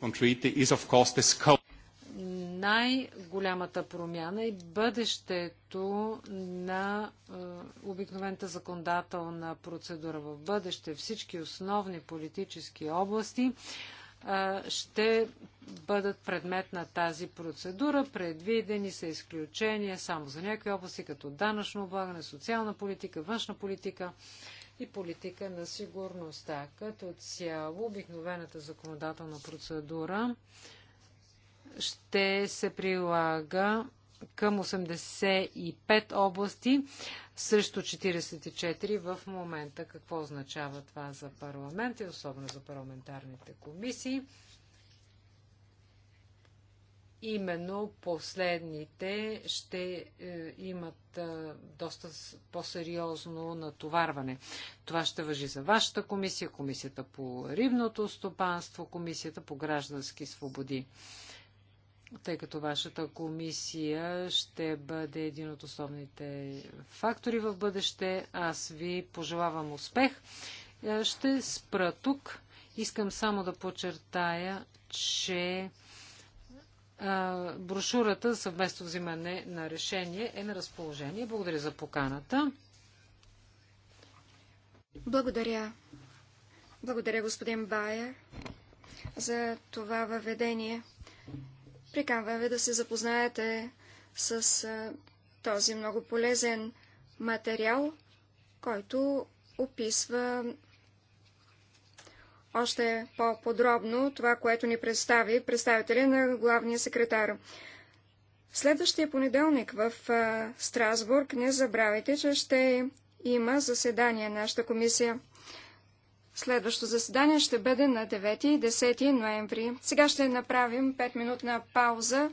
Най-голямата промяна и е бъдещето на обикновената законодателна процедура. В бъдеще всички основни политически области ще бъдат предмет на тази процедура. Предвидени са изключения само за някои области, като данъчно облагане, социална политика, външна политика и политика на сигурността. Като цяло, обикновената законодателна процедура ще се прилага към 85 области срещу 44 в момента. Какво означава това за парламент и особено за парламентарните комисии? Именно последните ще е, имат е, доста по-сериозно натоварване. Това ще въжи за вашата комисия, комисията по рибното стопанство, комисията по граждански свободи тъй като вашата комисия ще бъде един от основните фактори в бъдеще. Аз ви пожелавам успех. Е, ще спра тук. Искам само да подчертая, че е, брошурата съвместно взимане на решение е на разположение. Благодаря за поканата. Благодаря. Благодаря, господин Бая, за това въведение. Приканвам ви да се запознаете с а, този много полезен материал, който описва още по-подробно това, което ни представи представителя на главния секретар. Следващия понеделник в а, Страсбург не забравяйте, че ще има заседание на нашата комисия. Следващото заседание ще бъде на 9 и 10 ноември. Сега ще направим 5-минутна пауза.